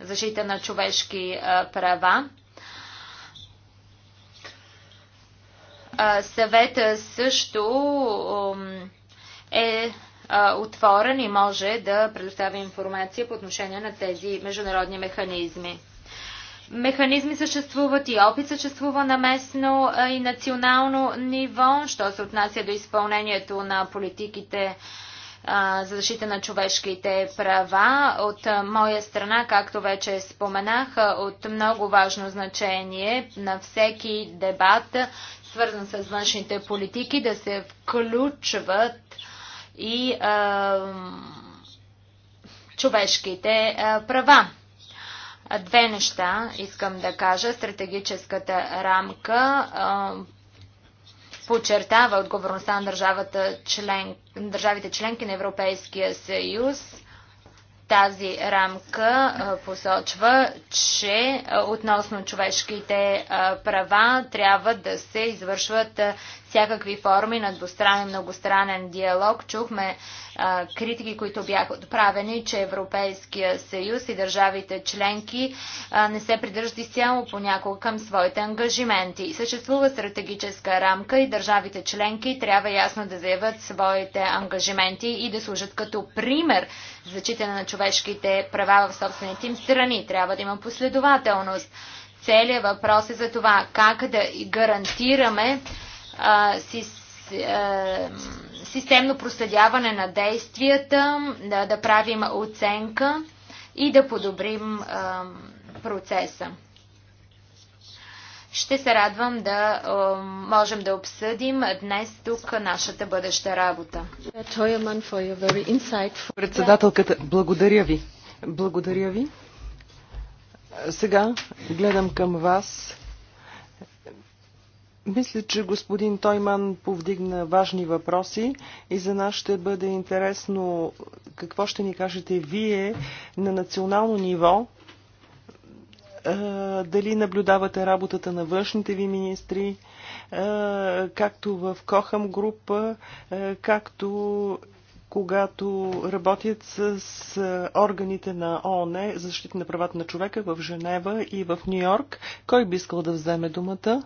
защита на човешки права. Съвета също е отворен и може да предоставя информация по отношение на тези международни механизми. Механизми съществуват и опит съществува на местно и национално ниво, що се отнася до изпълнението на политиките за защита на човешките права. От моя страна, както вече споменах, от много важно значение на всеки дебат, свързан с външните политики, да се включват и а, човешките а, права. Две неща искам да кажа. Стратегическата рамка подчертава отговорността на държавата член, държавите членки на Европейския съюз. Тази рамка посочва, че относно човешките права трябва да се извършват всякакви форми на двустранен, многостранен диалог. Чухме а, критики, които бяха отправени, че Европейския съюз и държавите членки а, не се придържат изцяло понякога към своите ангажименти. Съществува стратегическа рамка и държавите членки трябва ясно да заявят своите ангажименти и да служат като пример за читане на човешките права в собствените им страни. Трябва да има последователност. Целият въпрос е за това как да гарантираме а, си, а, системно проследяване на действията, да, да правим оценка и да подобрим а, процеса. Ще се радвам да а, можем да обсъдим днес тук нашата бъдеща работа. Председателката, благодаря ви. Благодаря ви. Сега гледам към вас. Мисля, че господин Тойман повдигна важни въпроси и за нас ще бъде интересно какво ще ни кажете вие на национално ниво. Е, дали наблюдавате работата на външните ви министри, е, както в Кохам група, е, както когато работят с органите на ООН за защита на правата на човека в Женева и в Нью-Йорк. Кой би искал да вземе думата?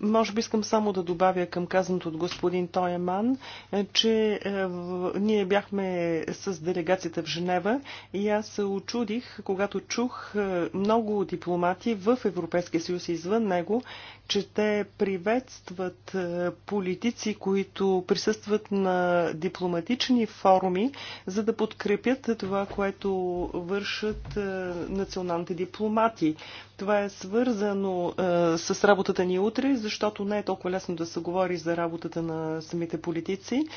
Може би искам само да добавя към казаното от господин Тоеман, е, че е, ние бяхме с делегацията в Женева и аз се очудих, когато чух е, много дипломати в Европейския съюз и извън него, че те приветстват е, политици, които присъстват на дипломатични форуми, за да подкрепят това, което вършат е, националните дипломати. Това е свързано е, с работата ни утре, защото не е толкова лесно да се говори за работата на самите политици.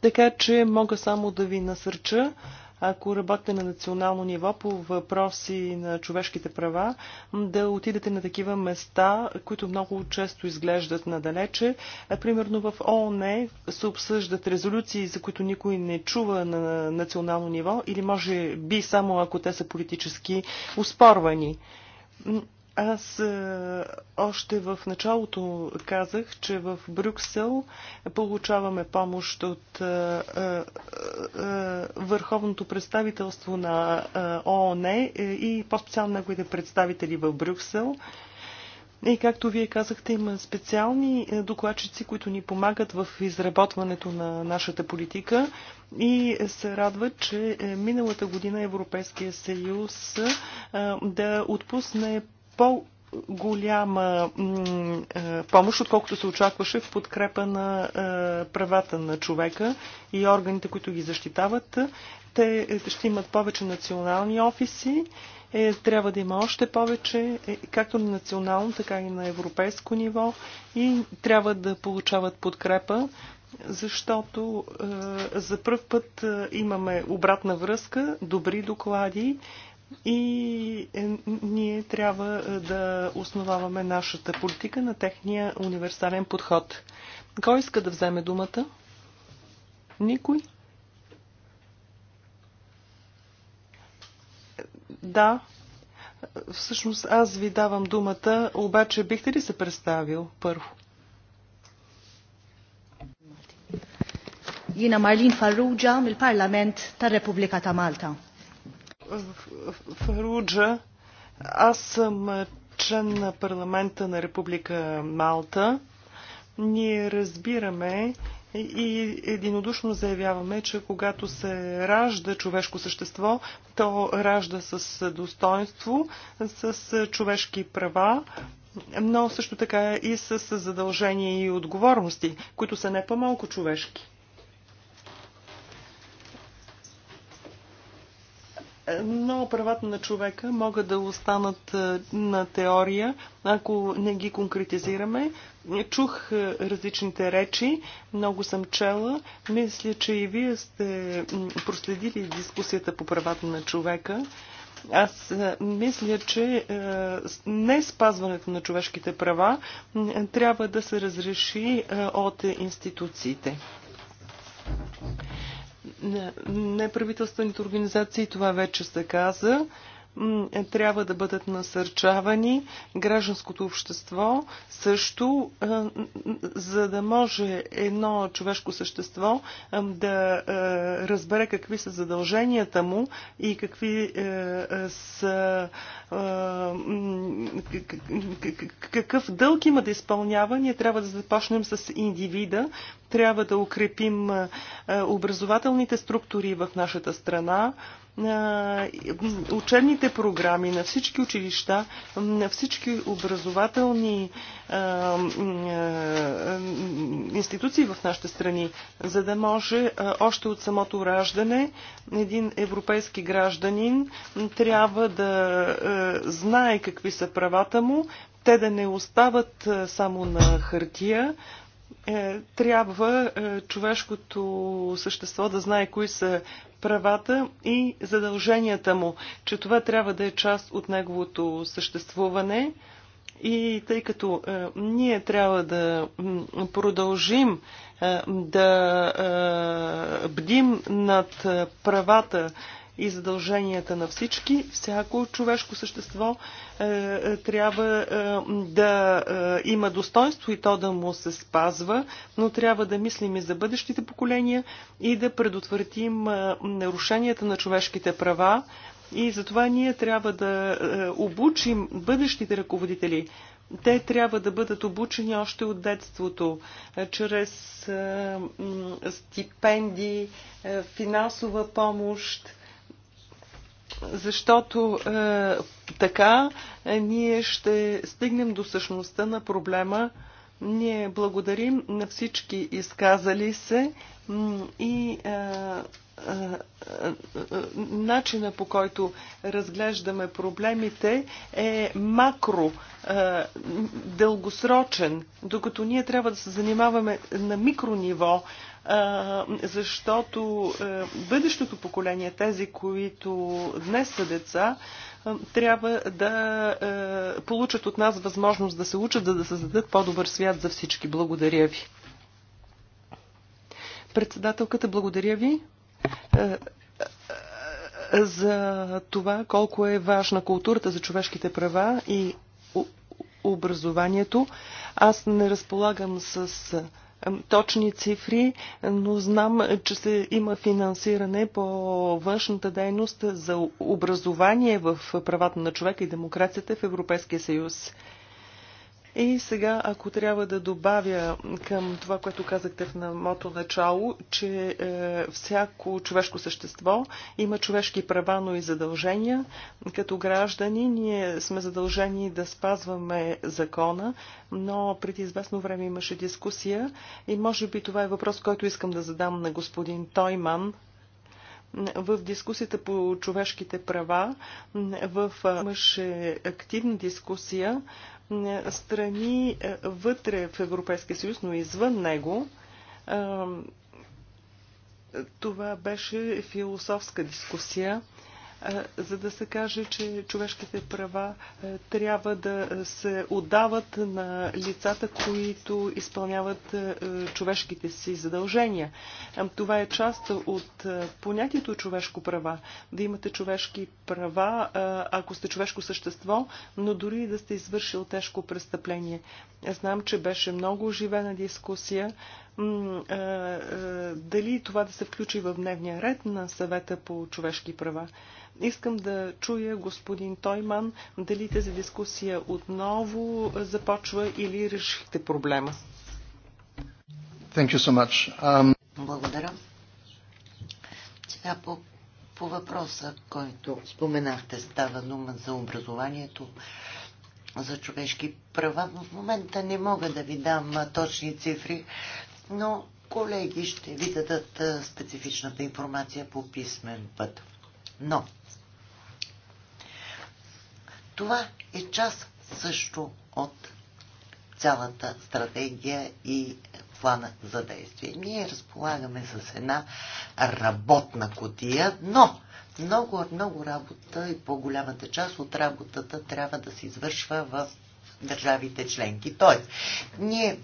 Така че мога само да ви насърча ако работите на национално ниво по въпроси на човешките права, да отидете на такива места, които много често изглеждат надалече. Примерно в ООН се обсъждат резолюции, за които никой не чува на национално ниво или може би само ако те са политически успорвани. Аз е, още в началото казах, че в Брюксел получаваме помощ от е, е, върховното представителство на ООН и по-специално неговите представители в Брюксел. И както вие казахте, има специални докладчици, които ни помагат в изработването на нашата политика и се радва, че миналата година Европейския съюз да отпусне по голяма е, помощ, отколкото се очакваше в подкрепа на е, правата на човека и органите, които ги защитават. Те ще имат повече национални офиси. Е, трябва да има още повече, е, както на национално, така и на европейско ниво и трябва да получават подкрепа, защото е, за първ път е, имаме обратна връзка, добри доклади и е, ние трябва е, да основаваме нашата политика на техния универсален подход. Кой иска да вземе думата? Никой? Да. Всъщност аз ви давам думата, обаче бихте ли се представил първо? Jina Marlin Farrugia mill-Parlament tar-Repubblika ta' Malta. Фаруджа. Аз съм член на парламента на Република Малта. Ние разбираме и единодушно заявяваме, че когато се ражда човешко същество, то ражда с достоинство, с човешки права, но също така и с задължения и отговорности, които са не по-малко човешки. но правата на човека могат да останат е, на теория, ако не ги конкретизираме. Чух е, различните речи, много съм чела. Мисля, че и вие сте проследили дискусията по правата на човека. Аз е, мисля, че не спазването на човешките права трябва да се разреши от институциите. Неправителствените организации, това вече се каза. Е, трябва да бъдат насърчавани. Гражданското общество също, е, за да може едно човешко същество е, да разбере какви са задълженията му и какви са какъв дълг има да изпълнява, ние трябва да започнем с индивида, трябва да укрепим образователните структури в нашата страна, учебните програми на всички училища, на всички образователни институции в нашите страни, за да може още от самото раждане един европейски гражданин трябва да знае какви са правата му, те да не остават само на хартия, е, трябва е, човешкото същество да знае кои са правата и задълженията му, че това трябва да е част от неговото съществуване. И тъй като е, ние трябва да продължим е, да е, бдим над правата и задълженията на всички. Всяко човешко същество е, е трябва е, да е, има достоинство и то да му се спазва, но трябва да мислим и за бъдещите поколения и да предотвратим е, нарушенията на човешките права. И затова ние трябва да е, обучим бъдещите ръководители. Те трябва да бъдат обучени още от детството, е, чрез е, стипендии, е, финансова помощ, защото е, така е, ние ще стигнем до същността на проблема. Ние благодарим на всички изказали се и е, е, е, начина по който разглеждаме проблемите е макро, е, дългосрочен, докато ние трябва да се занимаваме на микрониво, защото е, бъдещото поколение, тези, които днес са деца, е, трябва да е, получат от нас възможност да се учат, да, да създадат по-добър свят за всички. Благодаря ви. Председателката, благодаря ви за това колко е важна културата за човешките права и образованието. Аз не разполагам с точни цифри, но знам, че се има финансиране по външната дейност за образование в правата на човека и демокрацията в Европейския съюз. И сега, ако трябва да добавя към това, което казахте в самото начало, че е, всяко човешко същество има човешки права, но и задължения. Като граждани ние сме задължени да спазваме закона, но преди известно време имаше дискусия и може би това е въпрос, който искам да задам на господин Тойман, в дискусията по човешките права, в имаше активна дискусия страни е, вътре в Европейския съюз, но извън него. Това беше философска дискусия за да се каже, че човешките права трябва да се отдават на лицата, които изпълняват човешките си задължения. Това е част от понятието човешко права. Да имате човешки права, ако сте човешко същество, но дори да сте извършил тежко престъпление. Знам, че беше много оживена дискусия дали това да се включи в дневния ред на съвета по човешки права. Искам да чуя господин Тойман дали тази дискусия отново започва или решихте проблема. Thank you so much. Um... Благодаря. Сега по, по въпроса, който споменахте, става дума за образованието за човешки права. В момента не мога да ви дам точни цифри, но колеги ще ви дадат специфичната информация по писмен път. Но това е част също от цялата стратегия и плана за действие. Ние разполагаме с една работна котия, но много, много работа и по-голямата част от работата трябва да се извършва в държавите членки. Тоест, ние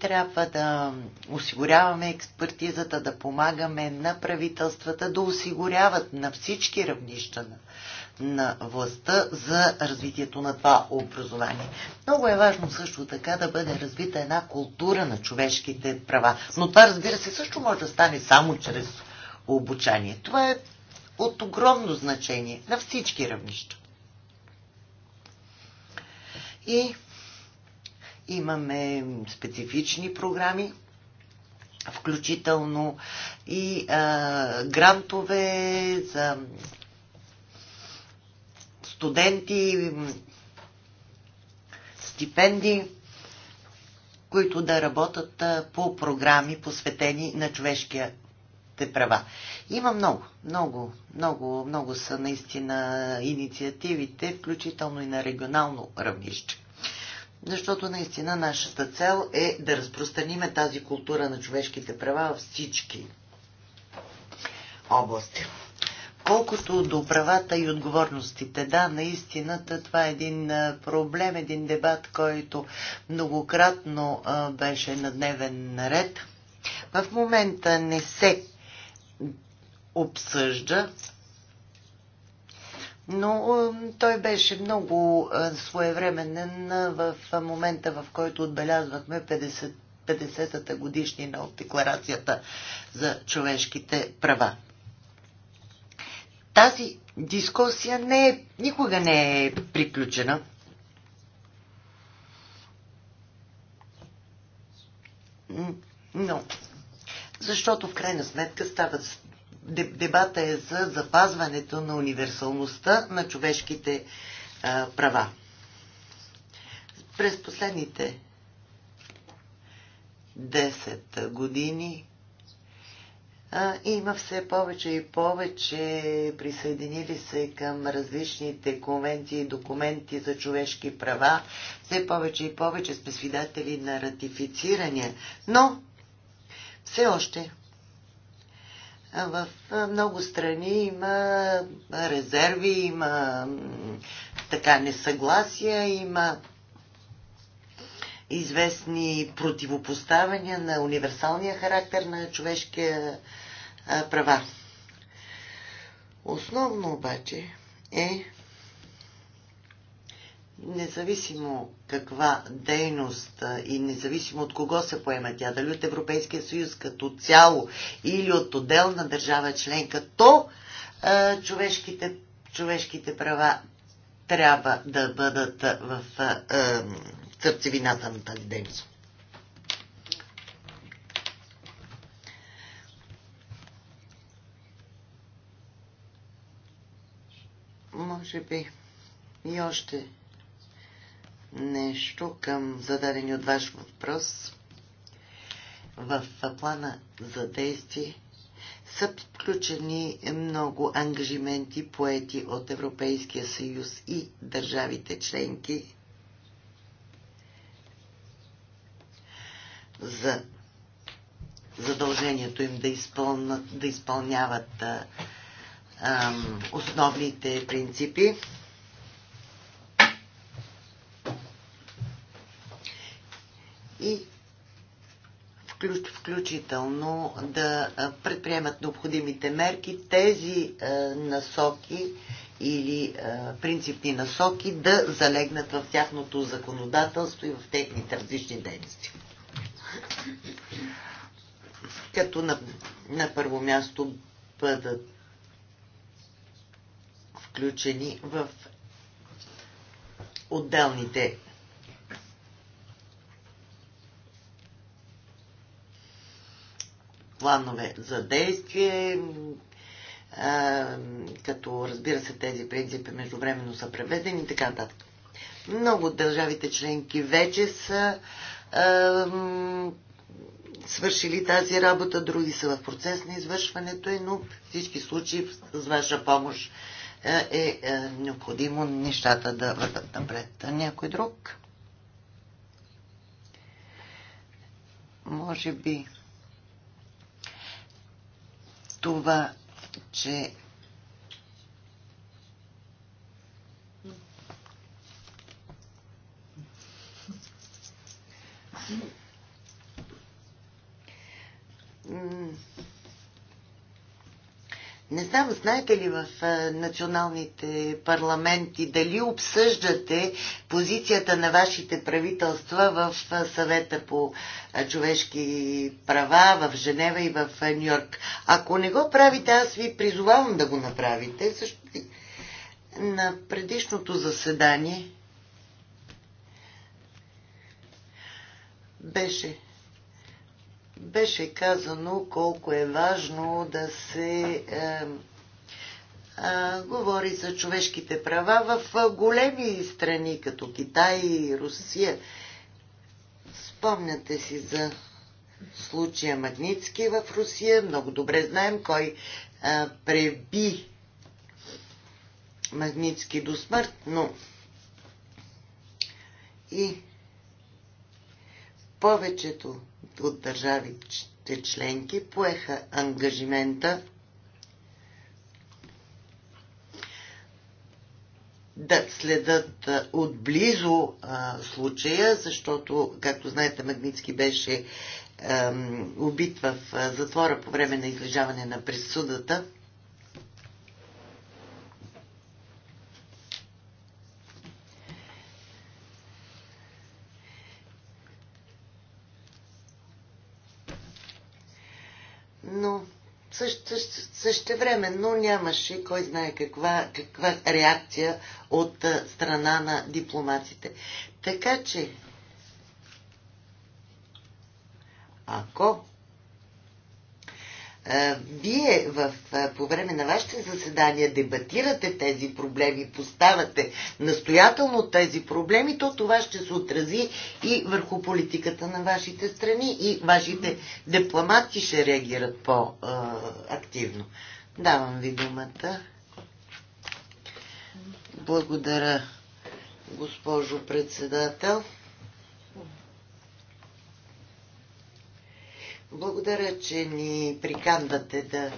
трябва да осигуряваме експертизата, да помагаме на правителствата, да осигуряват на всички равнища на, на властта за развитието на това образование. Много е важно също така да бъде развита една култура на човешките права. Но това, разбира се, също може да стане само чрез обучание. Това е от огромно значение на всички равнища. И Имаме специфични програми, включително и а, грантове за студенти, стипендии, които да работят по програми, посветени на човешкия те права. Има много, много, много, много са наистина инициативите, включително и на регионално равнище защото наистина нашата цел е да разпространиме тази култура на човешките права във всички области. Колкото до правата и отговорностите, да, наистина това е един проблем, един дебат, който многократно беше на дневен наред. В момента не се обсъжда но е, той беше много е, своевременен е, в момента, в който отбелязвахме 50 50-та годишнина от Декларацията за човешките права. Тази дискусия не е, никога не е приключена. Но, защото в крайна сметка стават дебата е за запазването на универсалността на човешките а, права. През последните 10 години а, има все повече и повече присъединили се към различните конвенции и документи за човешки права. Все повече и повече сме свидатели на ратифицирания. Но все още в много страни има резерви, има така несъгласия, има известни противопоставяния на универсалния характер на човешкия права. Основно обаче е независимо каква дейност и независимо от кого се поема тя, дали от Европейския съюз като цяло или от отделна държава членка, то е, човешките, човешките права трябва да бъдат в е, сърцевината на тази дейност. Може би и още нещо към зададени от ваш въпрос. В плана за действие са включени много ангажименти, поети от Европейския съюз и държавите членки за задължението им да, изпълна, да изпълняват а, основните принципи. и включително да предприемат необходимите мерки, тези насоки или принципни насоки да залегнат в тяхното законодателство и в техните различни дейности. Като на, на първо място бъдат включени в отделните планове за действие, като разбира се тези принципи междувременно са преведени и така нататък. Много от държавите членки вече са свършили тази работа, други са в процес на извършването и, но в всички случаи с ваша помощ е необходимо нещата да върват напред. Някой друг? Може би това, че mm не знам, знаете ли в националните парламенти дали обсъждате позицията на вашите правителства в съвета по човешки права в Женева и в Нью Йорк? Ако не го правите, аз ви призовавам да го направите. Също на предишното заседание беше беше казано колко е важно да се е, е, говори за човешките права в е, големи страни, като Китай и Русия. Спомняте си за случая Магницки в Русия. Много добре знаем кой е, преби Магницки до смърт, но и повечето от държавите членки поеха ангажимента да следят отблизо а, случая, защото, както знаете, Магницки беше а, убит в затвора по време на излежаване на присъдата. същевременно нямаше кой знае каква, каква реакция от страна на дипломаците. Така че, ако вие в, по време на вашите заседания дебатирате тези проблеми, поставяте настоятелно тези проблеми, то това ще се отрази и върху политиката на вашите страни и вашите дипломати ще реагират по-активно. Давам ви думата. Благодаря, госпожо председател. Благодаря, че ни прикандате да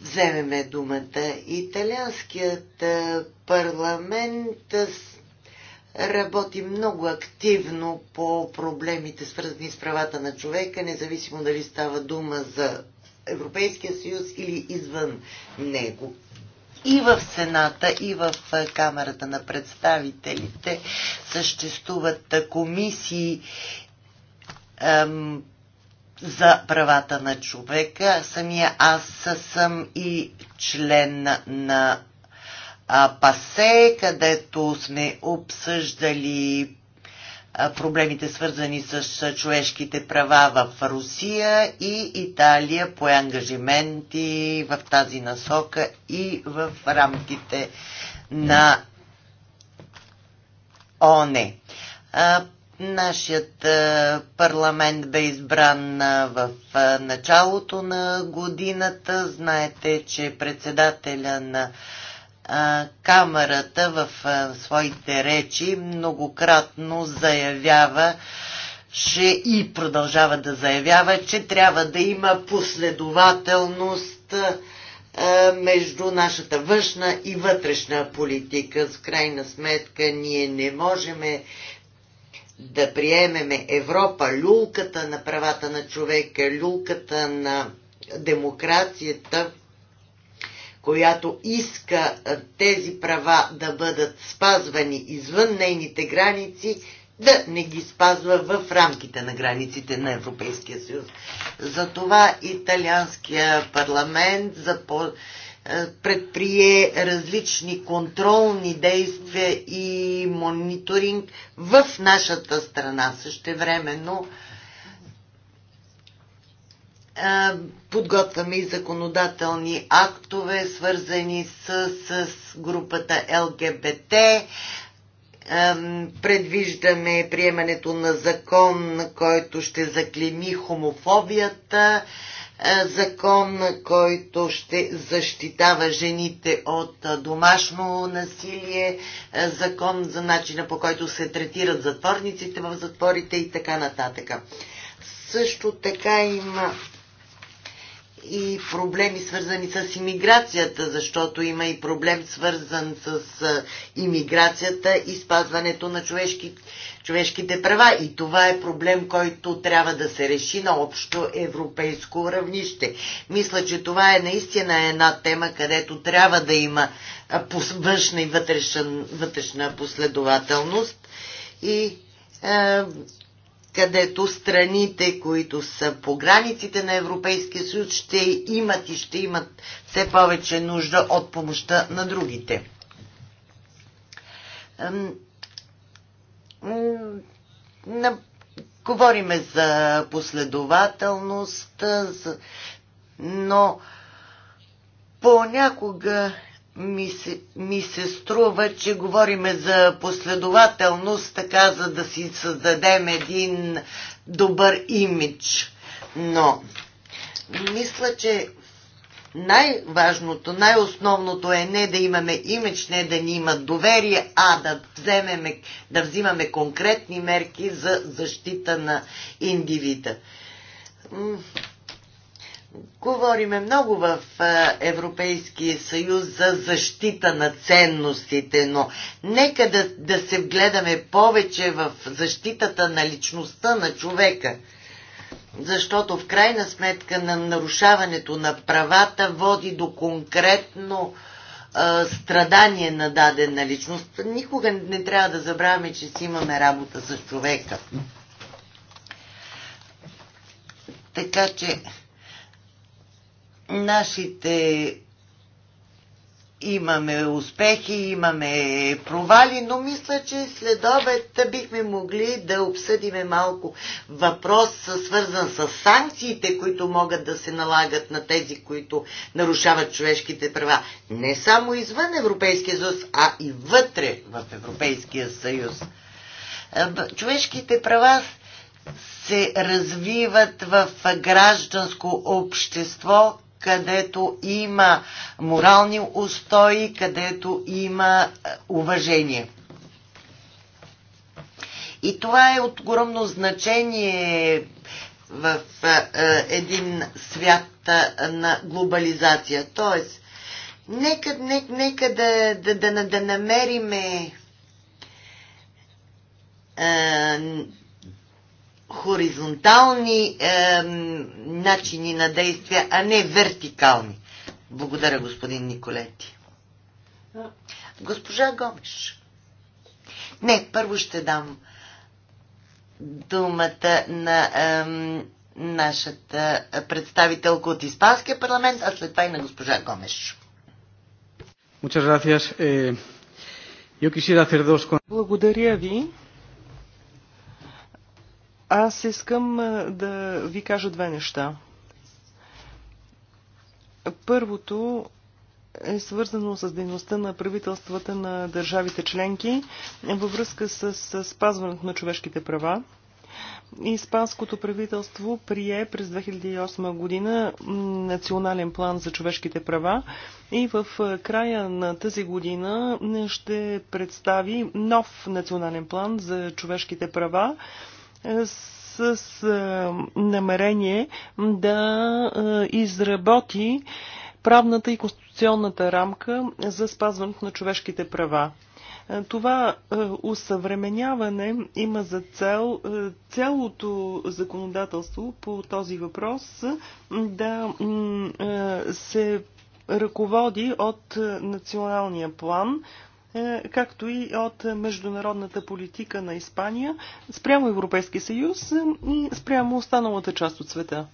вземеме думата. Италианският е, парламент е, работи много активно по проблемите, свързани с правата на човека, независимо дали става дума за Европейския съюз или извън него. И в Сената, и в е, Камерата на представителите съществуват комисии за правата на човека. Самия аз съм и член на ПАСЕ, където сме обсъждали проблемите свързани с човешките права в Русия и Италия по ангажименти в тази насока и в рамките на ОНЕ. Нашият е, парламент бе избран е, в е, началото на годината. Знаете, че председателя на камерата в своите речи многократно заявява, ще и продължава да заявява, че трябва да има последователност между нашата външна и вътрешна политика. С крайна сметка ние не можем да приемеме Европа, люлката на правата на човека, люлката на демокрацията, която иска тези права да бъдат спазвани извън нейните граници, да не ги спазва в рамките на границите на Европейския съюз. Затова италианския парламент започна е, предприе различни контролни действия и мониторинг в нашата страна. Същевременно е, подготвяме и законодателни актове, свързани с, с групата ЛГБТ. Е, предвиждаме приемането на закон, който ще заклеми хомофобията е, закон, който ще защитава жените от е, домашно насилие, е, закон за начина по който се третират затворниците в затворите и така нататък. Също така има и проблеми свързани с иммиграцията, защото има и проблем свързан с иммиграцията и спазването на човешки, човешките права. И това е проблем, който трябва да се реши на общо европейско равнище. Мисля, че това е наистина една тема, където трябва да има външна и вътрешна последователност. И където страните, които са по границите на Европейския съюз, ще имат и ще имат все повече нужда от помощта на другите. Говориме за последователност, но понякога ми се, ми се струва, че говориме за последователност, така за да си създадем един добър имидж. Но мисля, че най-важното, най-основното е не да имаме имидж, не да ни имат доверие, а да, вземеме, да взимаме конкретни мерки за защита на индивида Говориме много в Европейския съюз за защита на ценностите, но нека да, да се вгледаме повече в защитата на личността на човека. Защото в крайна сметка на нарушаването на правата води до конкретно а, страдание на дадена личност. Никога не трябва да забравяме, че си имаме работа с човека. Така че нашите имаме успехи, имаме провали, но мисля, че след обед бихме могли да обсъдиме малко въпрос, свързан с санкциите, които могат да се налагат на тези, които нарушават човешките права. Не само извън Европейския съюз, а и вътре в Европейския съюз. Човешките права се развиват в гражданско общество, където има морални устои, където има е, уважение. И това е от огромно значение в е, е, един свят на глобализация. Тоест, нека, нека, нека да, да, да, да намериме хоризонтални е, начини на действия, а не вертикални. Благодаря, господин Николети. Госпожа Гомеш. Не, първо ще дам думата на е, нашата представителка от Испанския парламент, а след това и на госпожа Гомеш. Eh, Благодаря ви. Аз искам да ви кажа две неща. Първото е свързано с дейността на правителствата на държавите членки във връзка с спазването на човешките права. Испанското правителство прие през 2008 година национален план за човешките права и в края на тази година ще представи нов национален план за човешките права с намерение да изработи правната и конституционната рамка за спазването на човешките права. Това усъвременяване има за цел цялото законодателство по този въпрос да се ръководи от националния план е, както и от международната политика на Испания спрямо Европейски съюз и спрямо останалата част от света.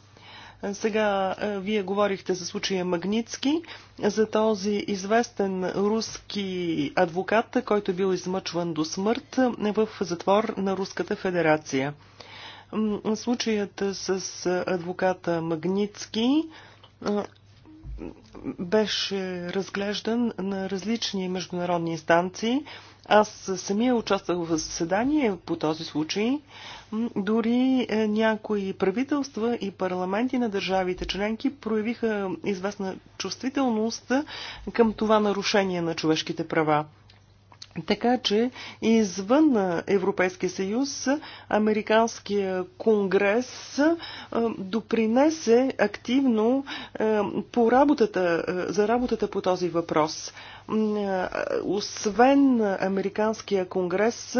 Сега е, вие говорихте за случая Магницки, за този известен руски адвокат, който е бил измъчван до смърт в затвор на Руската федерация. Случаят с адвоката Магницки е, беше разглеждан на различни международни инстанции. Аз самия участвах в заседание по този случай. Дори е, някои правителства и парламенти на държавите членки проявиха известна чувствителност към това нарушение на човешките права. Така че извън Европейския съюз, Американския конгрес допринесе активно по работата, за работата по този въпрос. Освен Американския конгрес,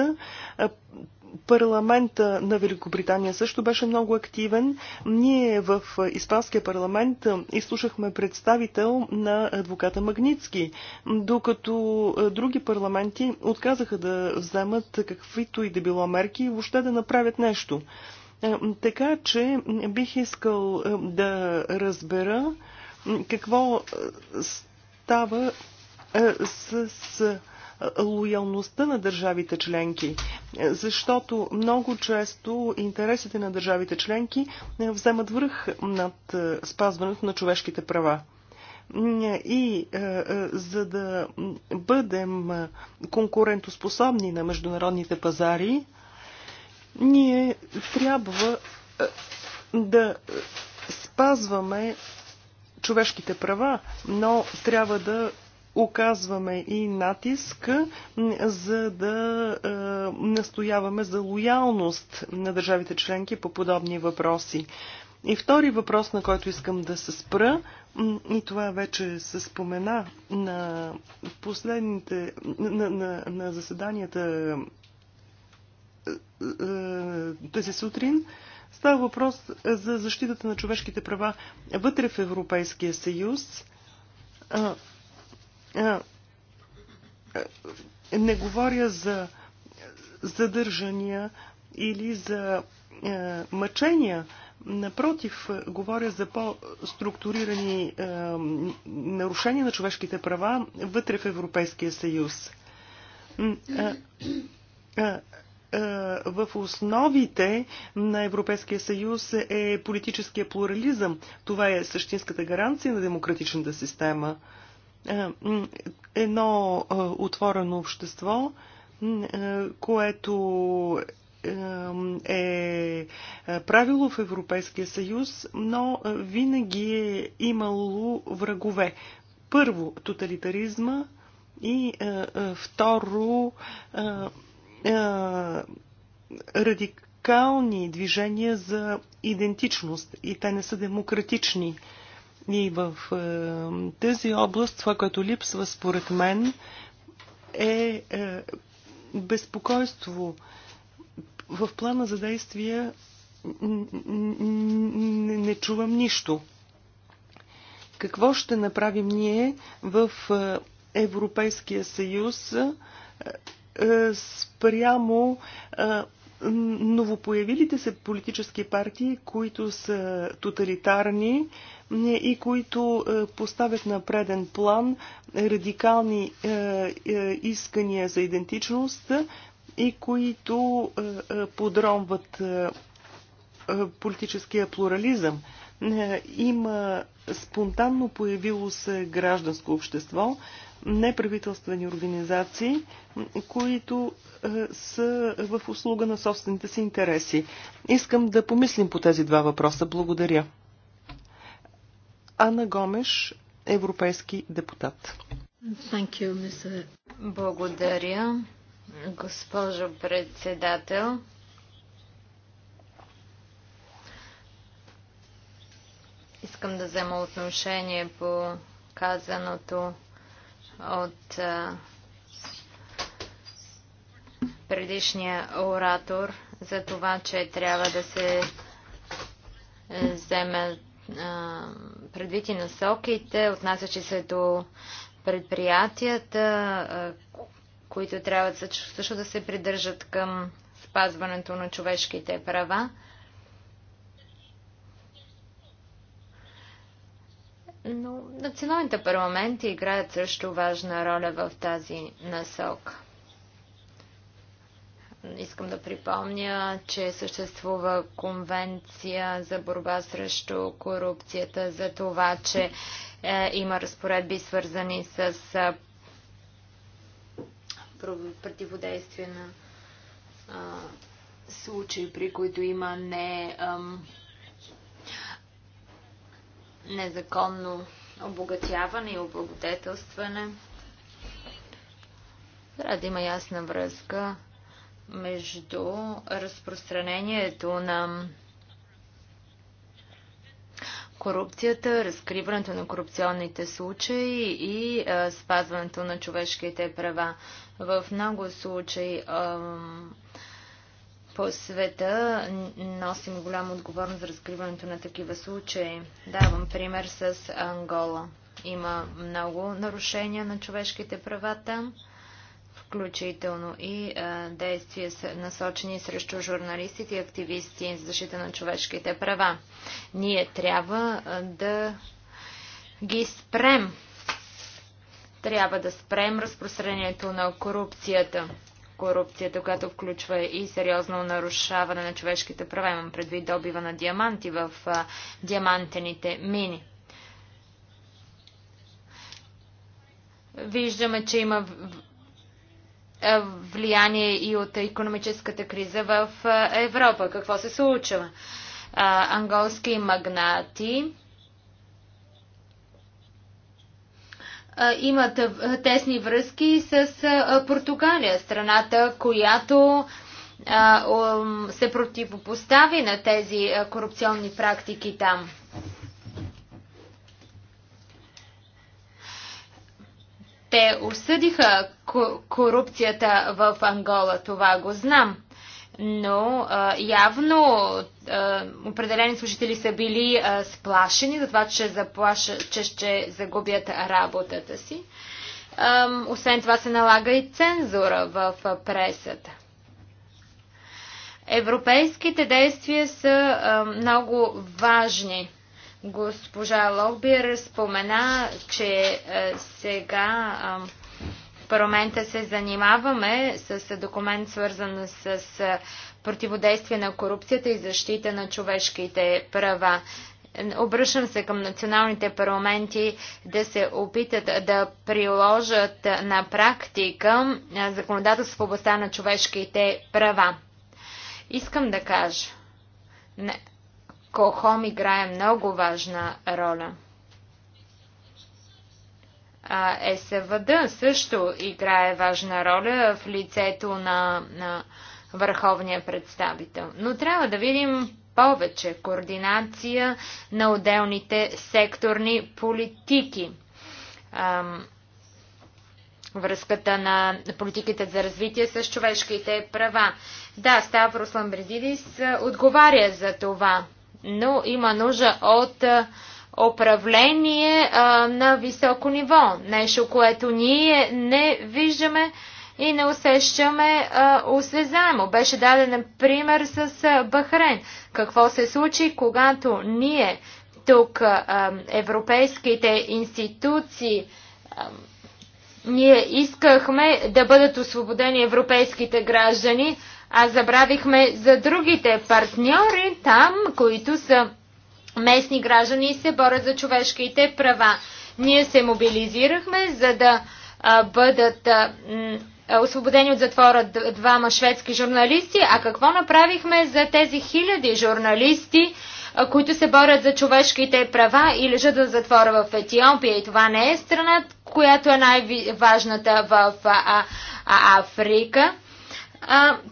Парламента на Великобритания също беше много активен. Ние в Испанския парламент изслушахме представител на адвоката Магницки, докато други парламенти отказаха да вземат каквито и да било мерки и въобще да направят нещо. Така че бих искал да разбера какво става с, с лоялността на държавите членки, защото много често интересите на държавите членки е, вземат връх над е, спазването на човешките права. И е, за да бъдем конкурентоспособни на международните пазари, ние трябва да спазваме човешките права, но трябва да оказваме и натиск, за да е, настояваме за лоялност на държавите членки по подобни въпроси. И втори въпрос, на който искам да се спра, и това вече се спомена на последните, на, на, на заседанията е, е, тази сутрин, става въпрос за защитата на човешките права вътре в Европейския съюз. Не говоря за задържания или за мъчения. Напротив, говоря за по-структурирани нарушения на човешките права вътре в Европейския съюз. в основите на Европейския съюз е политическия плурализъм. Това е същинската гаранция на демократичната система. Е, едно е, отворено общество, е, което е правило в Европейския съюз, но винаги е имало врагове. Първо, тоталитаризма и второ, радикални движения за идентичност и те не са демократични. И в е, тази област това, което липсва според мен е, е безпокойство. В плана за действия не, не чувам нищо. Какво ще направим ние в е, Европейския съюз спрямо новопоявилите се политически партии, които са тоталитарни е, и които е, поставят на преден план радикални е, искания за идентичност и които подромват политическия плурализъм. Има спонтанно появило се гражданско общество, неправителствени организации, които е, са в услуга на собствените си интереси. Искам да помислим по тези два въпроса. Благодаря. Ана Гомеш, европейски депутат. Thank you, Благодаря, госпожо председател. искам да взема отношение по казаното от предишния оратор за това, че трябва да се вземе предвид и насоките, отнасящи се до предприятията, които трябва също да се придържат към спазването на човешките права. Но националните парламенти играят също важна роля в тази насока. Искам да припомня, че съществува конвенция за борба срещу корупцията, за това, че е, има разпоредби свързани с е, противодействие на е, случаи, при които има не. Е, незаконно обогатяване и облагодетелстване. Трябва да има ясна връзка между разпространението на корупцията, разкриването на корупционните случаи и спазването на човешките права. В много случаи по света носим голяма отговорност за разкриването на такива случаи. Давам пример с Ангола. Има много нарушения на човешките права там, включително и а, действия насочени срещу журналистите и активисти за защита на човешките права. Ние трябва а, да ги спрем. Трябва да спрем разпространението на корупцията корупцията, която включва и сериозно нарушаване на човешките права. Имам предвид добива на диаманти в диамантените мини. Виждаме, че има влияние и от економическата криза в Европа. Какво се случва? анголски магнати имат тесни връзки с Португалия, страната, която се противопостави на тези корупционни практики там. Те осъдиха корупцията в Ангола, това го знам но а, явно а, определени служители са били а, сплашени за това, че, заплаша, че ще загубят работата си. А, освен това се налага и цензура в пресата. Европейските действия са а, много важни. Госпожа Лобир спомена, че а, сега. А, парламента се занимаваме с документ свързан с противодействие на корупцията и защита на човешките права. Обръщам се към националните парламенти да се опитат да приложат на практика законодателство в областта на човешките права. Искам да кажа, Кохом играе много важна роля. СВД също играе важна роля в лицето на, на върховния представител. Но трябва да видим повече координация на отделните секторни политики. Ам, връзката на политиките за развитие с човешките права. Да, Руслан Бредидис отговаря за това, но има нужда от управление а, на високо ниво. Нещо, което ние не виждаме и не усещаме а, осезаемо. Беше даден пример с Бахрен. Какво се случи, когато ние тук, а, европейските институции, а, ние искахме да бъдат освободени европейските граждани, а забравихме за другите партньори там, които са местни граждани се борят за човешките права. Ние се мобилизирахме, за да бъдат освободени от затвора двама шведски журналисти. А какво направихме за тези хиляди журналисти, които се борят за човешките права и лежат в затвора в Етиопия? И това не е страна, която е най-важната в Африка.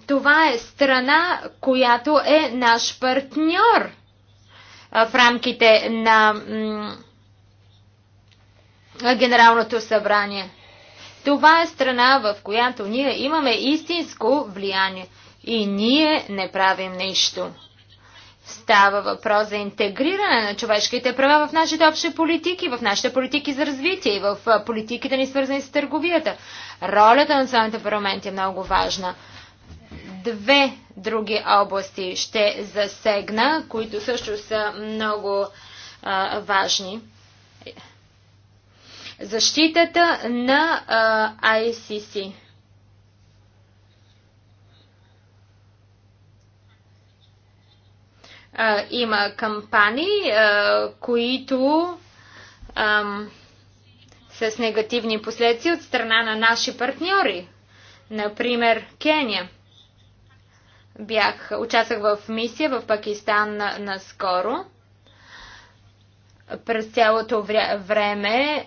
това е страна, която е наш партньор в рамките на Генералното събрание. Това е страна, в която ние имаме истинско влияние и ние не правим нищо. Става въпрос за интегриране на човешките права в нашите общи политики, в нашите политики за развитие и в политиките ни свързани с търговията. Ролята на националните парламенти е много важна. Две други области ще засегна, които също са много а, важни. Защитата на а, ICC. А, има кампании, а, които а, с негативни последствия от страна на наши партньори, например Кения. Бях, участвах в мисия в Пакистан наскоро. През цялото време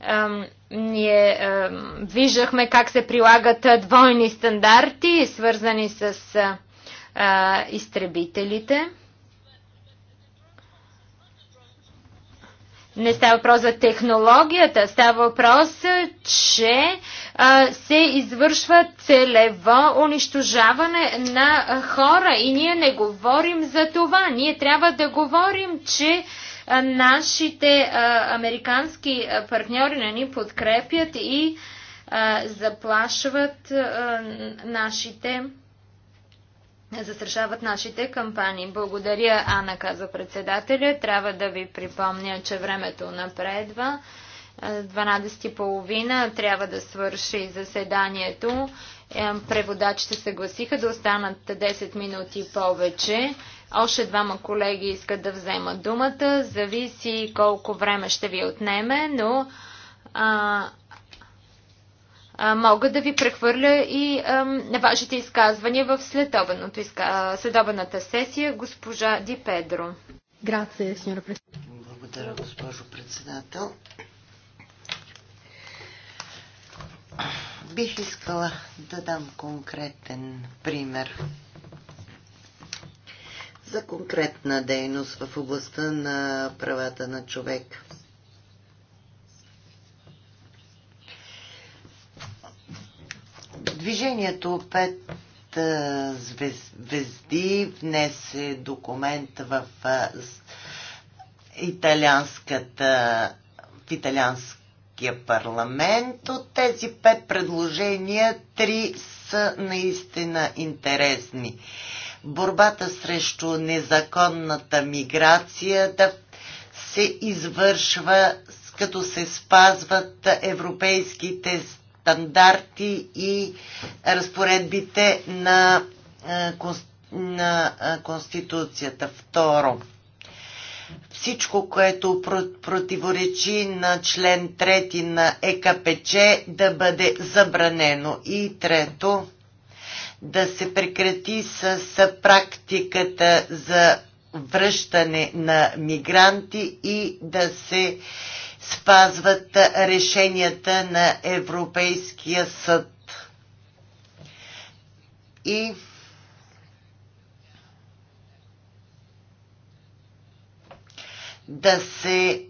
ам, ние ам, виждахме как се прилагат двойни стандарти, свързани с а, изтребителите. Не става въпрос за технологията, става въпрос, че а, се извършва целево унищожаване на хора и ние не говорим за това. Ние трябва да говорим, че а, нашите а, американски партньори не ни подкрепят и а, заплашват а, нашите застрашават нашите кампании. Благодаря, Ана, каза председателя. Трябва да ви припомня, че времето напредва. 12.30 трябва да свърши заседанието. Е, преводачите се гласиха да останат 10 минути повече. Още двама колеги искат да вземат думата. Зависи колко време ще ви отнеме, но а, мога да ви прехвърля и вашите изказвания в следобената сесия, госпожа Ди Педро. Грация, сеньора председател. Благодаря, госпожо председател. Бих искала да дам конкретен пример за конкретна дейност в областта на правата на човека. Движението пет звезди внесе документ в италианската, в италианския парламент. От тези пет предложения три са наистина интересни. Борбата срещу незаконната миграция да се извършва като се спазват европейските стандарти и разпоредбите на, е, на е, Конституцията. Второ, всичко, което противоречи на член 3 на ЕКПЧ да бъде забранено. И трето, да се прекрати с практиката за връщане на мигранти и да се спазват решенията на Европейския съд. И да се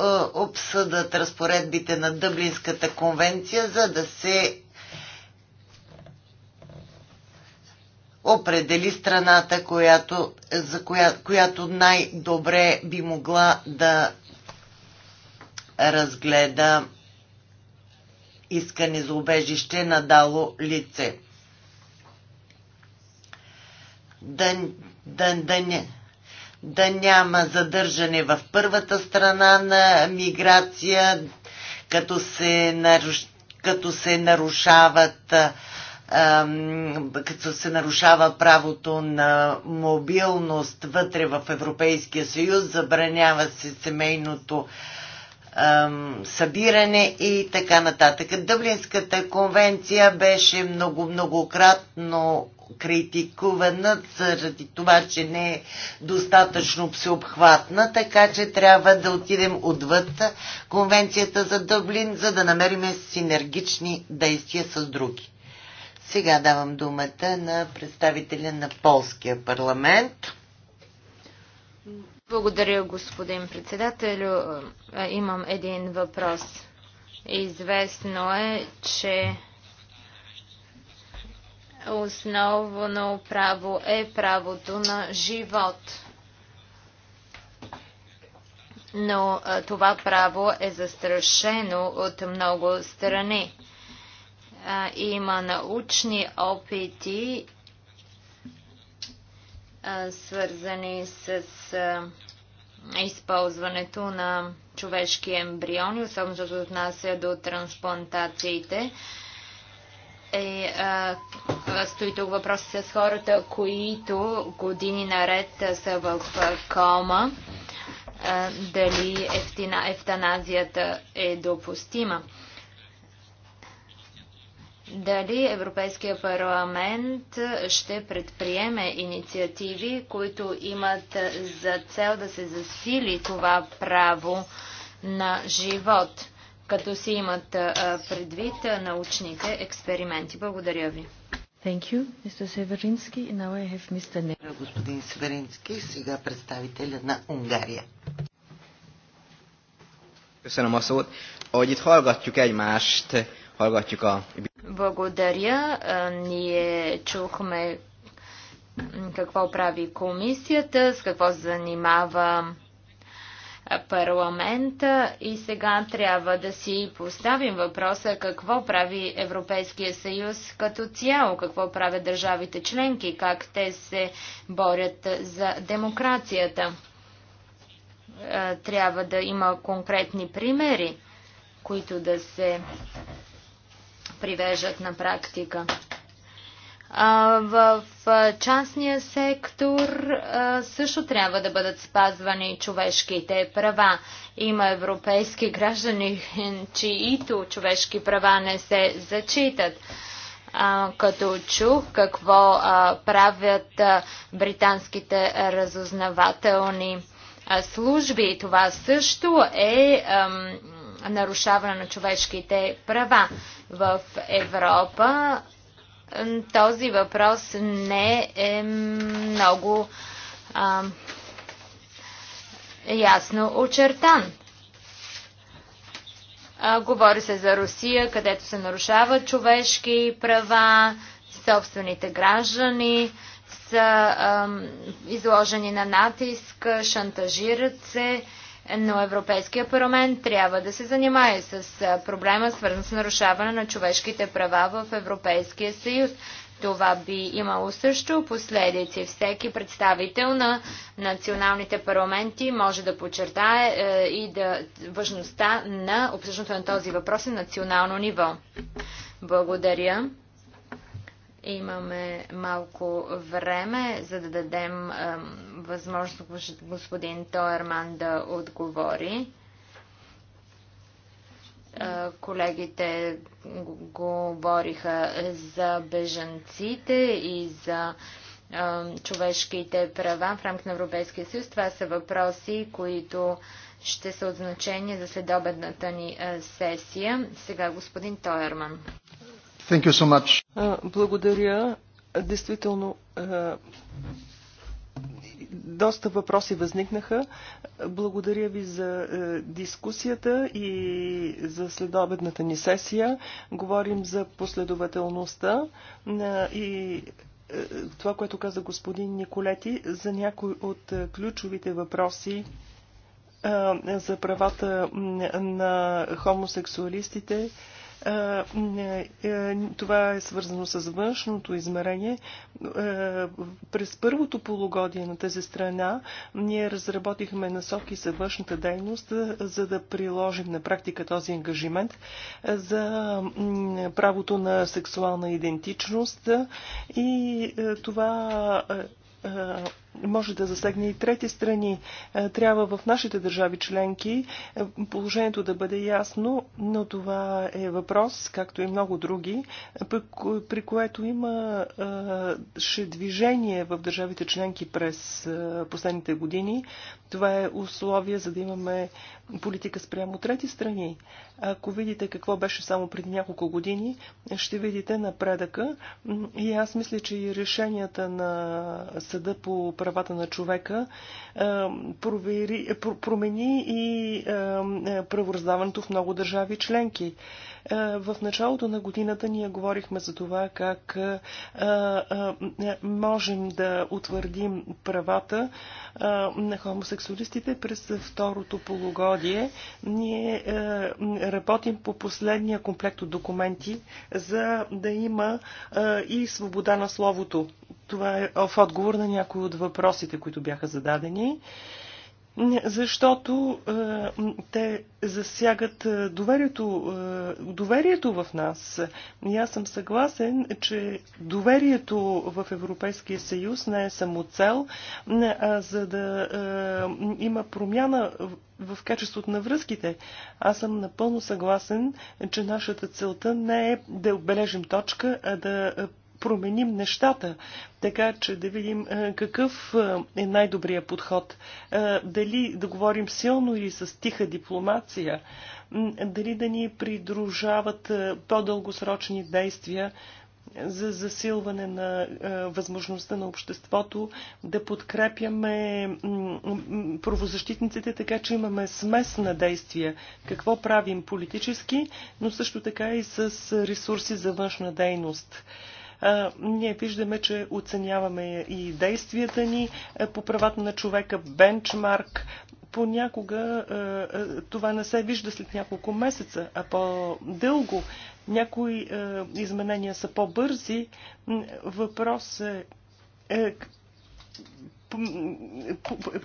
е, обсъдат разпоредбите на Дъблинската конвенция, за да се определи страната, която, за коя, която най-добре би могла да разгледа искане за убежище на дало лице. Да, да, да, не, да няма задържане в първата страна на миграция, като се, наруш, като се нарушават като се нарушава правото на мобилност вътре в Европейския съюз, забранява се семейното събиране и така нататък. Дъблинската конвенция беше много, многократно критикувана заради това, че не е достатъчно всеобхватна, така че трябва да отидем отвъд конвенцията за Дъблин, за да намерим синергични действия с други. Сега давам думата на представителя на Полския парламент. Благодаря, господин председател. Е, имам един въпрос. Известно е, че основно право е правото на живот. Но е, това право е застрашено от много страни има научни опити, свързани с използването на човешки ембриони, особено защото отнася до трансплантациите. Е, а, стои тук въпрос с хората, които години наред са в кома. А, дали ефтина, ефтаназията е допустима? дали Европейския парламент ще предприеме инициативи, които имат за цел да се засили това право на живот, като си имат предвид научните експерименти. Благодаря ви. Thank you, Mr. Северински. Now I have Mr. Ne Господин Северински, сега представителя на Унгария. Köszönöm a szót. Ahogy itt hallgatjuk egymást, благодаря. Ние чухме какво прави комисията, с какво занимава парламента и сега трябва да си поставим въпроса какво прави Европейския съюз като цяло, какво правят държавите членки, как те се борят за демокрацията. Трябва да има конкретни примери, които да се привеждат на практика. В частния сектор също трябва да бъдат спазвани човешките права. Има европейски граждани, чието човешки права не се зачитат. Като чух какво правят британските разузнавателни служби, това също е нарушаване на човешките права в Европа. Този въпрос не е много а, ясно очертан. А, говори се за Русия, където се нарушават човешки права, собствените граждани са а, изложени на натиск, шантажират се но Европейския парламент трябва да се занимае с проблема, свързан с нарушаване на човешките права в Европейския съюз. Това би имало също последици. Всеки представител на националните парламенти може да подчертае е, и да важността на обсъждането на този въпрос на национално ниво. Благодаря. Имаме малко време, за да дадем е, възможност господин Тоерман да отговори. Е, колегите говориха за бежанците и за е, човешките права в рамките на Европейския съюз. Това са въпроси, които ще са от значение за следобедната ни сесия. Сега господин Тоерман. Thank you so much. Благодаря. Действително, доста въпроси възникнаха. Благодаря ви за дискусията и за следобедната ни сесия. Говорим за последователността и това, което каза господин Николети, за някои от ключовите въпроси за правата на хомосексуалистите, е, е, това е свързано с външното измерение. Е, през първото полугодие на тази страна ние разработихме насоки за външната дейност, за да приложим на практика този ангажимент за правото на сексуална идентичност и това може да засегне и трети страни. Е, трябва в нашите държави членки е, положението да бъде ясно, но това е въпрос, както и много други, е, при което има ще движение в държавите членки през последните години. Това е условие, за да имаме политика спрямо трети страни. Ако видите какво беше само преди няколко години, ще видите напредъка. И аз мисля, че и решенията на Съда по правата на човека е, провери, промени и е, е, правораздаването в много държави членки. В началото на годината ние говорихме за това как можем да утвърдим правата на хомосексуалистите през второто полугодие плодородие, ние е, работим по последния комплект от документи, за да има е, и свобода на словото. Това е в отговор на някои от въпросите, които бяха зададени защото е, те засягат е, доверието, е, доверието в нас. И аз съм съгласен, че доверието в Европейския съюз не е само цел, а за да е, има промяна в, в качеството на връзките. Аз съм напълно съгласен, че нашата целта не е да отбележим точка, а да променим нещата, така че да видим е, какъв е, е най-добрият подход. Е, дали да говорим силно или с тиха дипломация, дали да ни придружават по-дългосрочни действия за засилване на възможността на обществото да подкрепяме правозащитниците, така че имаме смес на действия. Какво правим политически, но също така и с ресурси за външна дейност. Ние виждаме, че оценяваме и действията ни е, по правата на човека, бенчмарк, понякога е, е, това не се вижда след няколко месеца, а по-дълго. Някои изменения са по-бързи. Въпрос е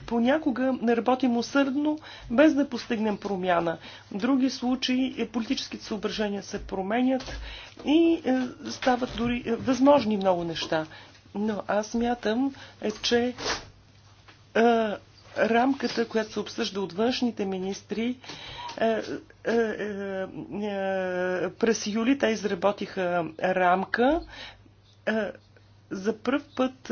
понякога не работим усърдно, без да постигнем промяна. В други случаи е, политическите съображения се променят и е, стават дори е, възможни много неща. Но аз мятам, че рамката, която се обсъжда от външните министри, през юли те изработиха рамка. За първ път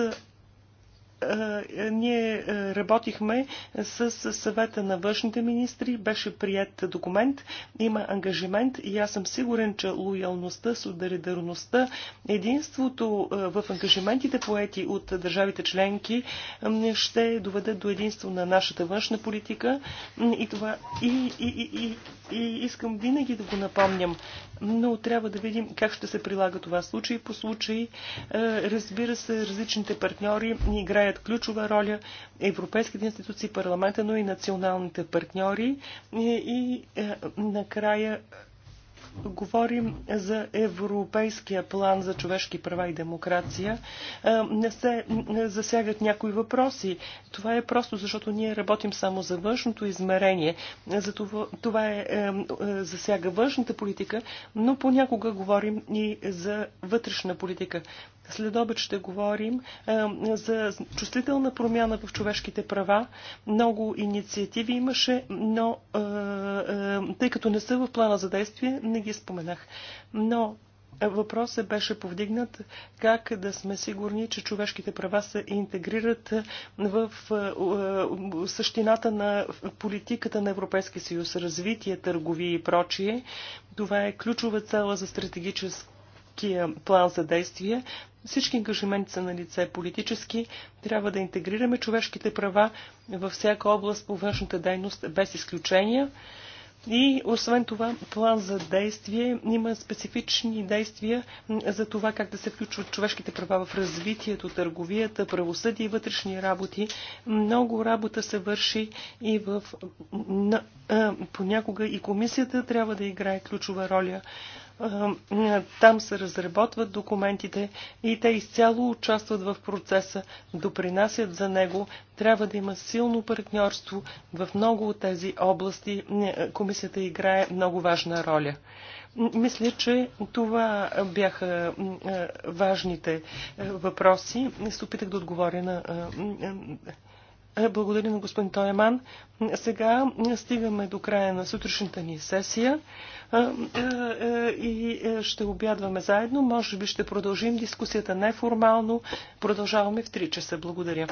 е, ние е, работихме с съвета на външните министри, беше прият документ, има ангажимент и аз съм сигурен, че лоялността, солидарността, единството е, в ангажиментите поети от държавите членки ще доведат до единство на нашата външна политика и това и, и, и, и, и искам винаги да го напомням, но трябва да видим как ще се прилага това случай по случай. Разбира се, различните партньори играят играят ключова роля европейските институции, парламента, но и националните партньори. И, и е, накрая говорим за Европейския план за човешки права и демокрация, е, не се засягат някои въпроси. Това е просто защото ние работим само за външното измерение. За това, това е, е засяга външната политика, но понякога говорим и за вътрешна политика. След обед ще говорим е, за чувствителна промяна в човешките права. Много инициативи имаше, но тъй като не са в плана за действие, не ги споменах. Но Въпросът беше повдигнат как да сме сигурни, че човешките права се интегрират в е, е, същината на политиката на Европейския съюз, развитие, търговия и прочие. Това е ключова цела за стратегическия план за действие. Всички ангажименти са на лице политически. Трябва да интегрираме човешките права във всяка област по външната дейност без изключения. И освен това, план за действие има специфични действия за това как да се включват човешките права в развитието, търговията, правосъдие и вътрешни работи. Много работа се върши и в... понякога и комисията трябва да играе ключова роля. Там се разработват документите и те изцяло участват в процеса, допринасят за него. Трябва да има силно партньорство в много от тези области. Комисията играе много важна роля. Мисля, че това бяха важните въпроси. Се опитах да отговоря на е, благодаря на господин Тойман. Сега стигаме до края на сутрешната ни сесия е, е, и ще обядваме заедно. Може би ще продължим дискусията неформално. Продължаваме в 3 часа. Благодаря.